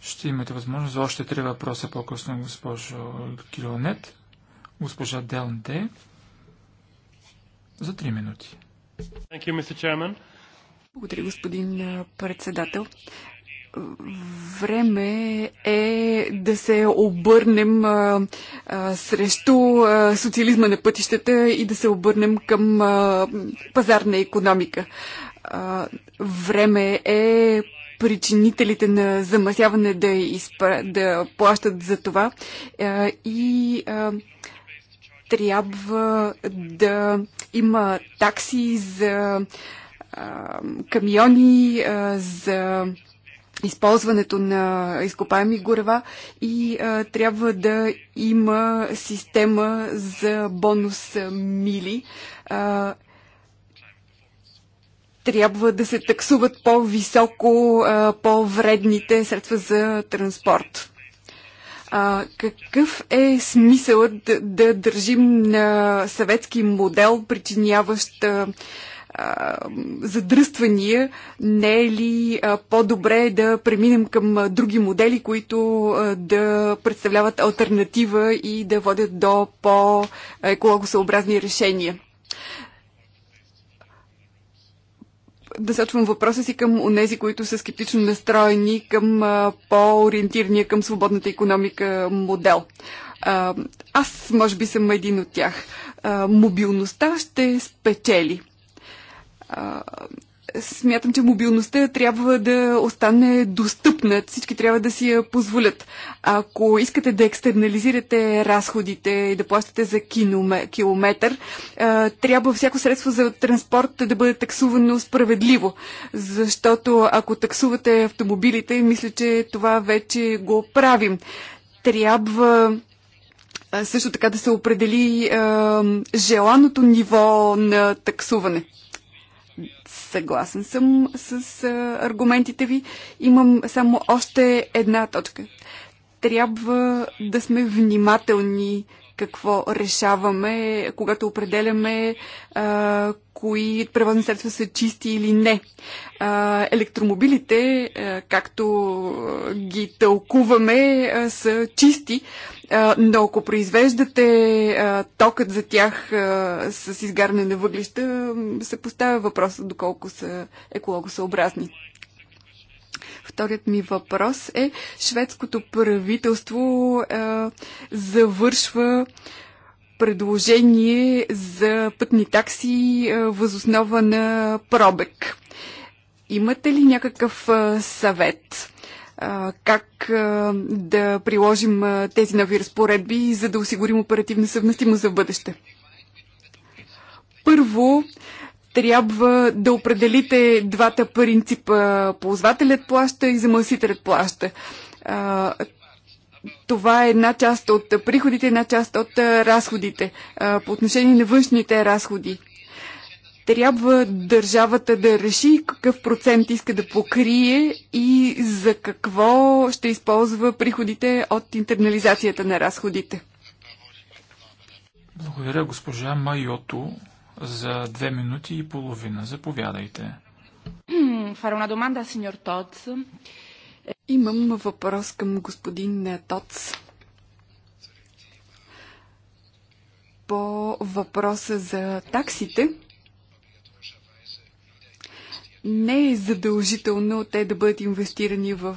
C: Ще имате възможност за още три въпроса по-късно, госпожо Кирилонет, госпожа Делнте, за три минути.
E: You, Благодаря, господин председател време е да се обърнем а, а, срещу а, социализма на пътищата и да се обърнем към а, пазарна економика. А, време е причинителите на замасяване да, изпра... да плащат за това а, е, и а, е, трябва да има такси за а, е, камиони, а, за използването на изкопаеми горева и а, трябва да има система за бонус мили. А, трябва да се таксуват по-високо по-вредните средства за транспорт. А, какъв е смисълът да, да държим на съветски модел, причиняващ а, задръствания? Не е ли по-добре да преминем към други модели, които а, да представляват альтернатива и да водят до по-екологосъобразни решения? насочвам въпроса си към онези, които са скептично настроени към по-ориентирания към свободната економика модел. Аз, може би, съм един от тях. Мобилността ще спечели Смятам, че мобилността трябва да остане достъпна. Всички трябва да си я позволят. Ако искате да екстернализирате разходите и да плащате за километър, трябва всяко средство за транспорт да бъде таксувано справедливо. Защото ако таксувате автомобилите, мисля, че това вече го правим. Трябва също така да се определи е, желаното ниво на таксуване. Съгласен съм с аргументите ви. Имам само още една точка. Трябва да сме внимателни какво решаваме, когато определяме а, кои превозни средства са чисти или не. А, електромобилите, а, както ги тълкуваме, а, са чисти, но ако произвеждате токът за тях с изгарне на въглища, се поставя въпросът доколко са екологосъобразни. Вторият ми въпрос е, шведското правителство а, завършва предложение за пътни такси възоснова на пробег. Имате ли някакъв а, съвет? как да приложим тези нови разпоредби, за да осигурим оперативна съвместимост за бъдеще. Първо, трябва да определите двата принципа ползвателят плаща и замърсителят плаща. Това е една част от приходите, една част от разходите. По отношение на външните разходи трябва държавата да реши какъв процент иска да покрие и за какво ще използва приходите от интернализацията на разходите.
C: Благодаря госпожа Майото за две минути и половина. Заповядайте.
E: Тоц. Имам въпрос към господин Тоц. По въпроса за таксите – не е задължително те да бъдат инвестирани в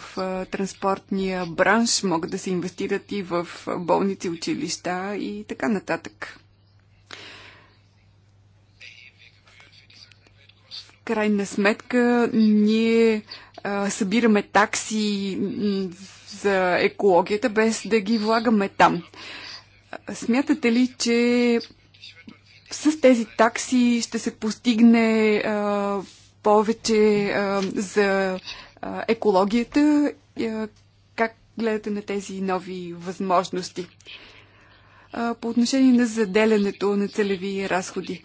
E: транспортния бранш, могат да се инвестират и в болници, училища и така нататък. В крайна сметка ние а, събираме такси за екологията, без да ги влагаме там. Смятате ли, че с тези такси ще се постигне а, повече а, за а, екологията. А, как гледате на тези нови възможности? по отношение на заделянето на целеви разходи.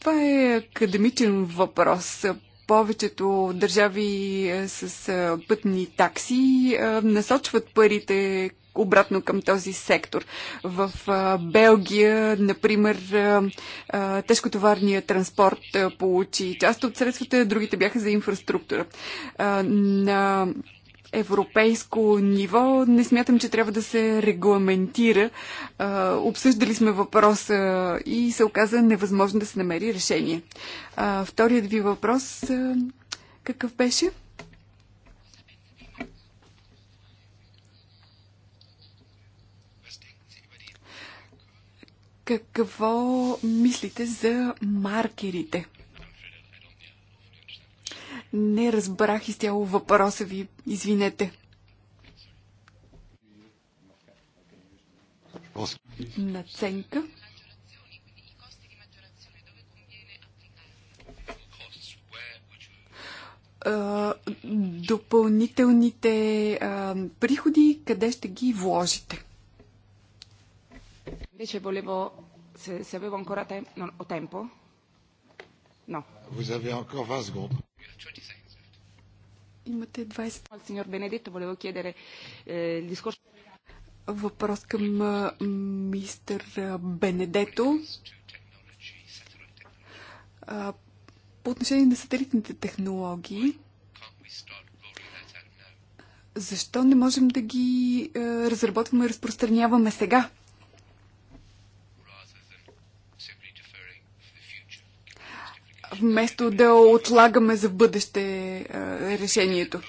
E: Това е академичен въпрос. Повечето държави с пътни такси насочват парите обратно към този сектор. В Белгия, например, тежкотоварният транспорт получи част от средствата, другите бяха за инфраструктура. На европейско ниво не смятам, че трябва да се регламентира. Обсъждали сме въпроса и се оказа невъзможно да се намери решение. Вторият ви въпрос какъв беше? Какво мислите за маркерите? Не разбрах изцяло въпроса ви, извинете. Наценка. допълнителните приходи, къде ще ги вложите? Invece volevo, se, se avevo ancora te- no, ho tempo? No.
B: Vous avez encore 20 secondes.
E: Имате 20. Al signor Benedetto volevo chiedere eh, il discorso. Въпрос към мистер Бенедето. По отношение на сателитните технологии, защо не можем да ги разработваме и разпространяваме сега? вместо да отлагаме за бъдеще е, решението.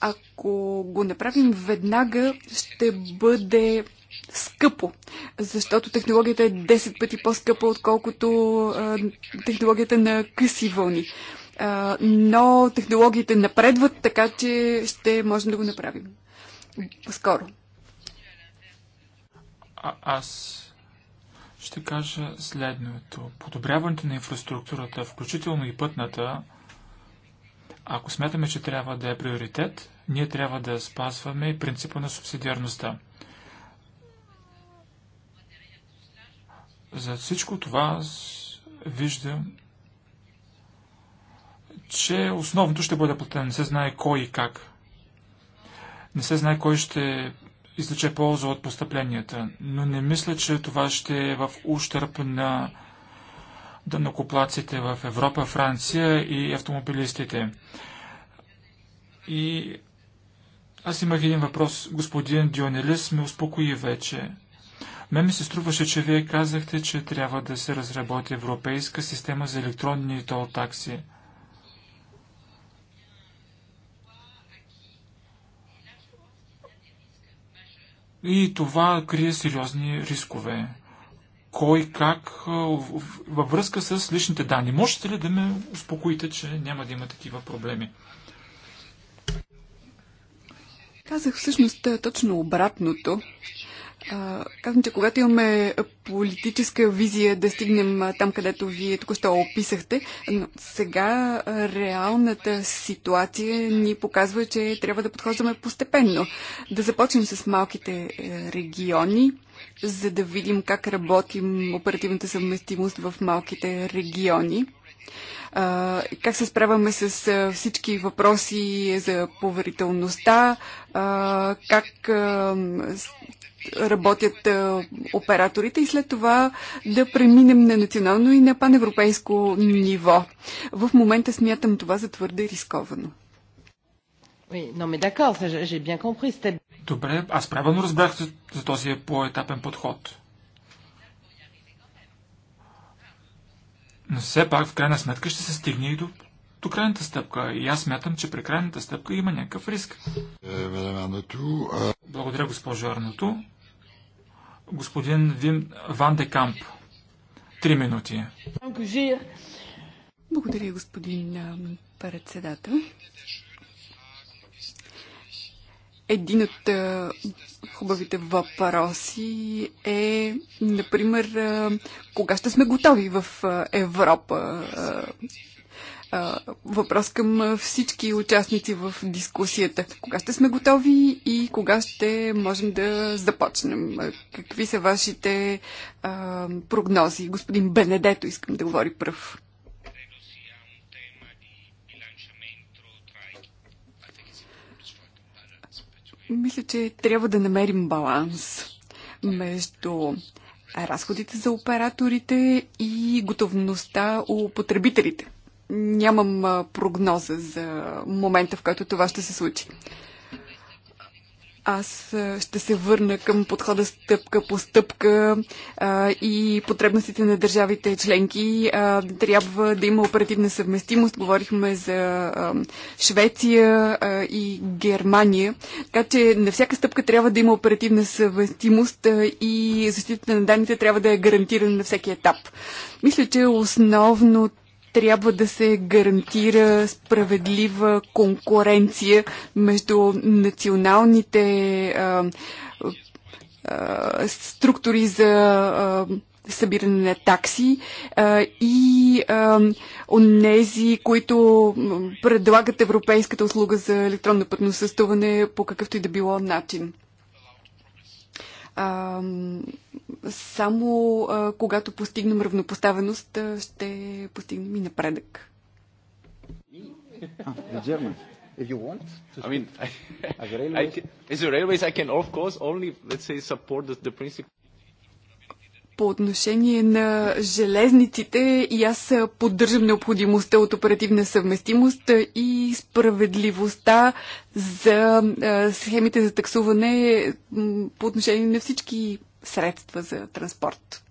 E: Ако го направим веднага, ще бъде скъпо, защото технологията е 10 пъти по-скъпа, отколкото е, технологията на къси вълни. Е, но технологиите напредват, така че ще можем да го направим. Скоро.
C: А, аз ще кажа следното. Подобряването на инфраструктурата, включително и пътната, ако смятаме, че трябва да е приоритет, ние трябва да спазваме принципа на субсидиарността. За всичко това виждам, че основното ще бъде платено. Не се знае кой и как. Не се знае кой ще излече е полза от постъпленията. Но не мисля, че това ще е в ущърп на дънокоплаците в Европа, Франция и автомобилистите. И аз имах един въпрос. Господин Дионелис ме успокои вече. Мен ми се струваше, че вие казахте, че трябва да се разработи европейска система за електронни тол такси. И това крие сериозни рискове. Кой, как, във връзка с личните данни. Можете ли да ме успокоите, че няма да има такива проблеми?
E: Казах всъщност точно обратното. А, казвам, че когато имаме политическа визия да стигнем там, където вие току-що описахте, но сега реалната ситуация ни показва, че трябва да подхождаме постепенно. Да започнем с малките е, региони, за да видим как работим оперативната съвместимост в малките региони. как се справяме с всички въпроси за поверителността, как работят а, е, операторите и след това да преминем на национално и на паневропейско ниво. В момента смятам това за твърде рисковано.
C: Добре, аз правилно разбрах за, за този по-етапен подход. Но все пак, в крайна сметка, ще се стигне и до, до крайната стъпка. И аз смятам, че при крайната стъпка има някакъв риск. Е, Благодаря, госпожо Арното господин Вим Ван де Камп. Три минути.
E: Благодаря, господин председател. Един от хубавите въпроси е, например, кога ще сме готови в Европа въпрос към всички участници в дискусията. Кога ще сме готови и кога ще можем да започнем? Какви са вашите а, прогнози? Господин Бенедето искам да говори пръв. Мисля, че трябва да намерим баланс между разходите за операторите и готовността у потребителите нямам прогноза за момента, в който това ще се случи. Аз ще се върна към подхода стъпка по стъпка а, и потребностите на държавите членки. А, трябва да има оперативна съвместимост. Говорихме за а, Швеция а, и Германия. Така че на всяка стъпка трябва да има оперативна съвместимост а, и защитата на данните трябва да е гарантирана на всеки етап. Мисля, че основното трябва да се гарантира справедлива конкуренция между националните а, а, структури за а, събиране на такси а, и а, онези, които предлагат Европейската услуга за електронно пътно състуване по какъвто и да било начин. А, само а, когато постигнем равнопоставеност, ще постигнем и напредък. Ah, the German. If you want.
A: To I mean, I, as a railways, I can, as a railways, I can of course only let's say support the, the principle
E: по отношение на железниците и аз поддържам необходимостта от оперативна съвместимост и справедливостта за схемите за таксуване по отношение на всички средства за транспорт.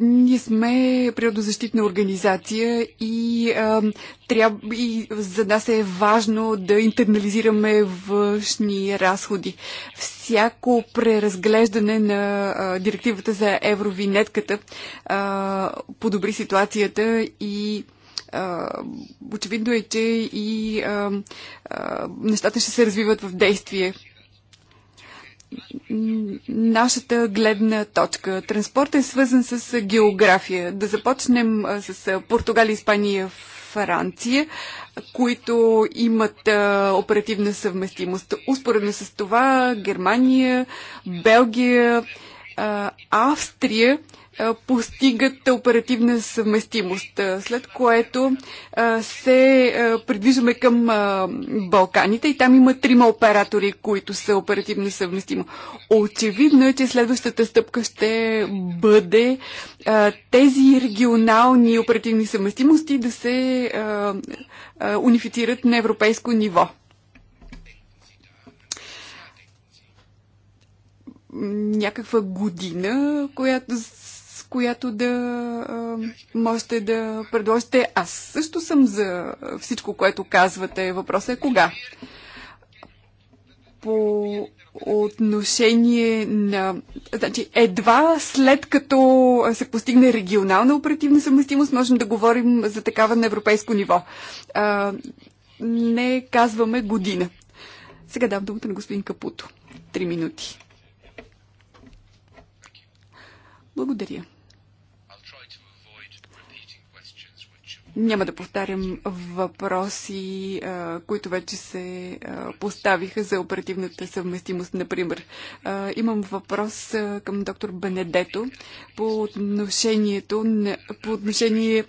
E: Ние сме природозащитна организация и, а, трябва, и за нас е важно да интернализираме външни разходи. Всяко преразглеждане на а, директивата за евровинетката а, подобри ситуацията и а, очевидно е, че и а, а, нещата ще се развиват в действие нашата гледна точка. Транспорт е свързан с география. Да започнем с Португалия, Испания, Франция, които имат оперативна съвместимост. Успоредно с това Германия, Белгия, Австрия постигат оперативна съвместимост, след което се придвижваме към Балканите и там има трима оператори, които са оперативно съвместимо. Очевидно е, че следващата стъпка ще бъде тези регионални оперативни съвместимости да се унифицират на европейско ниво. някаква година, която която да а, можете да предложите. Аз също съм за всичко, което казвате. Въпросът е кога. По отношение на... Значи, едва след като се постигне регионална оперативна съвместимост, можем да говорим за такава на европейско ниво. А, не казваме година. Сега дам думата на господин Капуто. Три минути. Благодаря. Няма да повтарям въпроси, които вече се поставиха за оперативната съвместимост, например. Имам въпрос към доктор Бенедето по отношението по отношение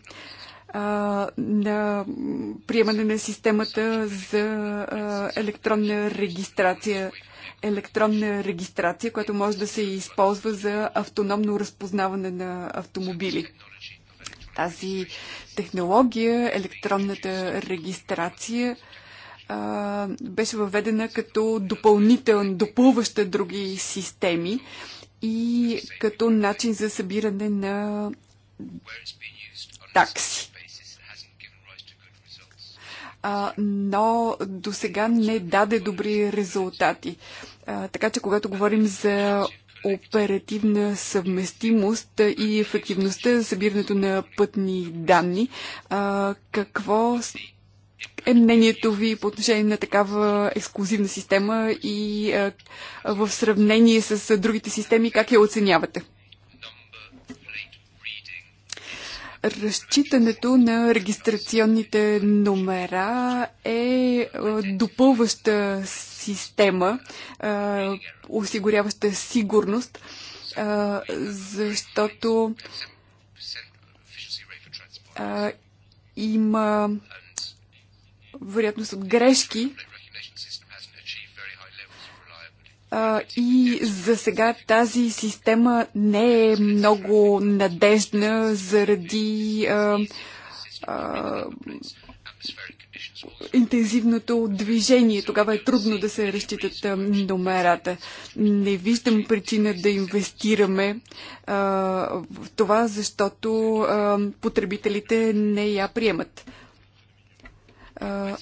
E: на приемане на системата за електронна регистрация електронна регистрация, която може да се използва за автономно разпознаване на автомобили тази технология, електронната регистрация, беше въведена като допълнителна, допълваща други системи и като начин за събиране на такси. но до сега не даде добри резултати. така че, когато говорим за оперативна съвместимост и ефективността за събирането на пътни данни. А, какво е мнението ви по отношение на такава ексклюзивна система и а, в сравнение с другите системи, как я оценявате? Разчитането на регистрационните номера е допълваща система, осигуряваща сигурност, защото има вероятност от грешки. и за сега тази система не е много надежна заради а, интензивното движение. Тогава е трудно да се разчитат номерата. Не виждам причина да инвестираме а, в това, защото а, потребителите не я приемат. А,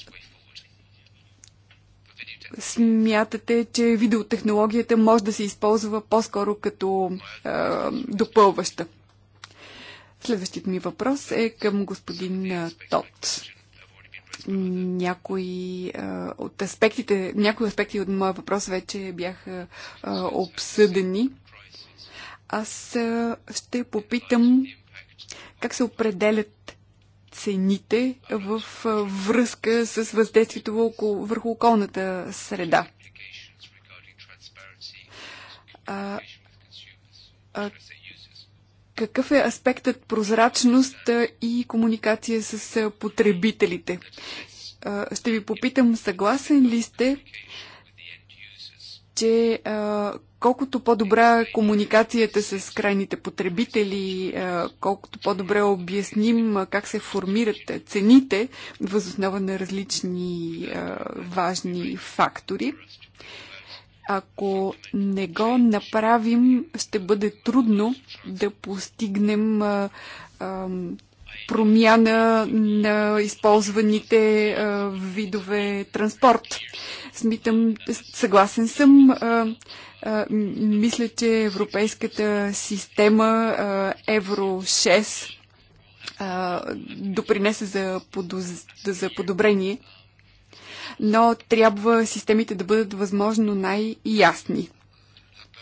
E: смятате, че видеотехнологията може да се използва по-скоро като а, допълваща. Следващият ми въпрос е към господин Тот някои от аспектите, някои аспекти от моя въпрос вече бяха обсъдени. Аз ще попитам как се определят цените в връзка с въздействието върху околната среда. А, а, какъв е аспектът прозрачност и комуникация с потребителите? Ще ви попитам, съгласен ли сте, че колкото по-добра комуникацията с крайните потребители, колкото по-добре обясним как се формират цените, възоснова на различни важни фактори, ако не го направим, ще бъде трудно да постигнем а, а, промяна на използваните а, видове транспорт. Смитам, съгласен съм. А, а, мисля, че европейската система а, Евро 6 допринесе за, подоз... за подобрение но трябва системите да бъдат възможно най-ясни.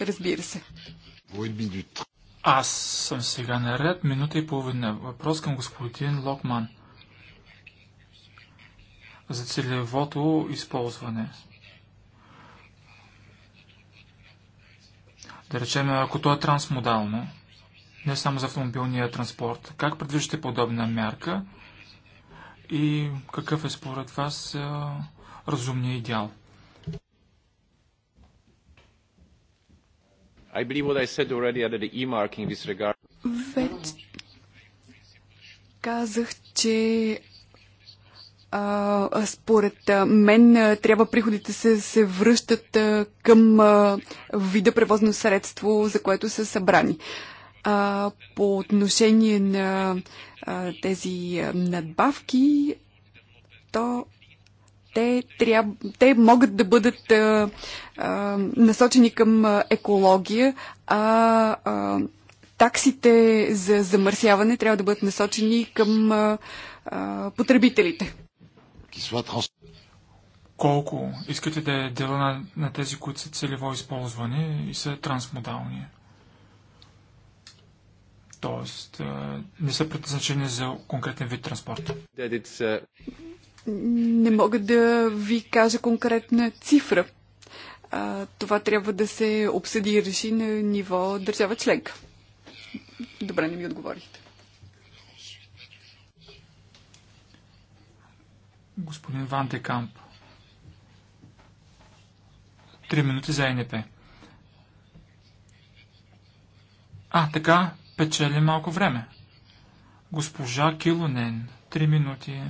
E: Разбира се.
C: Аз съм сега наред. Минута и половина. Въпрос към господин Локман за целевото използване. Да речем, ако то е трансмодално, не само за автомобилния транспорт, как предвиждате подобна мярка и какъв е според вас разумния идеал.
E: Вече казах, че а, според мен трябва приходите се, се връщат а, към а, вида превозно средство, за което са събрани. А, по отношение на а, тези надбавки, то те, тряб... те могат да бъдат а, а, насочени към екология, а, а таксите за замърсяване трябва да бъдат насочени към а, а, потребителите.
C: Колко искате да е дела на, на тези, които са целево използвани и са трансмодални? Тоест, не са предназначени за конкретен вид транспорт.
E: Не мога да ви кажа конкретна цифра. А, това трябва да се обсъди и реши на ниво държава членка. Добре, не ми отговорихте.
C: Господин Ванте Камп. Три минути за НП. А, така, печели малко време. Госпожа Килонен. Три минути.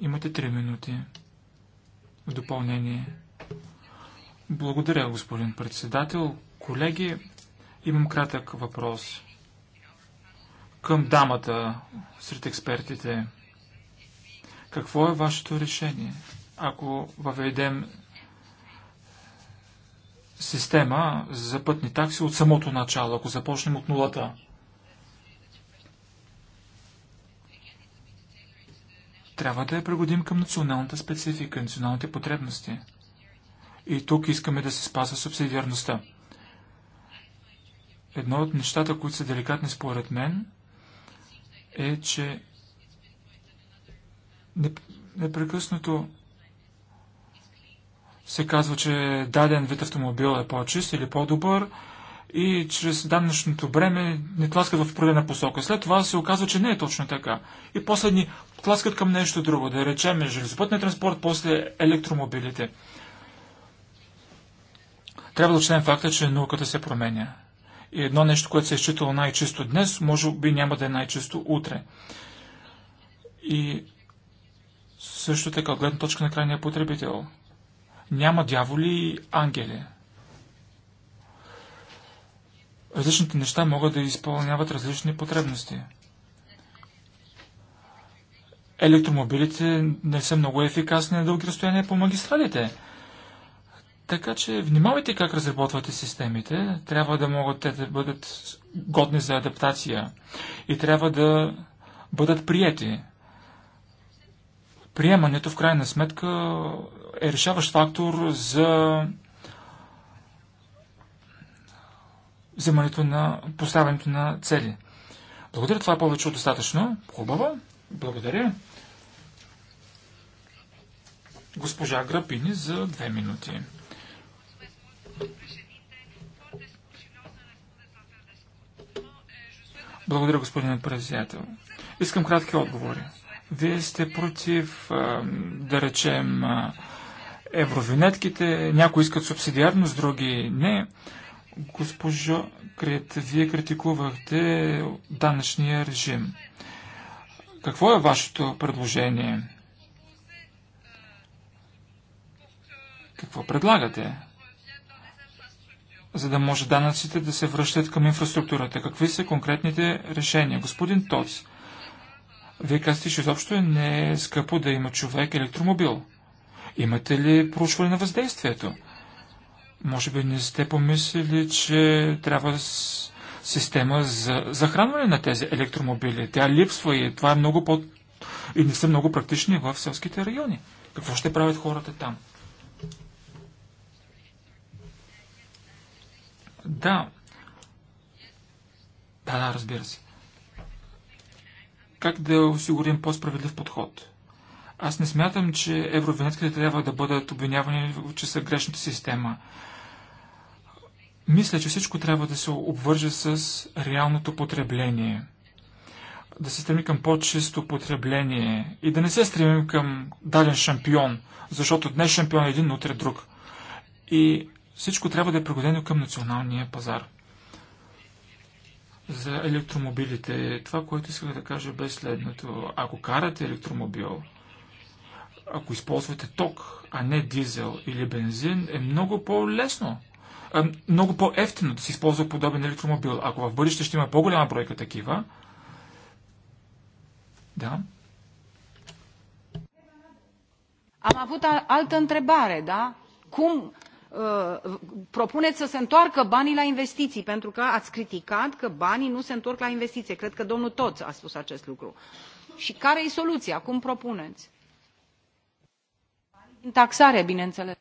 C: Имате три минути в допълнение. Благодаря, господин председател. Колеги, имам кратък въпрос към дамата сред експертите. Какво е вашето решение? Ако въведем система за пътни такси от самото начало, ако започнем от нулата. Трябва да я пригодим към националната специфика, националните потребности. И тук искаме да се спаса субсидиарността. Едно от нещата, които са деликатни според мен, е, че непрекъснато се казва, че даден вид автомобил е по-чист или по-добър, и чрез данъчното бреме не тласкат в определена посока. След това се оказва, че не е точно така. И после ни тласкат към нещо друго, да речем железопътния транспорт, после електромобилите. Трябва да учтем факта, че науката се променя. И едно нещо, което се е считало най-чисто днес, може би няма да е най-чисто утре. И също така, от гледна точка на крайния потребител, няма дяволи и ангели различните неща могат да изпълняват различни потребности. Електромобилите не са много ефикасни на дълги разстояния по магистралите. Така че внимавайте как разработвате системите. Трябва да могат те да бъдат годни за адаптация и трябва да бъдат прияти. Приемането в крайна сметка е решаващ фактор за вземането на поставянето на цели. Благодаря, това е повече от достатъчно. Хубаво. Благодаря. Госпожа Грапини за две минути. Благодаря, господин председател. Искам кратки отговори. Вие сте против, да речем, евровинетките, някои искат субсидиарност, други не. Госпожо Крет, вие критикувахте данъчния режим. Какво е вашето предложение? Какво предлагате? За да може данъците да се връщат към инфраструктурата. Какви са конкретните решения? Господин Тоц, вие казвате, че изобщо не е скъпо да има човек електромобил. Имате ли проучване на въздействието? Може би не сте помислили, че трябва система за захранване на тези електромобили. Тя липсва и това е много по... и не са много практични в селските райони. Какво ще правят хората там? Да. Да, да, разбира се. Как да осигурим по-справедлив подход? Аз не смятам, че евровинетките трябва да бъдат обвинявани, че са грешната система. Мисля, че всичко трябва да се обвърже с реалното потребление. Да се стремим към по-чисто потребление и да не се стремим към даден шампион, защото днес шампион е един, утре друг. И всичко трябва да е пригодено към националния пазар. За електромобилите, това, което исках да кажа бе следното. Ако карате електромобил, ако използвате ток, а не дизел или бензин, е много по-лесно, много по-ефтино да се използва подобен електромобил. Ако в бъдеще ще има по-голяма бройка такива, да.
E: Am avut altă întrebare, da? Cum uh, propuneți să se întoarcă banii la investiții? Pentru că ați criticat că banii nu se întorc la investiție. Cred că domnul Toț a spus acest lucru. Și care e soluția? Cum propuneți? taxare, bineînțeles.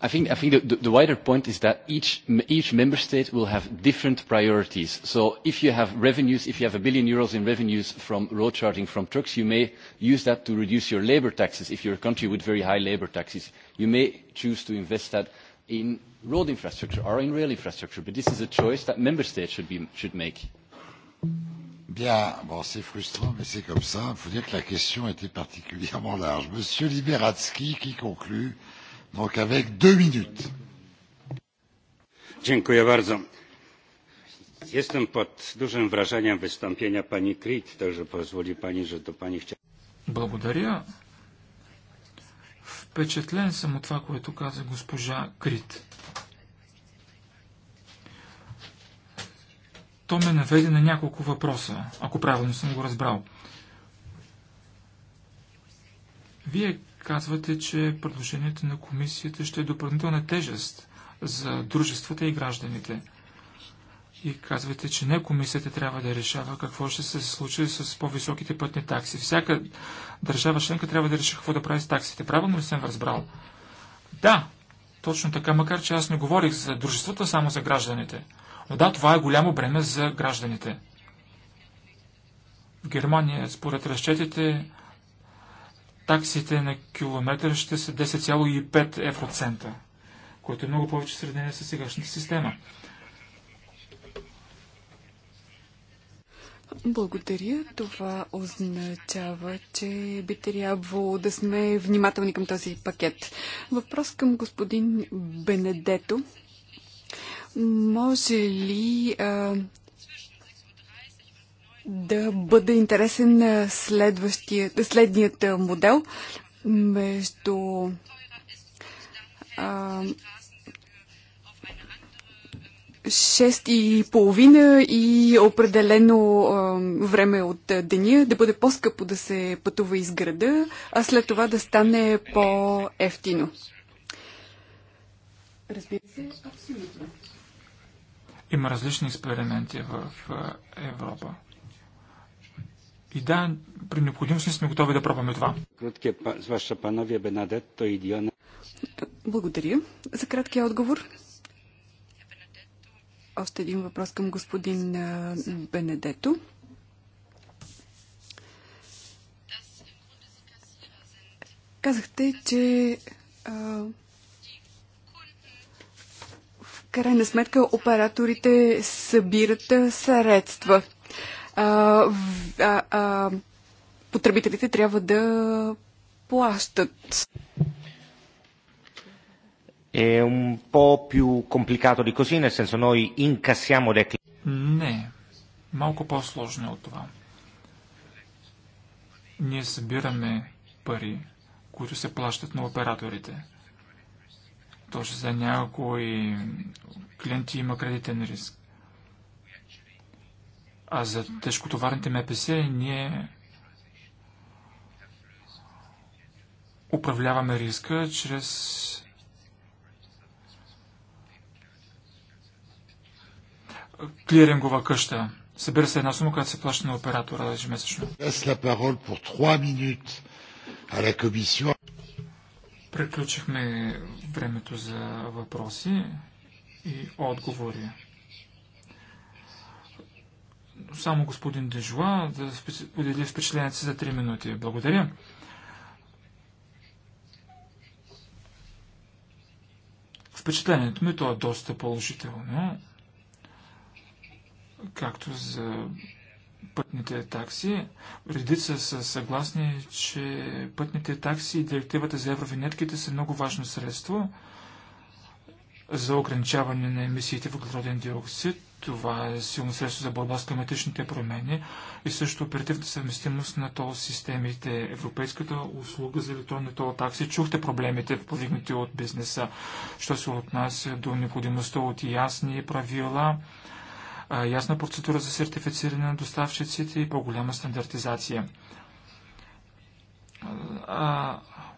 A: I think, I think the, the wider point is that each, each member state will have different priorities. So if you have revenues, if you have a billion euros in revenues from road charging from trucks, you may use that to reduce your labor taxes if you're a country with very high labor taxes. You may choose to invest that in road infrastructure or in rail infrastructure, but this is a choice that member states should,
E: be, should make.
B: Mm-hmm. Bien, bon, c'est frustrant, mais c'est comme ça. Il faut dire que la question était particulièrement large. Monsieur Liberatsky qui conclut, donc avec deux minutes.
D: Dziękuję bardzo. Jestem pod dużym wrażeniem wystąpienia pani Krit, także pozwoli pani, że do pani chciałem.
C: Благодаря. Впечатлен съм от това, което каза госпожа Крит. То ме наведе на няколко въпроса, ако правилно съм го разбрал. Вие казвате, че предложението на комисията ще е допълнителна тежест за дружествата и гражданите. И казвате, че не комисията трябва да решава какво ще се случи с по-високите пътни такси. Всяка държава членка трябва да реши какво да прави с таксите. Правилно ли съм разбрал? Да, точно така, макар че аз не говорих за дружествата, само за гражданите. Но да, това е голямо бреме за гражданите. В Германия, според разчетите, таксите на километър ще са 10,5 евроцента, което е много повече в сравнение с сегашната система.
E: Благодаря. Това означава, че би трябвало да сме внимателни към този пакет. Въпрос към господин Бенедето. Може ли а, да бъде интересен следният модел между а, 6 и половина и определено а, време от деня да бъде по-скъпо да се пътува из града, а след това да стане по-ефтино. Разбира се, абсолютно.
C: Има различни експерименти в е, Европа. И да, при необходимост не сме
D: готови да пробваме това. Е
E: Благодаря за краткия отговор. Още един въпрос към господин Бенедето. Казахте, че а, крайна сметка операторите събират средства. А, а, а, потребителите трябва да плащат.
D: È un po' più complicato di così, nel senso noi incassiamo dei
C: Не, малко по-сложно е от това. Ние събираме пари, които се плащат на операторите. Тоже за някои клиенти има кредитен риск. А за тежкотоварните МПС ние управляваме риска чрез клирингова къща. Събира се една сума, която се плаща на оператора ежемесечно. Приключихме времето за въпроси и отговори. Само господин Дежуа да подели впечатлението си за 3 минути. Благодаря. Впечатлението ми то е доста положително, както за пътните такси. Редица са съгласни, че пътните такси и директивата за евровинетките са много важно средство за ограничаване на емисиите в въглероден диоксид. Това е силно средство за борба с климатичните промени и също оперативна съвместимост на тол системите. Европейската услуга за електронни тол такси. Чухте проблемите, повигнати от бизнеса, що се отнася до необходимостта от ясни правила ясна процедура за сертифициране на доставчиците и по-голяма стандартизация.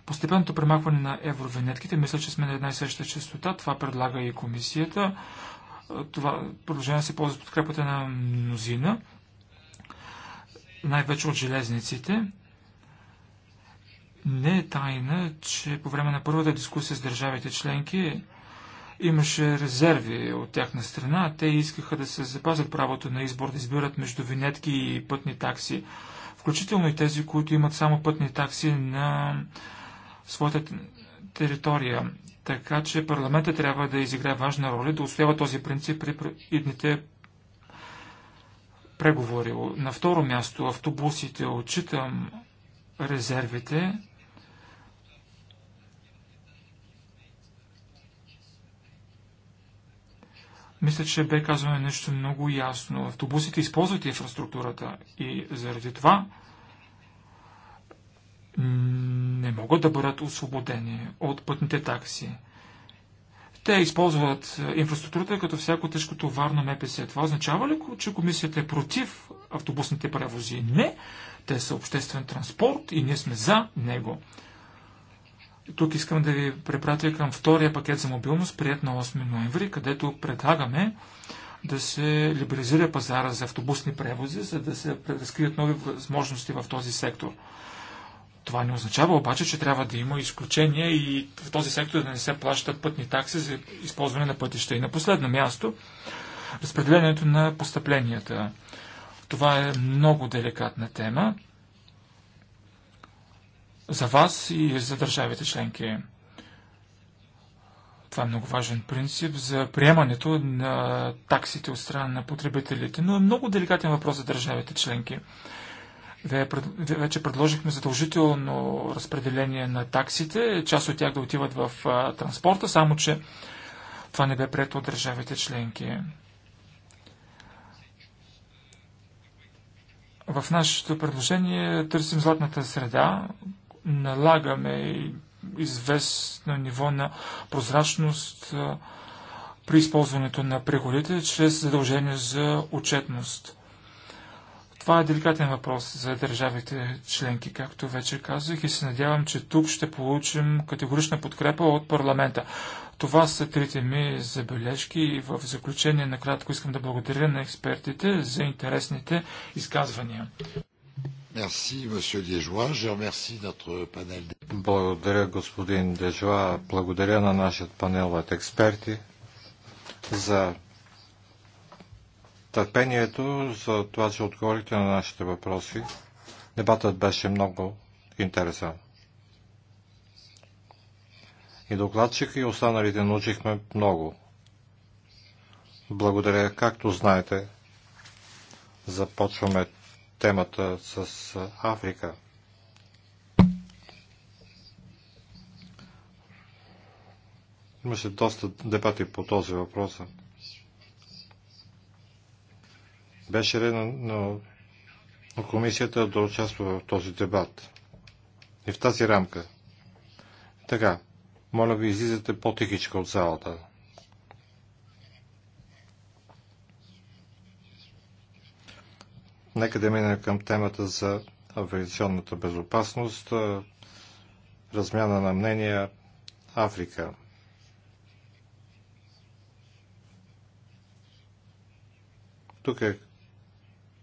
C: Постепенното премахване на евровинетките, мисля, че сме на една и съща частота. Това предлага и комисията. Това продължение се ползва подкрепата на мнозина, най-вече от железниците. Не е тайна, че по време на първата дискусия с държавите членки Имаше резерви от тяхна страна. Те искаха да се запазят правото на избор да избират между винетки и пътни такси, включително и тези, които имат само пътни такси на своята територия. Така че парламента трябва да изиграе важна роля, да успява този принцип при идните преговори. На второ място автобусите отчитам резервите. Мисля, че бе казано нещо много ясно. Автобусите използват инфраструктурата и заради това не могат да бъдат освободени от пътните такси. Те използват е, инфраструктурата като всяко тежко товарно МПС. Това означава ли, че комисията е против автобусните превози? Не. Те са обществен транспорт и ние сме за него. Тук искам да ви препратя към втория пакет за мобилност, прият на 8 ноември, където предлагаме да се либерализира пазара за автобусни превози, за да се разкрият нови възможности в този сектор. Това не означава обаче, че трябва да има изключения и в този сектор да не се плащат пътни такси за използване на пътища. И на последно място, разпределението на постъпленията. Това е много деликатна тема за вас и за държавите членки. Това е много важен принцип за приемането на таксите от страна на потребителите, но е много деликатен въпрос за държавите членки. Вече предложихме задължително разпределение на таксите, част от тях да отиват в транспорта, само че това не бе прието от държавите членки. В нашето предложение търсим златната среда, налагаме известно ниво на прозрачност при използването на приходите чрез задължение за отчетност. Това е деликатен въпрос за държавите членки, както вече казах, и се надявам, че тук ще получим категорична подкрепа от парламента. Това са трите ми забележки и в заключение накратко искам да благодаря на експертите за интересните изказвания.
B: Merci, monsieur Дежуа. Je remercie notre panel.
D: Благодаря, господин Дежуа. Благодаря на нашия панел от експерти за търпението, за това, че отговорите на нашите въпроси. Дебатът беше много интересен. И докладчик и останалите научихме много. Благодаря, както знаете, започваме темата с Африка. Имаше доста дебати по този въпрос. Беше редно на комисията да участва в този дебат. И в тази рамка. Така, моля ви, излизате по-тихичко от залата. Нека да минем към темата за авиационната безопасност, размяна на мнения Африка. Тук е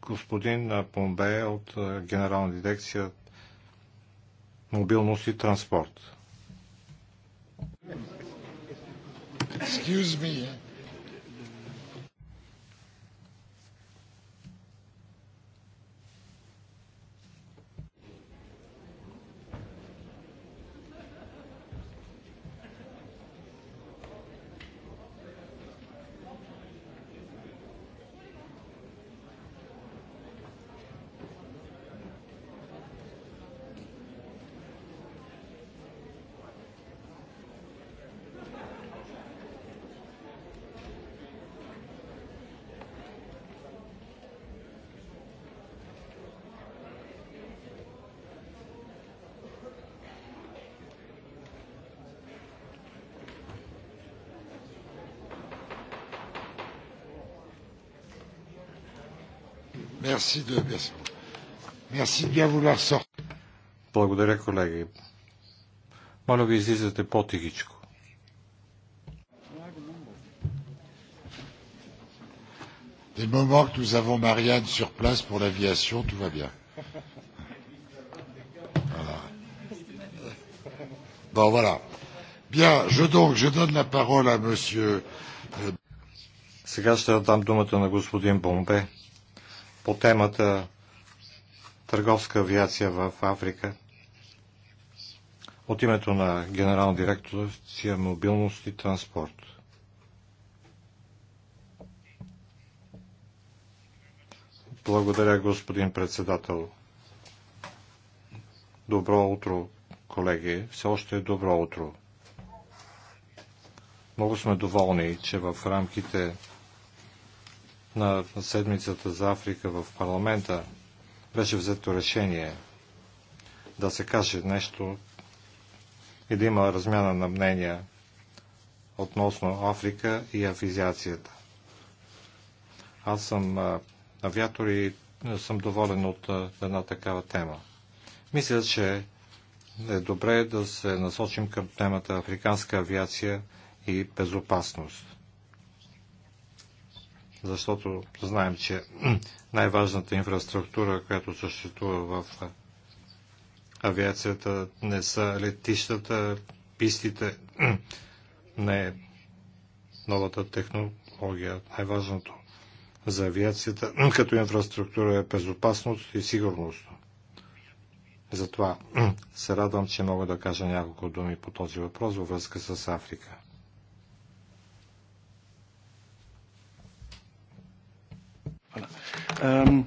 D: господин Помбе от Генерална дирекция мобилност и транспорт.
B: Excuse me.
D: Благодаря, колеги. Моля ви, излизате по-тихичко.
B: Des moments que nous avons Marianne sur place pour l'aviation, tout va bien. Voilà. Bon, voilà. Bien, je, donc, je donne la
D: parole à monsieur. Сега ще дам думата на господин Бомбе по темата търговска авиация в Африка. От името на директор дирекция мобилност и транспорт. Благодаря, господин председател. Добро утро, колеги. Все още е добро утро. Много сме доволни, че в рамките на седмицата за Африка в парламента беше взето решение да се каже нещо и да има размяна на мнения относно Африка и афизиацията. Аз съм авиатор и съм доволен от една такава тема. Мисля, че е добре да се насочим към темата африканска авиация и безопасност защото знаем, че най-важната инфраструктура, която съществува в авиацията, не са летищата, пистите, не е новата технология. Най-важното за авиацията като инфраструктура е безопасност и сигурност. Затова се радвам, че мога да кажа няколко думи по този въпрос във връзка с Африка.
A: Um,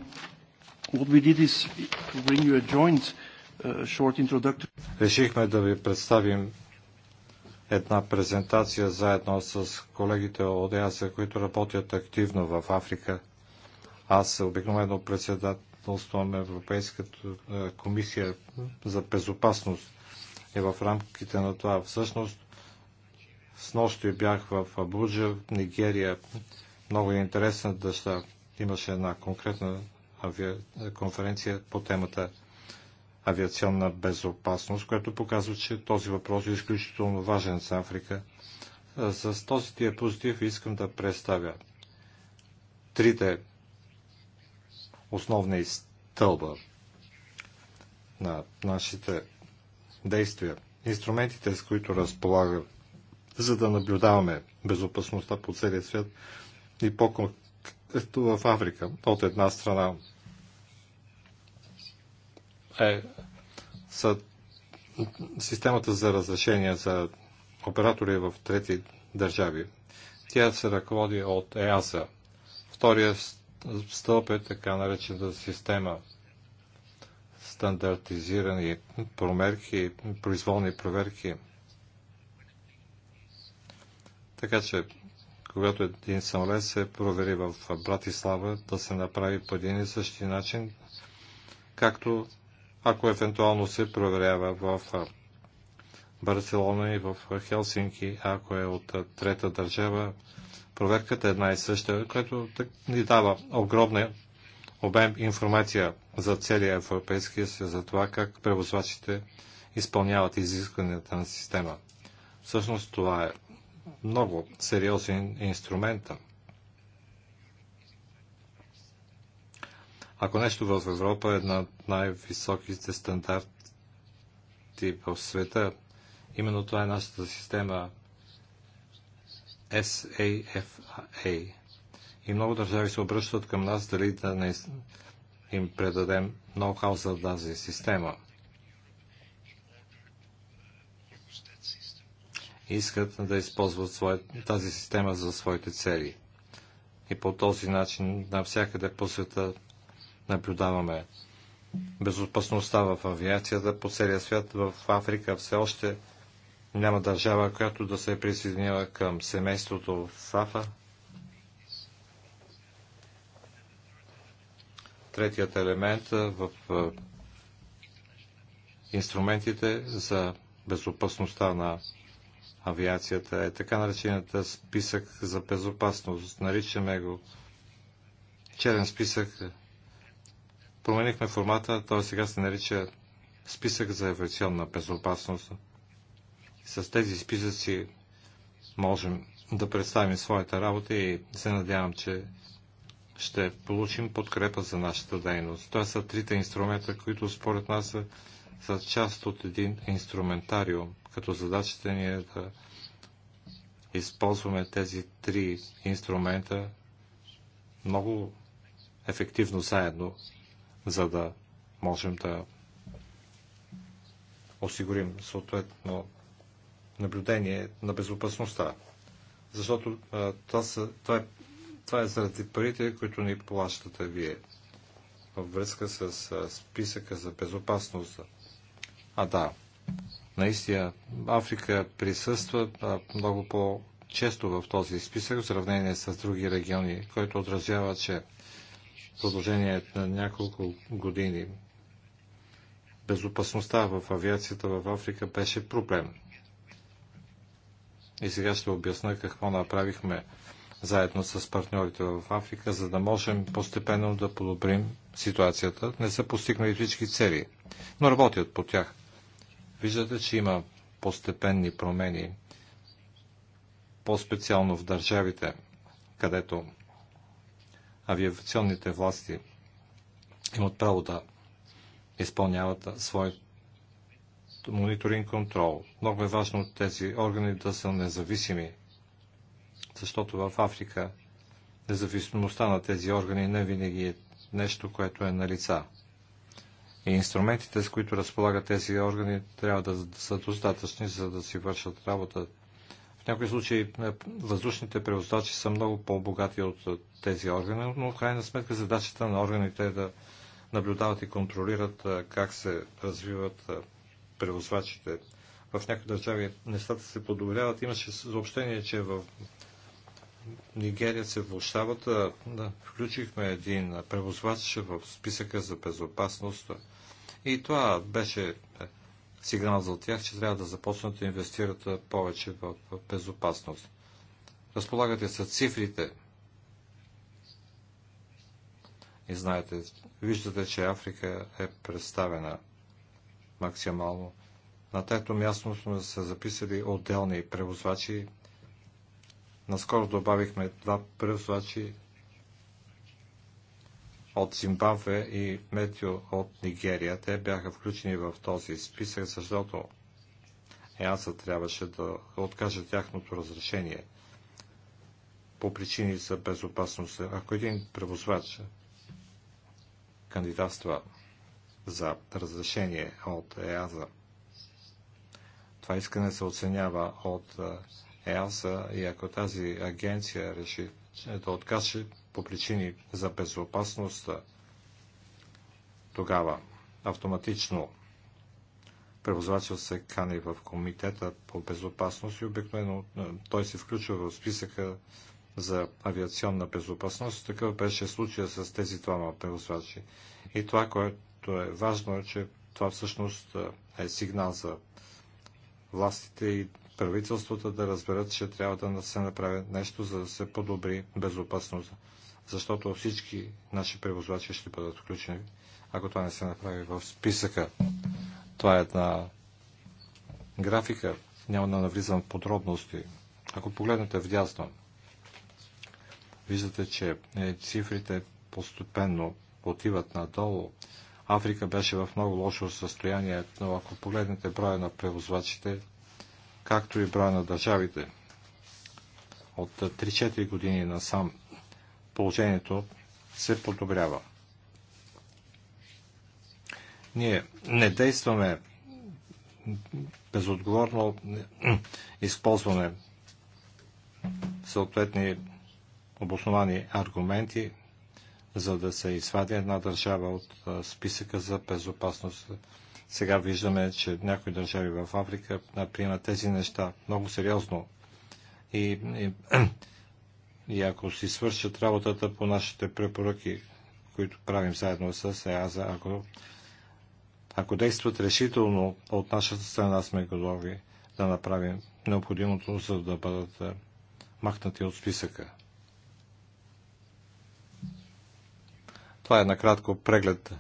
A: what we did is to bring you a joint uh, short introduction.
D: Решихме да ви представим една презентация заедно с колегите от ЕАСА, които работят активно в Африка. Аз обикновено председателствам Европейската е, комисия за безопасност и в рамките на това. Всъщност, с нощи бях в Абуджа, Нигерия. Много е интересна дъща имаше една конкретна авиа... Е, конференция по темата авиационна безопасност, което показва, че този въпрос е изключително важен за Африка. Е, с този диапозитив искам да представя трите основни стълба на нашите действия, инструментите, с които разполага, за да наблюдаваме безопасността по целия свят и по-конкретно ето в Африка, от една страна е са системата за разрешение за оператори в трети държави. Тя се ръководи от ЕАСА. Втория стълб е така наречената система стандартизирани промерки, произволни проверки. Така че когато един самолет се провери в Братислава, да се направи по един и същи начин, както ако евентуално се проверява в Барселона и в Хелсинки, ако е от трета държава, проверката е една и съща, което ни дава огромна обем информация за целия Европейския съюз, за това как превозвачите изпълняват изискванията на система. Всъщност това е много сериозен инструмент. Ако нещо в Европа е на най-високите стандарти в света, именно това е нашата система SAFA. И много държави се обръщат към нас дали да не им предадем ноу-хау за тази система – искат да използват своя, тази система за своите цели. И по този начин навсякъде по света наблюдаваме безопасността в авиацията по целия свят. В Африка все още няма държава, която да се е присъединява към семейството в САФА. Третият елемент е в е, инструментите за безопасността на авиацията е така наречената списък за безопасност. Наричаме го черен списък. Променихме формата, той сега се нарича списък за авиационна безопасност. С тези списъци можем да представим своята работа и се надявам, че ще получим подкрепа за нашата дейност. Това са трите инструмента, които според нас са, са част от един инструментариум като задачата ни е да използваме тези три инструмента много ефективно заедно, за да можем да осигурим съответно наблюдение на безопасността. Защото а, това, са, това, е, това е заради парите, които ни плащате вие във връзка с а, списъка за безопасност. А да, Наистина, Африка присъства много по-често в този списък в сравнение с други региони, който отразява, че продължение е на няколко години безопасността в авиацията в Африка беше проблем. И сега ще обясна какво направихме заедно с партньорите в Африка, за да можем постепенно да подобрим ситуацията. Не са постигнали всички цели, но работят по тях. Виждате, че има постепенни промени, по-специално в държавите, където авиационните власти имат право да изпълняват своят мониторинг контрол. Много е важно тези органи да са независими, защото в Африка независимостта на тези органи не винаги е нещо, което е на лица. И инструментите, с които разполагат тези органи, трябва да са достатъчни, за да си вършат работа. В някои случаи е, въздушните превоздачи са много по-богати от тези органи, но в крайна сметка задачата на органите е да наблюдават и контролират е, как се развиват е, превозвачите. В някои държави нещата се подобряват. Имаше съобщение, че в Нигерия се влушават. Да, включихме един превозвач в списъка за безопасност. И това беше е, сигнал за тях, че трябва да започнат да инвестират е, повече в безопасност. Разполагате с цифрите. И знаете, виждате, че Африка е представена максимално. На трето място сме се записали отделни превозвачи. Наскоро добавихме два превозвачи от Зимбабве и Метио от Нигерия. Те бяха включени в този списък, защото ЕАСА трябваше да откаже тяхното разрешение по причини за безопасност. Ако един превозвач кандидатства за разрешение от ЕАЗа, това искане се оценява от ЕАСА и ако тази агенция реши да откаже по причини за безопасност, тогава автоматично превозвачът се кани в комитета по безопасност и обикновено е, той се включва в списъка за авиационна безопасност. Такъв беше случая с тези двама превозвачи. И това, което е важно, е, че това всъщност е, е сигнал за властите и правителствата да разберат, че трябва да се направи нещо, за да се подобри безопасността защото всички наши превозвачи ще бъдат включени, ако това не се направи в списъка. Това е една графика, няма да навлизам в подробности. Ако погледнете вдясно, виждате, че е, цифрите постепенно отиват надолу. Африка беше в много лошо състояние, но ако погледнете броя на превозвачите, както и броя на държавите, от 3-4 е, години насам положението се подобрява. Ние не действаме безотговорно, използваме съответни обосновани аргументи, за да се извади една държава от списъка за безопасност. Сега виждаме, че някои държави в Африка приемат тези неща много сериозно и, и И ако си свършат работата по нашите препоръки, които правим заедно с ЕАЗа, ако, ако действат решително от нашата страна, сме готови да направим необходимото, за да бъдат е, махнати от списъка. Това е накратко преглед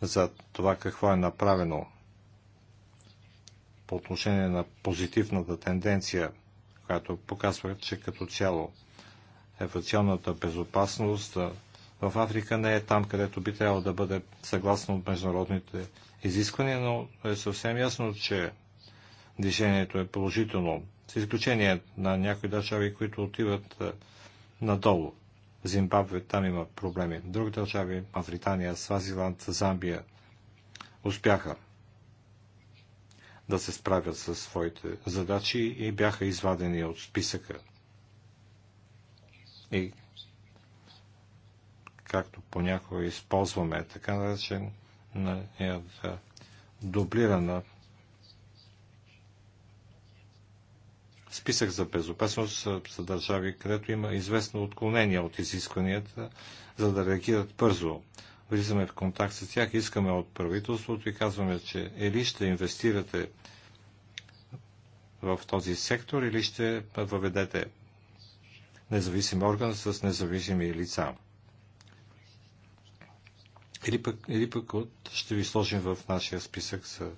D: за това какво е направено по отношение на позитивната тенденция, която показва, че като цяло авиационната безопасност в Африка не е там, където би трябвало да бъде съгласно международните изисквания, но е съвсем ясно, че движението е положително, с изключение на някои държави, които отиват надолу. Зимбабве, там има проблеми. Други държави, Мавритания, Свазиланд, Замбия, успяха да се справят със своите задачи и бяха извадени от списъка и както понякога използваме, така наречен на дублирана списък за безопасност за държави, където има известно отклонение от изискванията, за да реагират бързо. Влизаме в контакт с тях, искаме от правителството и казваме, че или ще инвестирате в този сектор, или ще въведете независим орган с независими лица. Или пък, или пък от, ще ви сложим в нашия списък за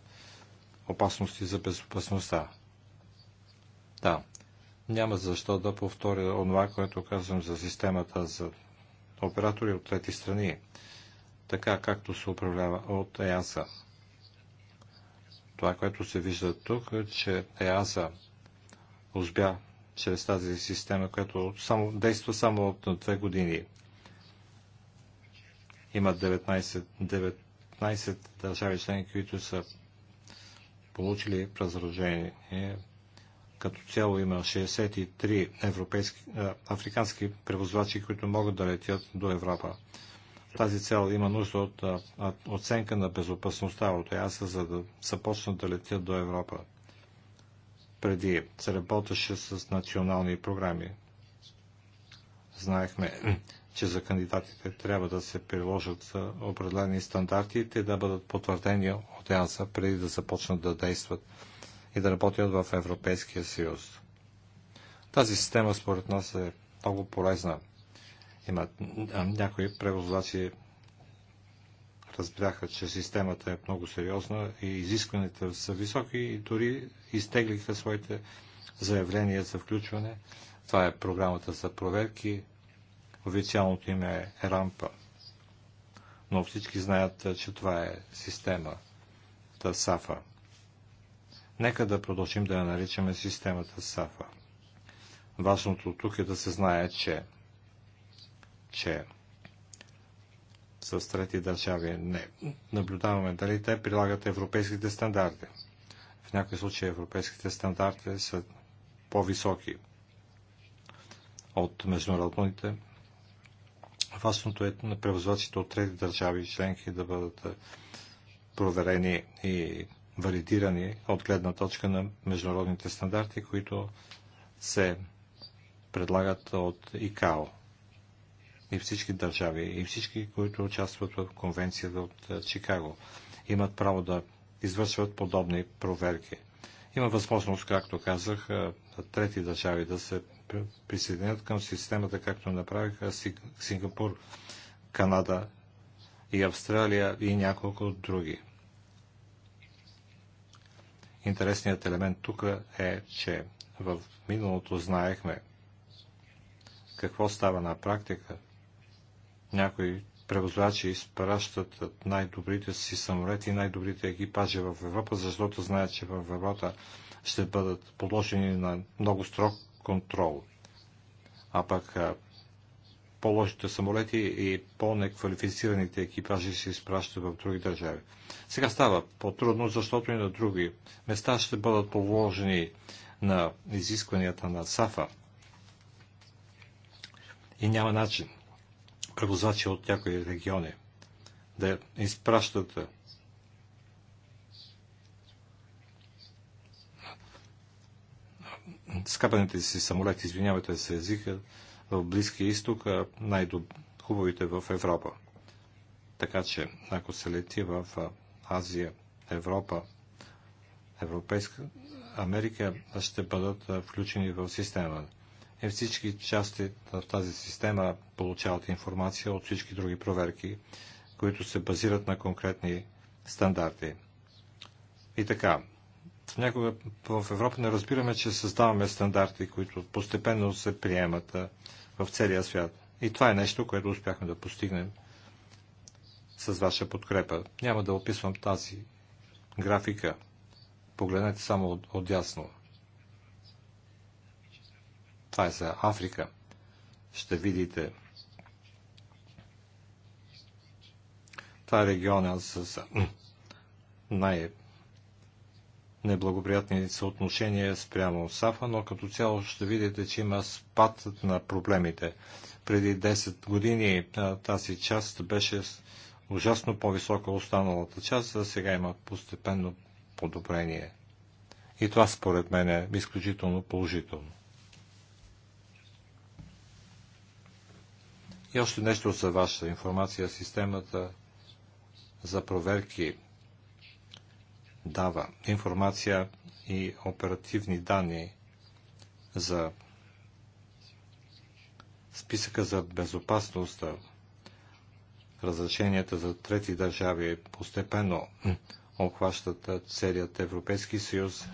D: опасности за безопасността. Да, няма защо да повторя онова, което казвам за системата за оператори от трети страни, така както се управлява от ЕАСА. Това, което се вижда тук, е, че ЕАСА успя чрез тази система, която само, действа само от две години. Има 19, 19 държави членки, които са получили разражение. Като цяло има 63 европейски, африкански превозвачи, които могат да летят до Европа. В тази цел има нужда от оценка на безопасността от ЕАСА, за да започнат да летят до Европа преди се работеше с национални програми. Знаехме, че за кандидатите трябва да се приложат определени стандарти и те да бъдат потвърдени от ЕАСА преди да започнат да действат и да работят в Европейския съюз. Тази система според нас е много полезна. Имат някои превозвачи разбраха, че системата е много сериозна и изискванията са високи и дори изтеглиха своите заявления за включване. Това е програмата за проверки. Официалното име е рампа. Но всички знаят, че това е система та САФА. Нека да продължим да я наричаме системата САФА. Важното тук е да се знае, че, че с трети държави. Не. Наблюдаваме дали те прилагат европейските стандарти. В някои случаи европейските стандарти са по-високи от международните. Важното е на превозвачите от трети държави членки да бъдат е, проверени и валидирани от гледна точка на международните стандарти, които се предлагат от ИКАО и всички държави и всички, които участват в конвенцията от е, Чикаго, имат право да извършват подобни проверки. Има възможност, както казах, е, трети държави да се присъединят към системата, както направиха Сингапур, Канада и Австралия и няколко други. Интересният елемент тук е, че в миналото знаехме какво става на практика някои превозвачи изпращат най-добрите си самолети и най-добрите екипажи в Европа, защото знаят, че в Европа ще бъдат подложени на много строг контрол. А пък по-лошите самолети и по-неквалифицираните екипажи се изпращат в други държави. Сега става по-трудно, защото и на други места ще бъдат положени на изискванията на САФА. И няма начин превозачи от някои региони да изпращат скъпаните си самолети, извинявайте се езика, в Близкия изток, най-хубавите в Европа. Така че, ако се лети в Азия, Европа, Европейска Америка, ще бъдат включени в системата е всички части на тази система получават информация от всички други проверки, които се базират на конкретни стандарти. И така, някога в Европа не разбираме, че създаваме стандарти, които постепенно се приемат в целия свят. И това е нещо, което успяхме да постигнем с ваша подкрепа. Няма да описвам тази графика. Погледнете само от, От това е за Африка. Ще видите. Това е региона с най- неблагоприятни съотношения спрямо САФА, но като цяло ще видите, че има спад на проблемите. Преди 10 години тази част беше ужасно по-висока останалата част, а сега има постепенно подобрение. И това според мен е изключително положително. И още нещо за ваша информация. Системата за проверки дава информация и оперативни данни за списъка за безопасност, разрешенията за трети държави постепенно обхващат целият Европейски съюз.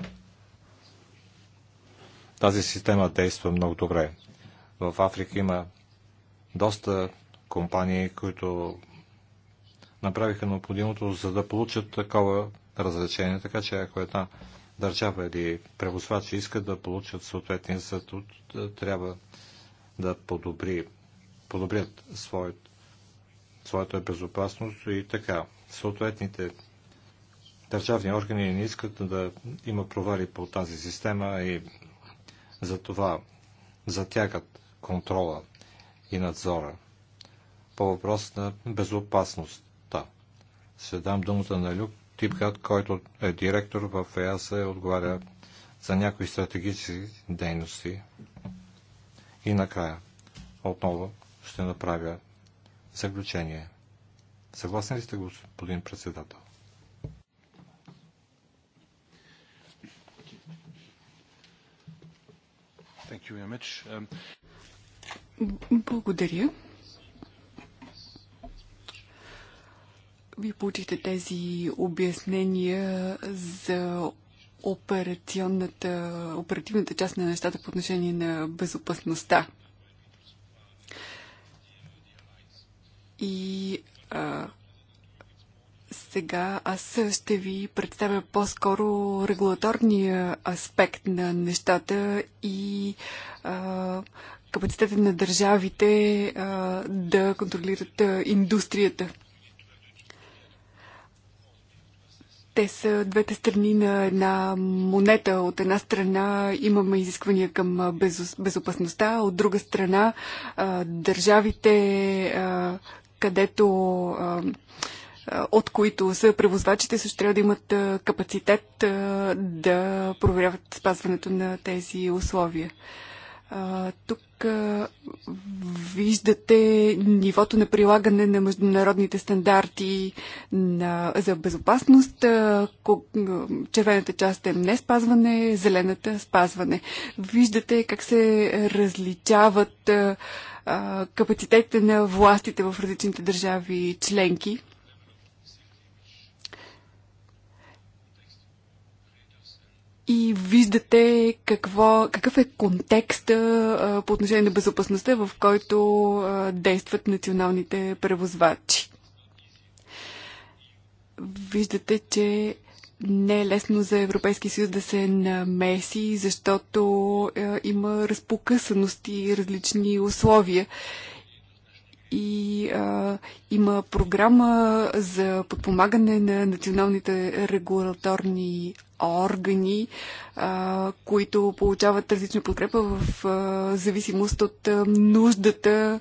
D: Тази система действа много добре. В Африка има доста компании, които направиха необходимото, за да получат такова разрешение. Така че ако една държава или превозвач иска да получат съответния статут, е, трябва да подобри, подобрят своят, своята безопасност и така. Съответните държавни органи не искат да има провали по тази система и за това затягат контрола и надзора. По въпрос на безопасността. Следам думата на Люк Типхат, който е директор в ЕАСА и отговаря за някои стратегически дейности. И накрая отново ще направя заключение. Съгласни ли сте, господин председател? Thank you very much. Um...
E: Благодаря. Вие получихте тези обяснения за операционната, оперативната част на нещата по отношение на безопасността. И а, сега аз ще ви представя по-скоро регулаторния аспект на нещата и а, капацитета на държавите а, да контролират а, индустрията. Те са двете страни на една монета. От една страна имаме изисквания към без, безопасността, от друга страна а, държавите, а, където а, от които са превозвачите, също трябва да имат капацитет да проверяват спазването на тези условия. Тук виждате нивото на прилагане на международните стандарти на, за безопасност? Червената част е не спазване, зелената спазване. Виждате как се различават капацитетите на властите в различните държави членки? и виждате какво, какъв е контекста по отношение на безопасността, в който действат националните превозвачи. Виждате, че не е лесно за Европейския съюз да се намеси, защото а, има разпокъсаност и различни условия. И а, има програма за подпомагане на националните регулаторни органи, които получават различна подкрепа в зависимост от нуждата,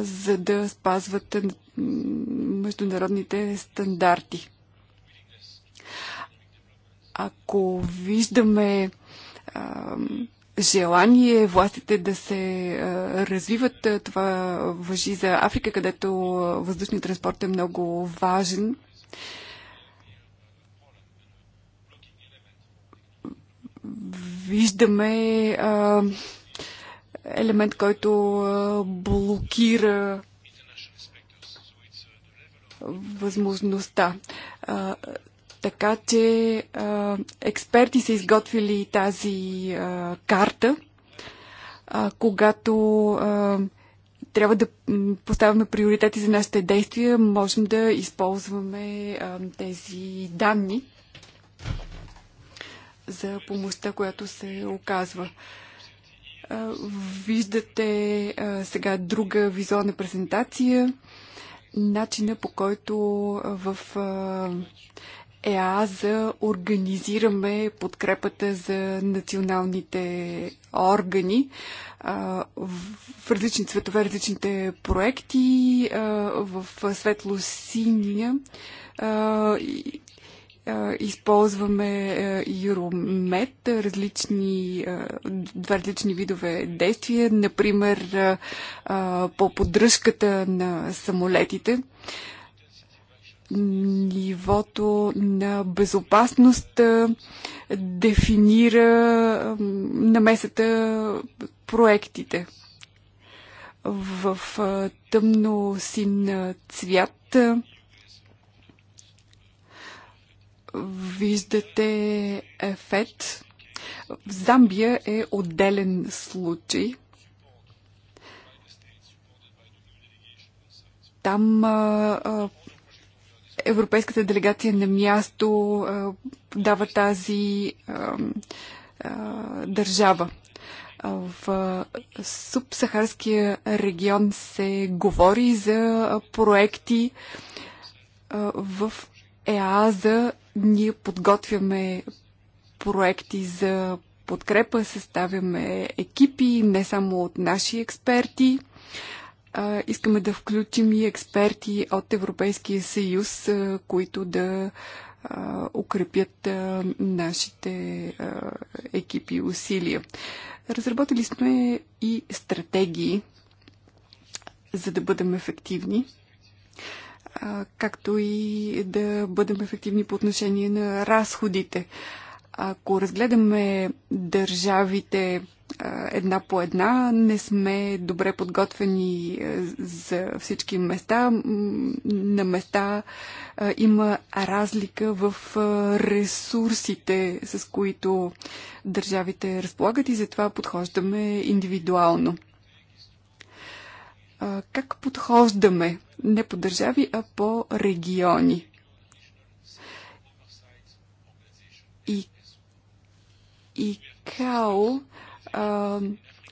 E: за да спазват международните стандарти. Ако виждаме желание властите да се развиват. Това въжи за Африка, където въздушният транспорт е много важен. виждаме а, елемент, който а, блокира възможността. А, така че а, експерти са изготвили тази а, карта, а, когато а, трябва да поставяме приоритети за нашите действия, можем да използваме а, тези данни за помощта, която се оказва. Виждате сега друга визуална презентация, начина по който в ЕАЗа организираме подкрепата за националните органи в различни цветове, различните проекти, в светло-синия използваме Юромет, различни, два различни видове действия, например по поддръжката на самолетите. Нивото на безопасност дефинира намесата проектите. В тъмно син цвят виждате ефект. В Замбия е отделен случай. Там а, а, европейската делегация на място а, дава тази а, а, държава. В субсахарския регион се говори за проекти в ЕАЗа ние подготвяме проекти за подкрепа, съставяме екипи, не само от наши експерти. искаме да включим и експерти от Европейския съюз, които да укрепят нашите екипи и усилия. Разработили сме и стратегии, за да бъдем ефективни както и да бъдем ефективни по отношение на разходите. Ако разгледаме държавите една по една, не сме добре подготвени за всички места. На места има разлика в ресурсите, с които държавите разполагат и затова подхождаме индивидуално как подхождаме не по държави, а по региони. И, и КАО а,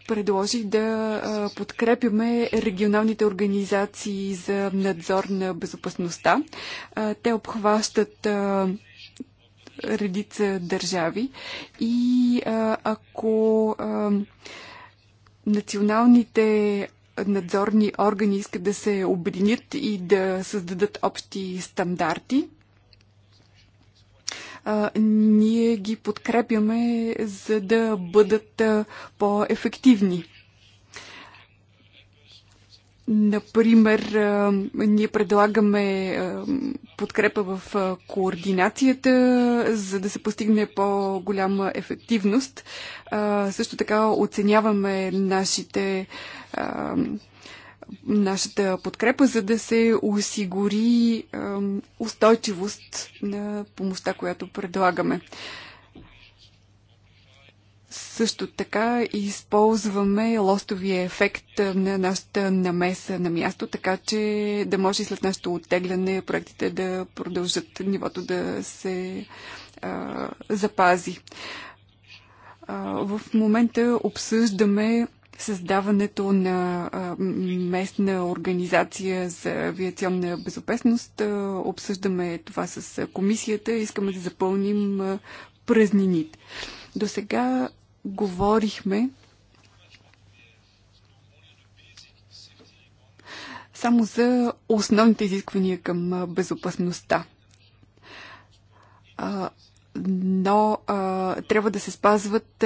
E: предложи да а, подкрепяме регионалните организации за надзор на безопасността. А, те обхващат а, редица държави и а, ако а, националните надзорни органи искат да се обединят и да създадат общи стандарти. А, ние ги подкрепяме, за да бъдат по-ефективни. Например, ние предлагаме подкрепа в координацията, за да се постигне по-голяма ефективност. Също така оценяваме нашите нашата подкрепа, за да се осигури устойчивост на помощта, която предлагаме. Също така използваме лостовия ефект на нашата намеса на място, така че да може и след нашето оттегляне проектите да продължат нивото да се а, запази. А, в момента обсъждаме създаването на местна организация за авиационна безопасност. Обсъждаме това с комисията. Искаме да запълним празнините. До сега говорихме само за основните изисквания към безопасността. Но трябва да се спазват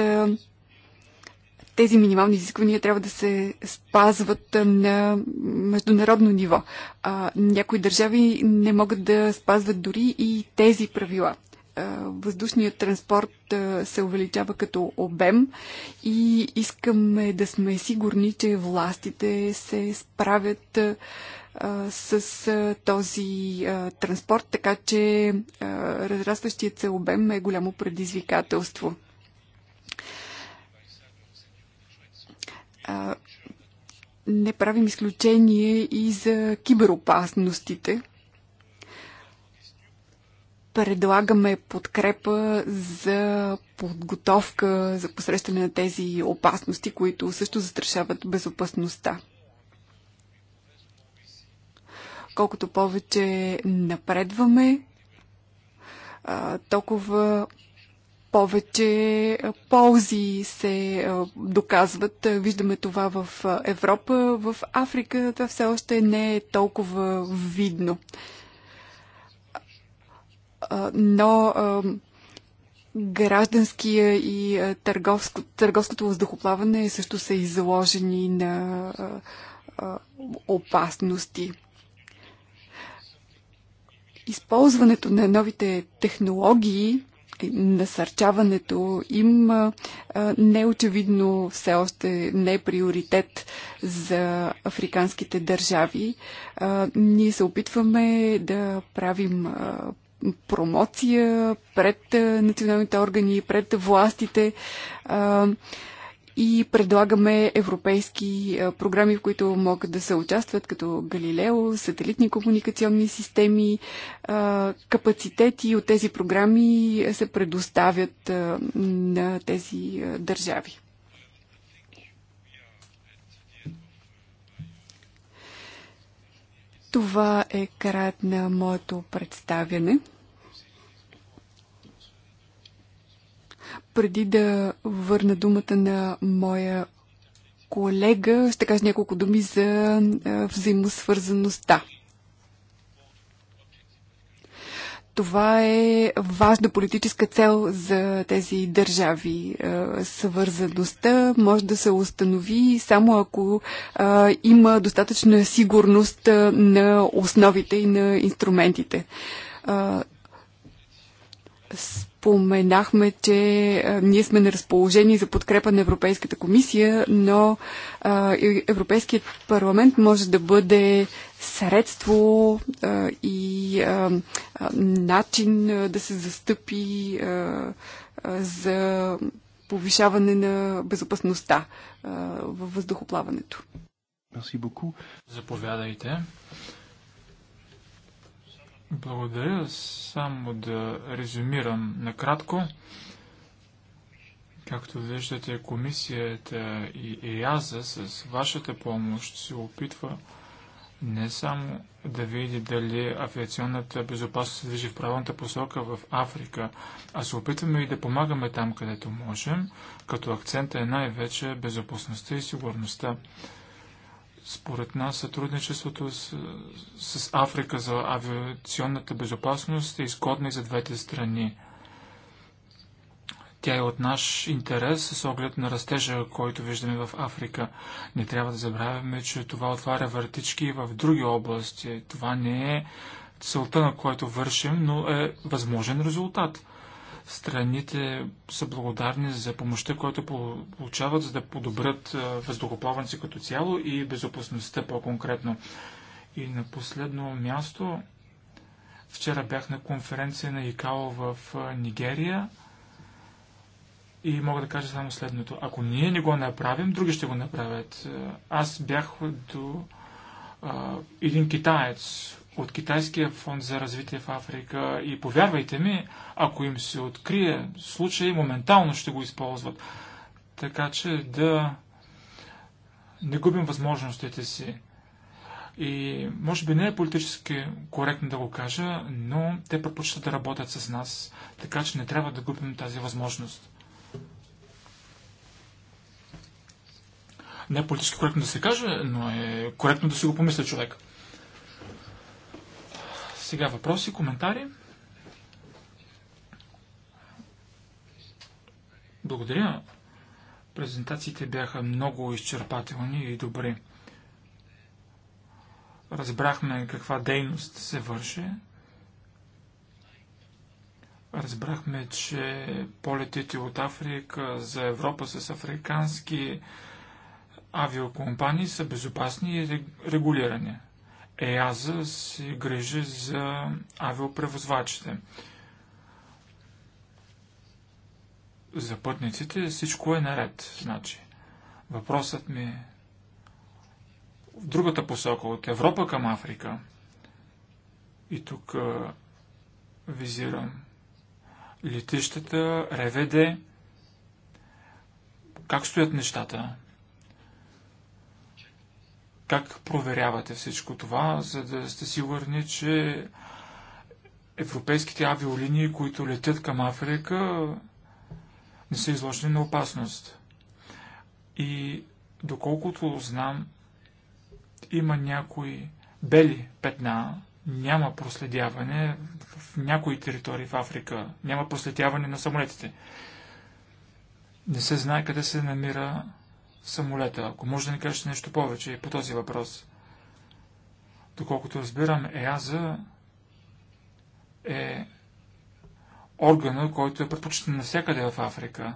E: тези минимални изисквания трябва да се спазват на международно ниво. някои държави не могат да спазват дори и тези правила въздушният транспорт се увеличава като обем и искаме да сме сигурни, че властите се справят с този транспорт, така че разрастващият се обем е голямо предизвикателство. Не правим изключение и за киберопасностите – предлагаме подкрепа за подготовка за посрещане на тези опасности, които също застрашават безопасността. Колкото повече напредваме, толкова повече ползи се доказват. Виждаме това в Европа, в Африка това все още не е толкова видно но гражданския и търговско, търговското въздухоплаване също са изложени на опасности. Използването на новите технологии, насърчаването им неочевидно е все още не е приоритет за африканските държави. Ние се опитваме да правим промоция пред националните органи, пред властите и предлагаме европейски програми, в които могат да се участват, като Галилео, сателитни комуникационни системи, капацитети от тези програми се предоставят на тези държави. Това е краят на моето представяне. Преди да върна думата на моя колега, ще кажа няколко думи за взаимосвързаността. Това е важна политическа цел за тези държави. Съвързаността може да се установи само ако има достатъчна сигурност на основите и на инструментите споменахме, че а, ние сме на разположение за подкрепа на Европейската комисия, но а, Европейският парламент може да бъде средство а, и а, начин а, да се застъпи а, а, за повишаване на безопасността а, във въздухоплаването.
C: Заповядайте. Благодаря. Само да резюмирам накратко. Както виждате, комисията и ЕАЗа с вашата помощ се опитва не само да види дали авиационната безопасност се движи в правилната посока в Африка, а се опитваме и да помагаме там, където можем, като акцента е най-вече безопасността и сигурността. Според нас сътрудничеството с, с Африка за авиационната безопасност е изгодно и за двете страни. Тя е от наш интерес с оглед на растежа, който виждаме в Африка. Не трябва да забравяме, че това отваря въртички в други области. Това не е целта, на която вършим, но е възможен резултат. Страните са благодарни за помощта, която получават, за да подобрят въздухоплаването си като цяло и безопасността по-конкретно. И на последно място, вчера бях на конференция на ИКАО в Нигерия и мога да кажа само следното. Ако ние не го направим, други ще го направят. Аз бях до а, един китаец от Китайския фонд за развитие в Африка и повярвайте ми, ако им се открие случай, моментално ще го използват. Така че да не губим възможностите си. И може би не е политически коректно да го кажа, но те предпочитат да работят с нас, така че не трябва да губим тази възможност. Не е политически коректно да се каже, но е коректно да си го помисля човек. Сега въпроси, коментари. Благодаря. Презентациите бяха много изчерпателни и добри. Разбрахме каква дейност се върши. Разбрахме, че полетите от Африка за Европа с африкански авиокомпании са безопасни и регулирани. ЕАЗа се грижи за авиопревозвачите. За пътниците всичко е наред, значи. Въпросът ми е в другата посока, от Европа към Африка. И тук а, визирам летищата, РВД. Как стоят нещата? Как проверявате всичко това, за да сте сигурни, че европейските авиолинии, които летят към Африка, не са изложени на опасност? И доколкото знам, има някои бели петна, няма проследяване в някои територии в Африка, няма проследяване на самолетите. Не се знае къде се намира самолета. Ако може да ни кажете нещо повече по този въпрос. Доколкото разбирам, ЕАЗа е органа, който е предпочитан навсякъде в Африка.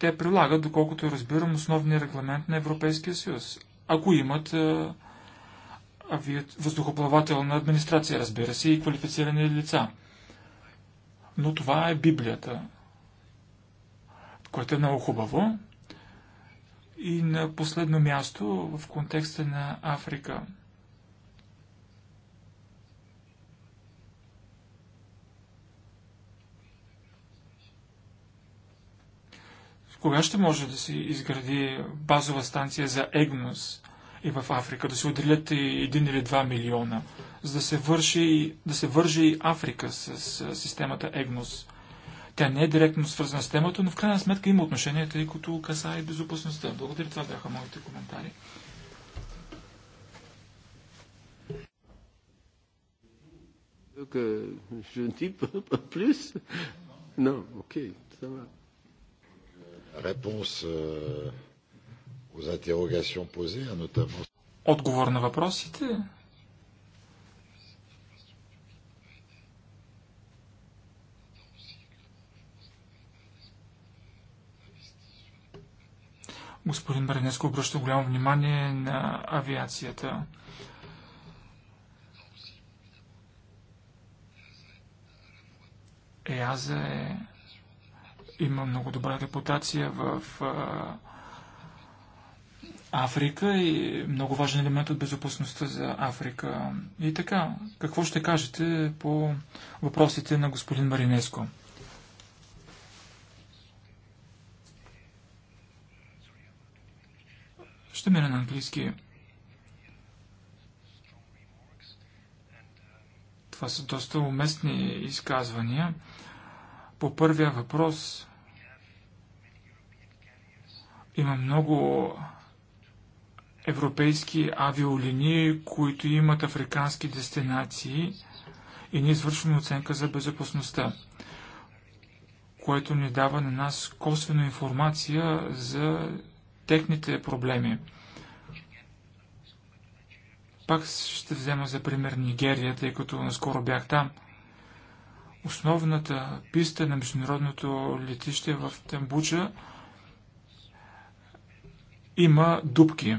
C: Те прилагат, доколкото разбирам, основния регламент на Европейския съюз. Ако имат е, въздухоплавателна администрация, разбира се, и квалифицирани лица. Но това е Библията което е много хубаво. И на последно място в контекста на Африка. Кога ще може да се изгради базова станция за Егнос и в Африка, да се отделят и 1 или 2 милиона, за да се, върши, да се вържи Африка с системата Егнос? Тя не е директно свързана с темата, но в крайна сметка има отношение, тъй като каса и безопасността. Благодаря, това бяха моите коментари.
B: Donc, euh, je ne dis pas, pas plus. Non, ok, ça va. Réponse euh, aux interrogations posées, notamment.
C: Отговор на въпросите, Господин Баренеско обръща голямо внимание на авиацията. ЕАЗа е, има много добра репутация в а, Африка и много важен елемент от безопасността за Африка. И така, какво ще кажете по въпросите на господин Маринеско? Ще мина на английски. Това са доста уместни изказвания. По първия въпрос има много европейски авиолинии, които имат африкански дестинации и ние извършваме оценка за безопасността, което ни дава на нас косвена информация за техните проблеми. Пак ще взема за пример Нигерия, тъй като наскоро бях там. Основната писта на международното летище в Тембуча има дупки.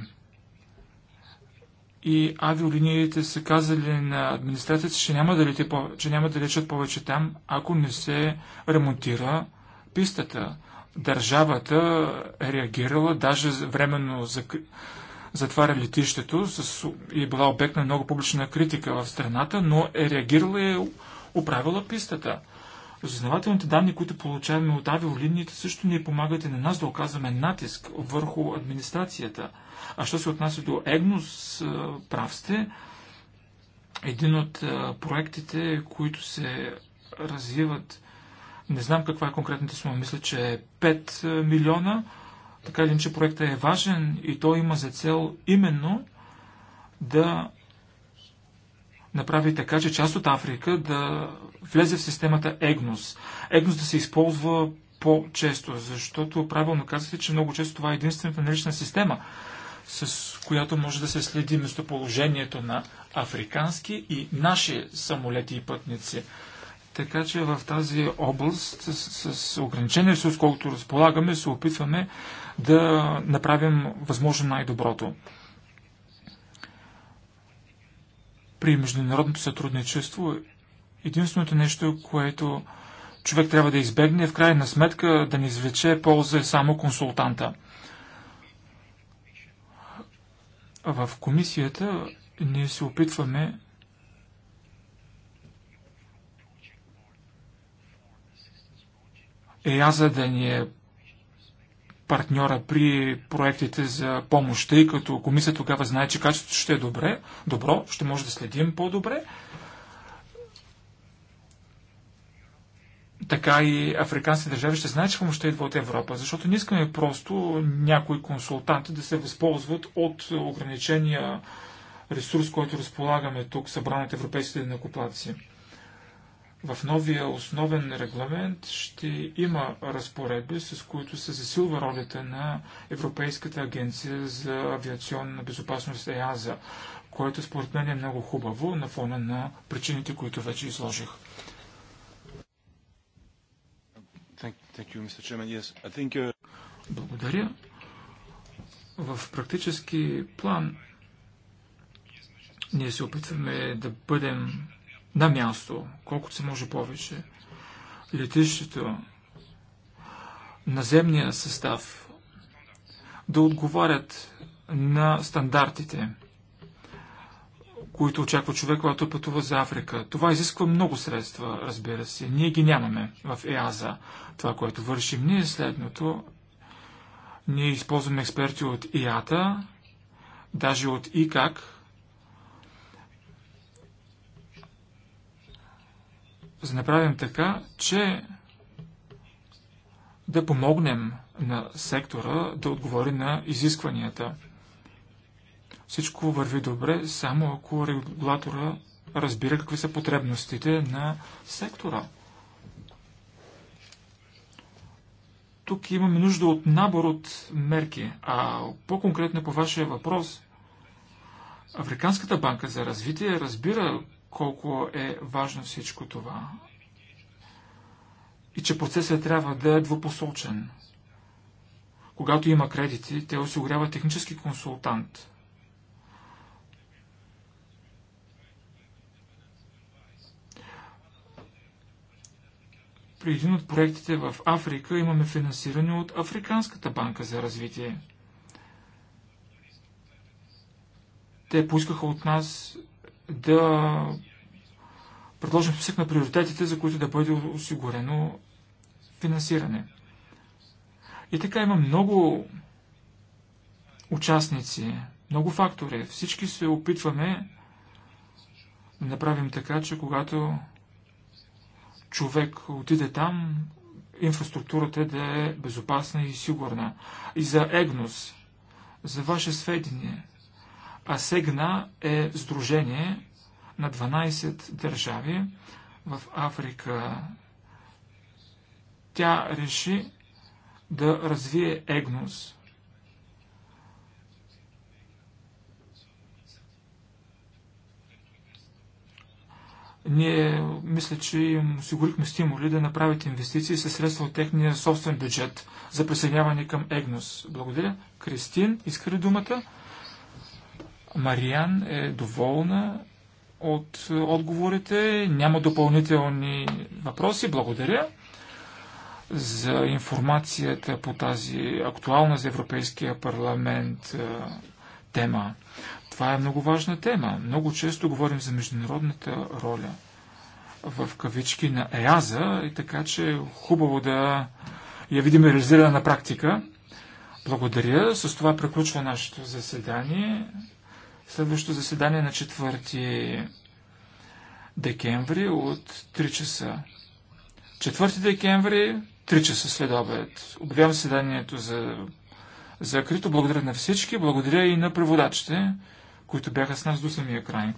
C: И авиолиниите са казали на администрацията, че няма да, лети, че няма да лечат повече там, ако не се ремонтира пистата държавата е реагирала, даже временно затваря летището и е била обект на много публична критика в страната, но е реагирала и е управила пистата. Разузнавателните данни, които получаваме от авиолиниите, също ни помагат и на нас да оказваме натиск върху администрацията. А що се отнася до ЕГНОС, прав сте, един от проектите, които се развиват не знам каква е конкретната сума. Мисля, че е 5 е, милиона. Така или че проектът е важен и той има за цел именно да направи така, че част от Африка да влезе в системата ЕГНОС. ЕГНОС да се използва по-често, защото правилно казахте, че много често това е единствената налична система, с която може да се следи местоположението на африкански и наши самолети и пътници. Така че в тази област с, с ограничен ресурс, колкото разполагаме, се опитваме да направим възможно най-доброто. При международното сътрудничество единственото нещо, което човек трябва да избегне, в крайна сметка да не извлече полза е само консултанта. В комисията ние се опитваме за да ни е партньора при проектите за помощ, тъй като комисия тогава знае, че качеството ще е добре, добро, ще може да следим по-добре. Така и африканските държави ще знаят, че помощта идва от Европа, защото не искаме просто някои консултанти да се възползват от ограничения ресурс, който разполагаме тук, събран от европейските накоплаци в новия основен регламент ще има разпоредби, с които се засилва ролята на Европейската агенция за авиационна безопасност ЕАЗА, което според мен е много хубаво на фона на причините, които вече изложих. Uh, Благодаря. В практически план ние се опитваме да бъдем на място, колкото се може повече. Летището, наземния състав да отговарят на стандартите, които очаква човек, когато пътува за Африка. Това изисква много средства, разбира се. Ние ги нямаме в ЕАЗа. Това, което вършим ние е следното. Ние използваме експерти от ИАТА, даже от ИКАК – за да направим така, че да помогнем на сектора да отговори на изискванията. Всичко върви добре, само ако регулатора разбира какви са потребностите на сектора. Тук имаме нужда от набор от мерки, а по-конкретно по вашия въпрос, Африканската банка за развитие разбира колко е важно всичко това и че процесът трябва да е двупосочен. Когато има кредити, те осигуряват технически консултант. При един от проектите в Африка имаме финансиране от Африканската банка за развитие. Те поискаха от нас да предложим списък на приоритетите, за които да бъде осигурено финансиране. И така има много участници, много фактори. Всички се опитваме да направим така, че когато човек отиде там, инфраструктурата да е безопасна и сигурна. И за ЕГНОС, за ваше сведение – а Сегна е сдружение на 12 държави в Африка. Тя реши да развие Егнус. Ние, мисля, че им осигурихме стимули да направят инвестиции със средства от техния собствен бюджет за присъединяване към Егнус. Благодаря. Кристин, искали думата? Мариан е доволна от е, отговорите. Няма допълнителни въпроси. Благодаря за информацията по тази актуална за Европейския парламент е, тема. Това е много важна тема. Много често говорим за международната роля в кавички на ЕАЗа, и така че е хубаво да я видим реализирана на практика. Благодаря. С това приключва нашето заседание. Следващото заседание на 4 декември от 3 часа. 4 декември, 3 часа след обед. Обявявам заседанието за закрито. Благодаря на всички. Благодаря и на преводачите, които бяха с нас до самия край.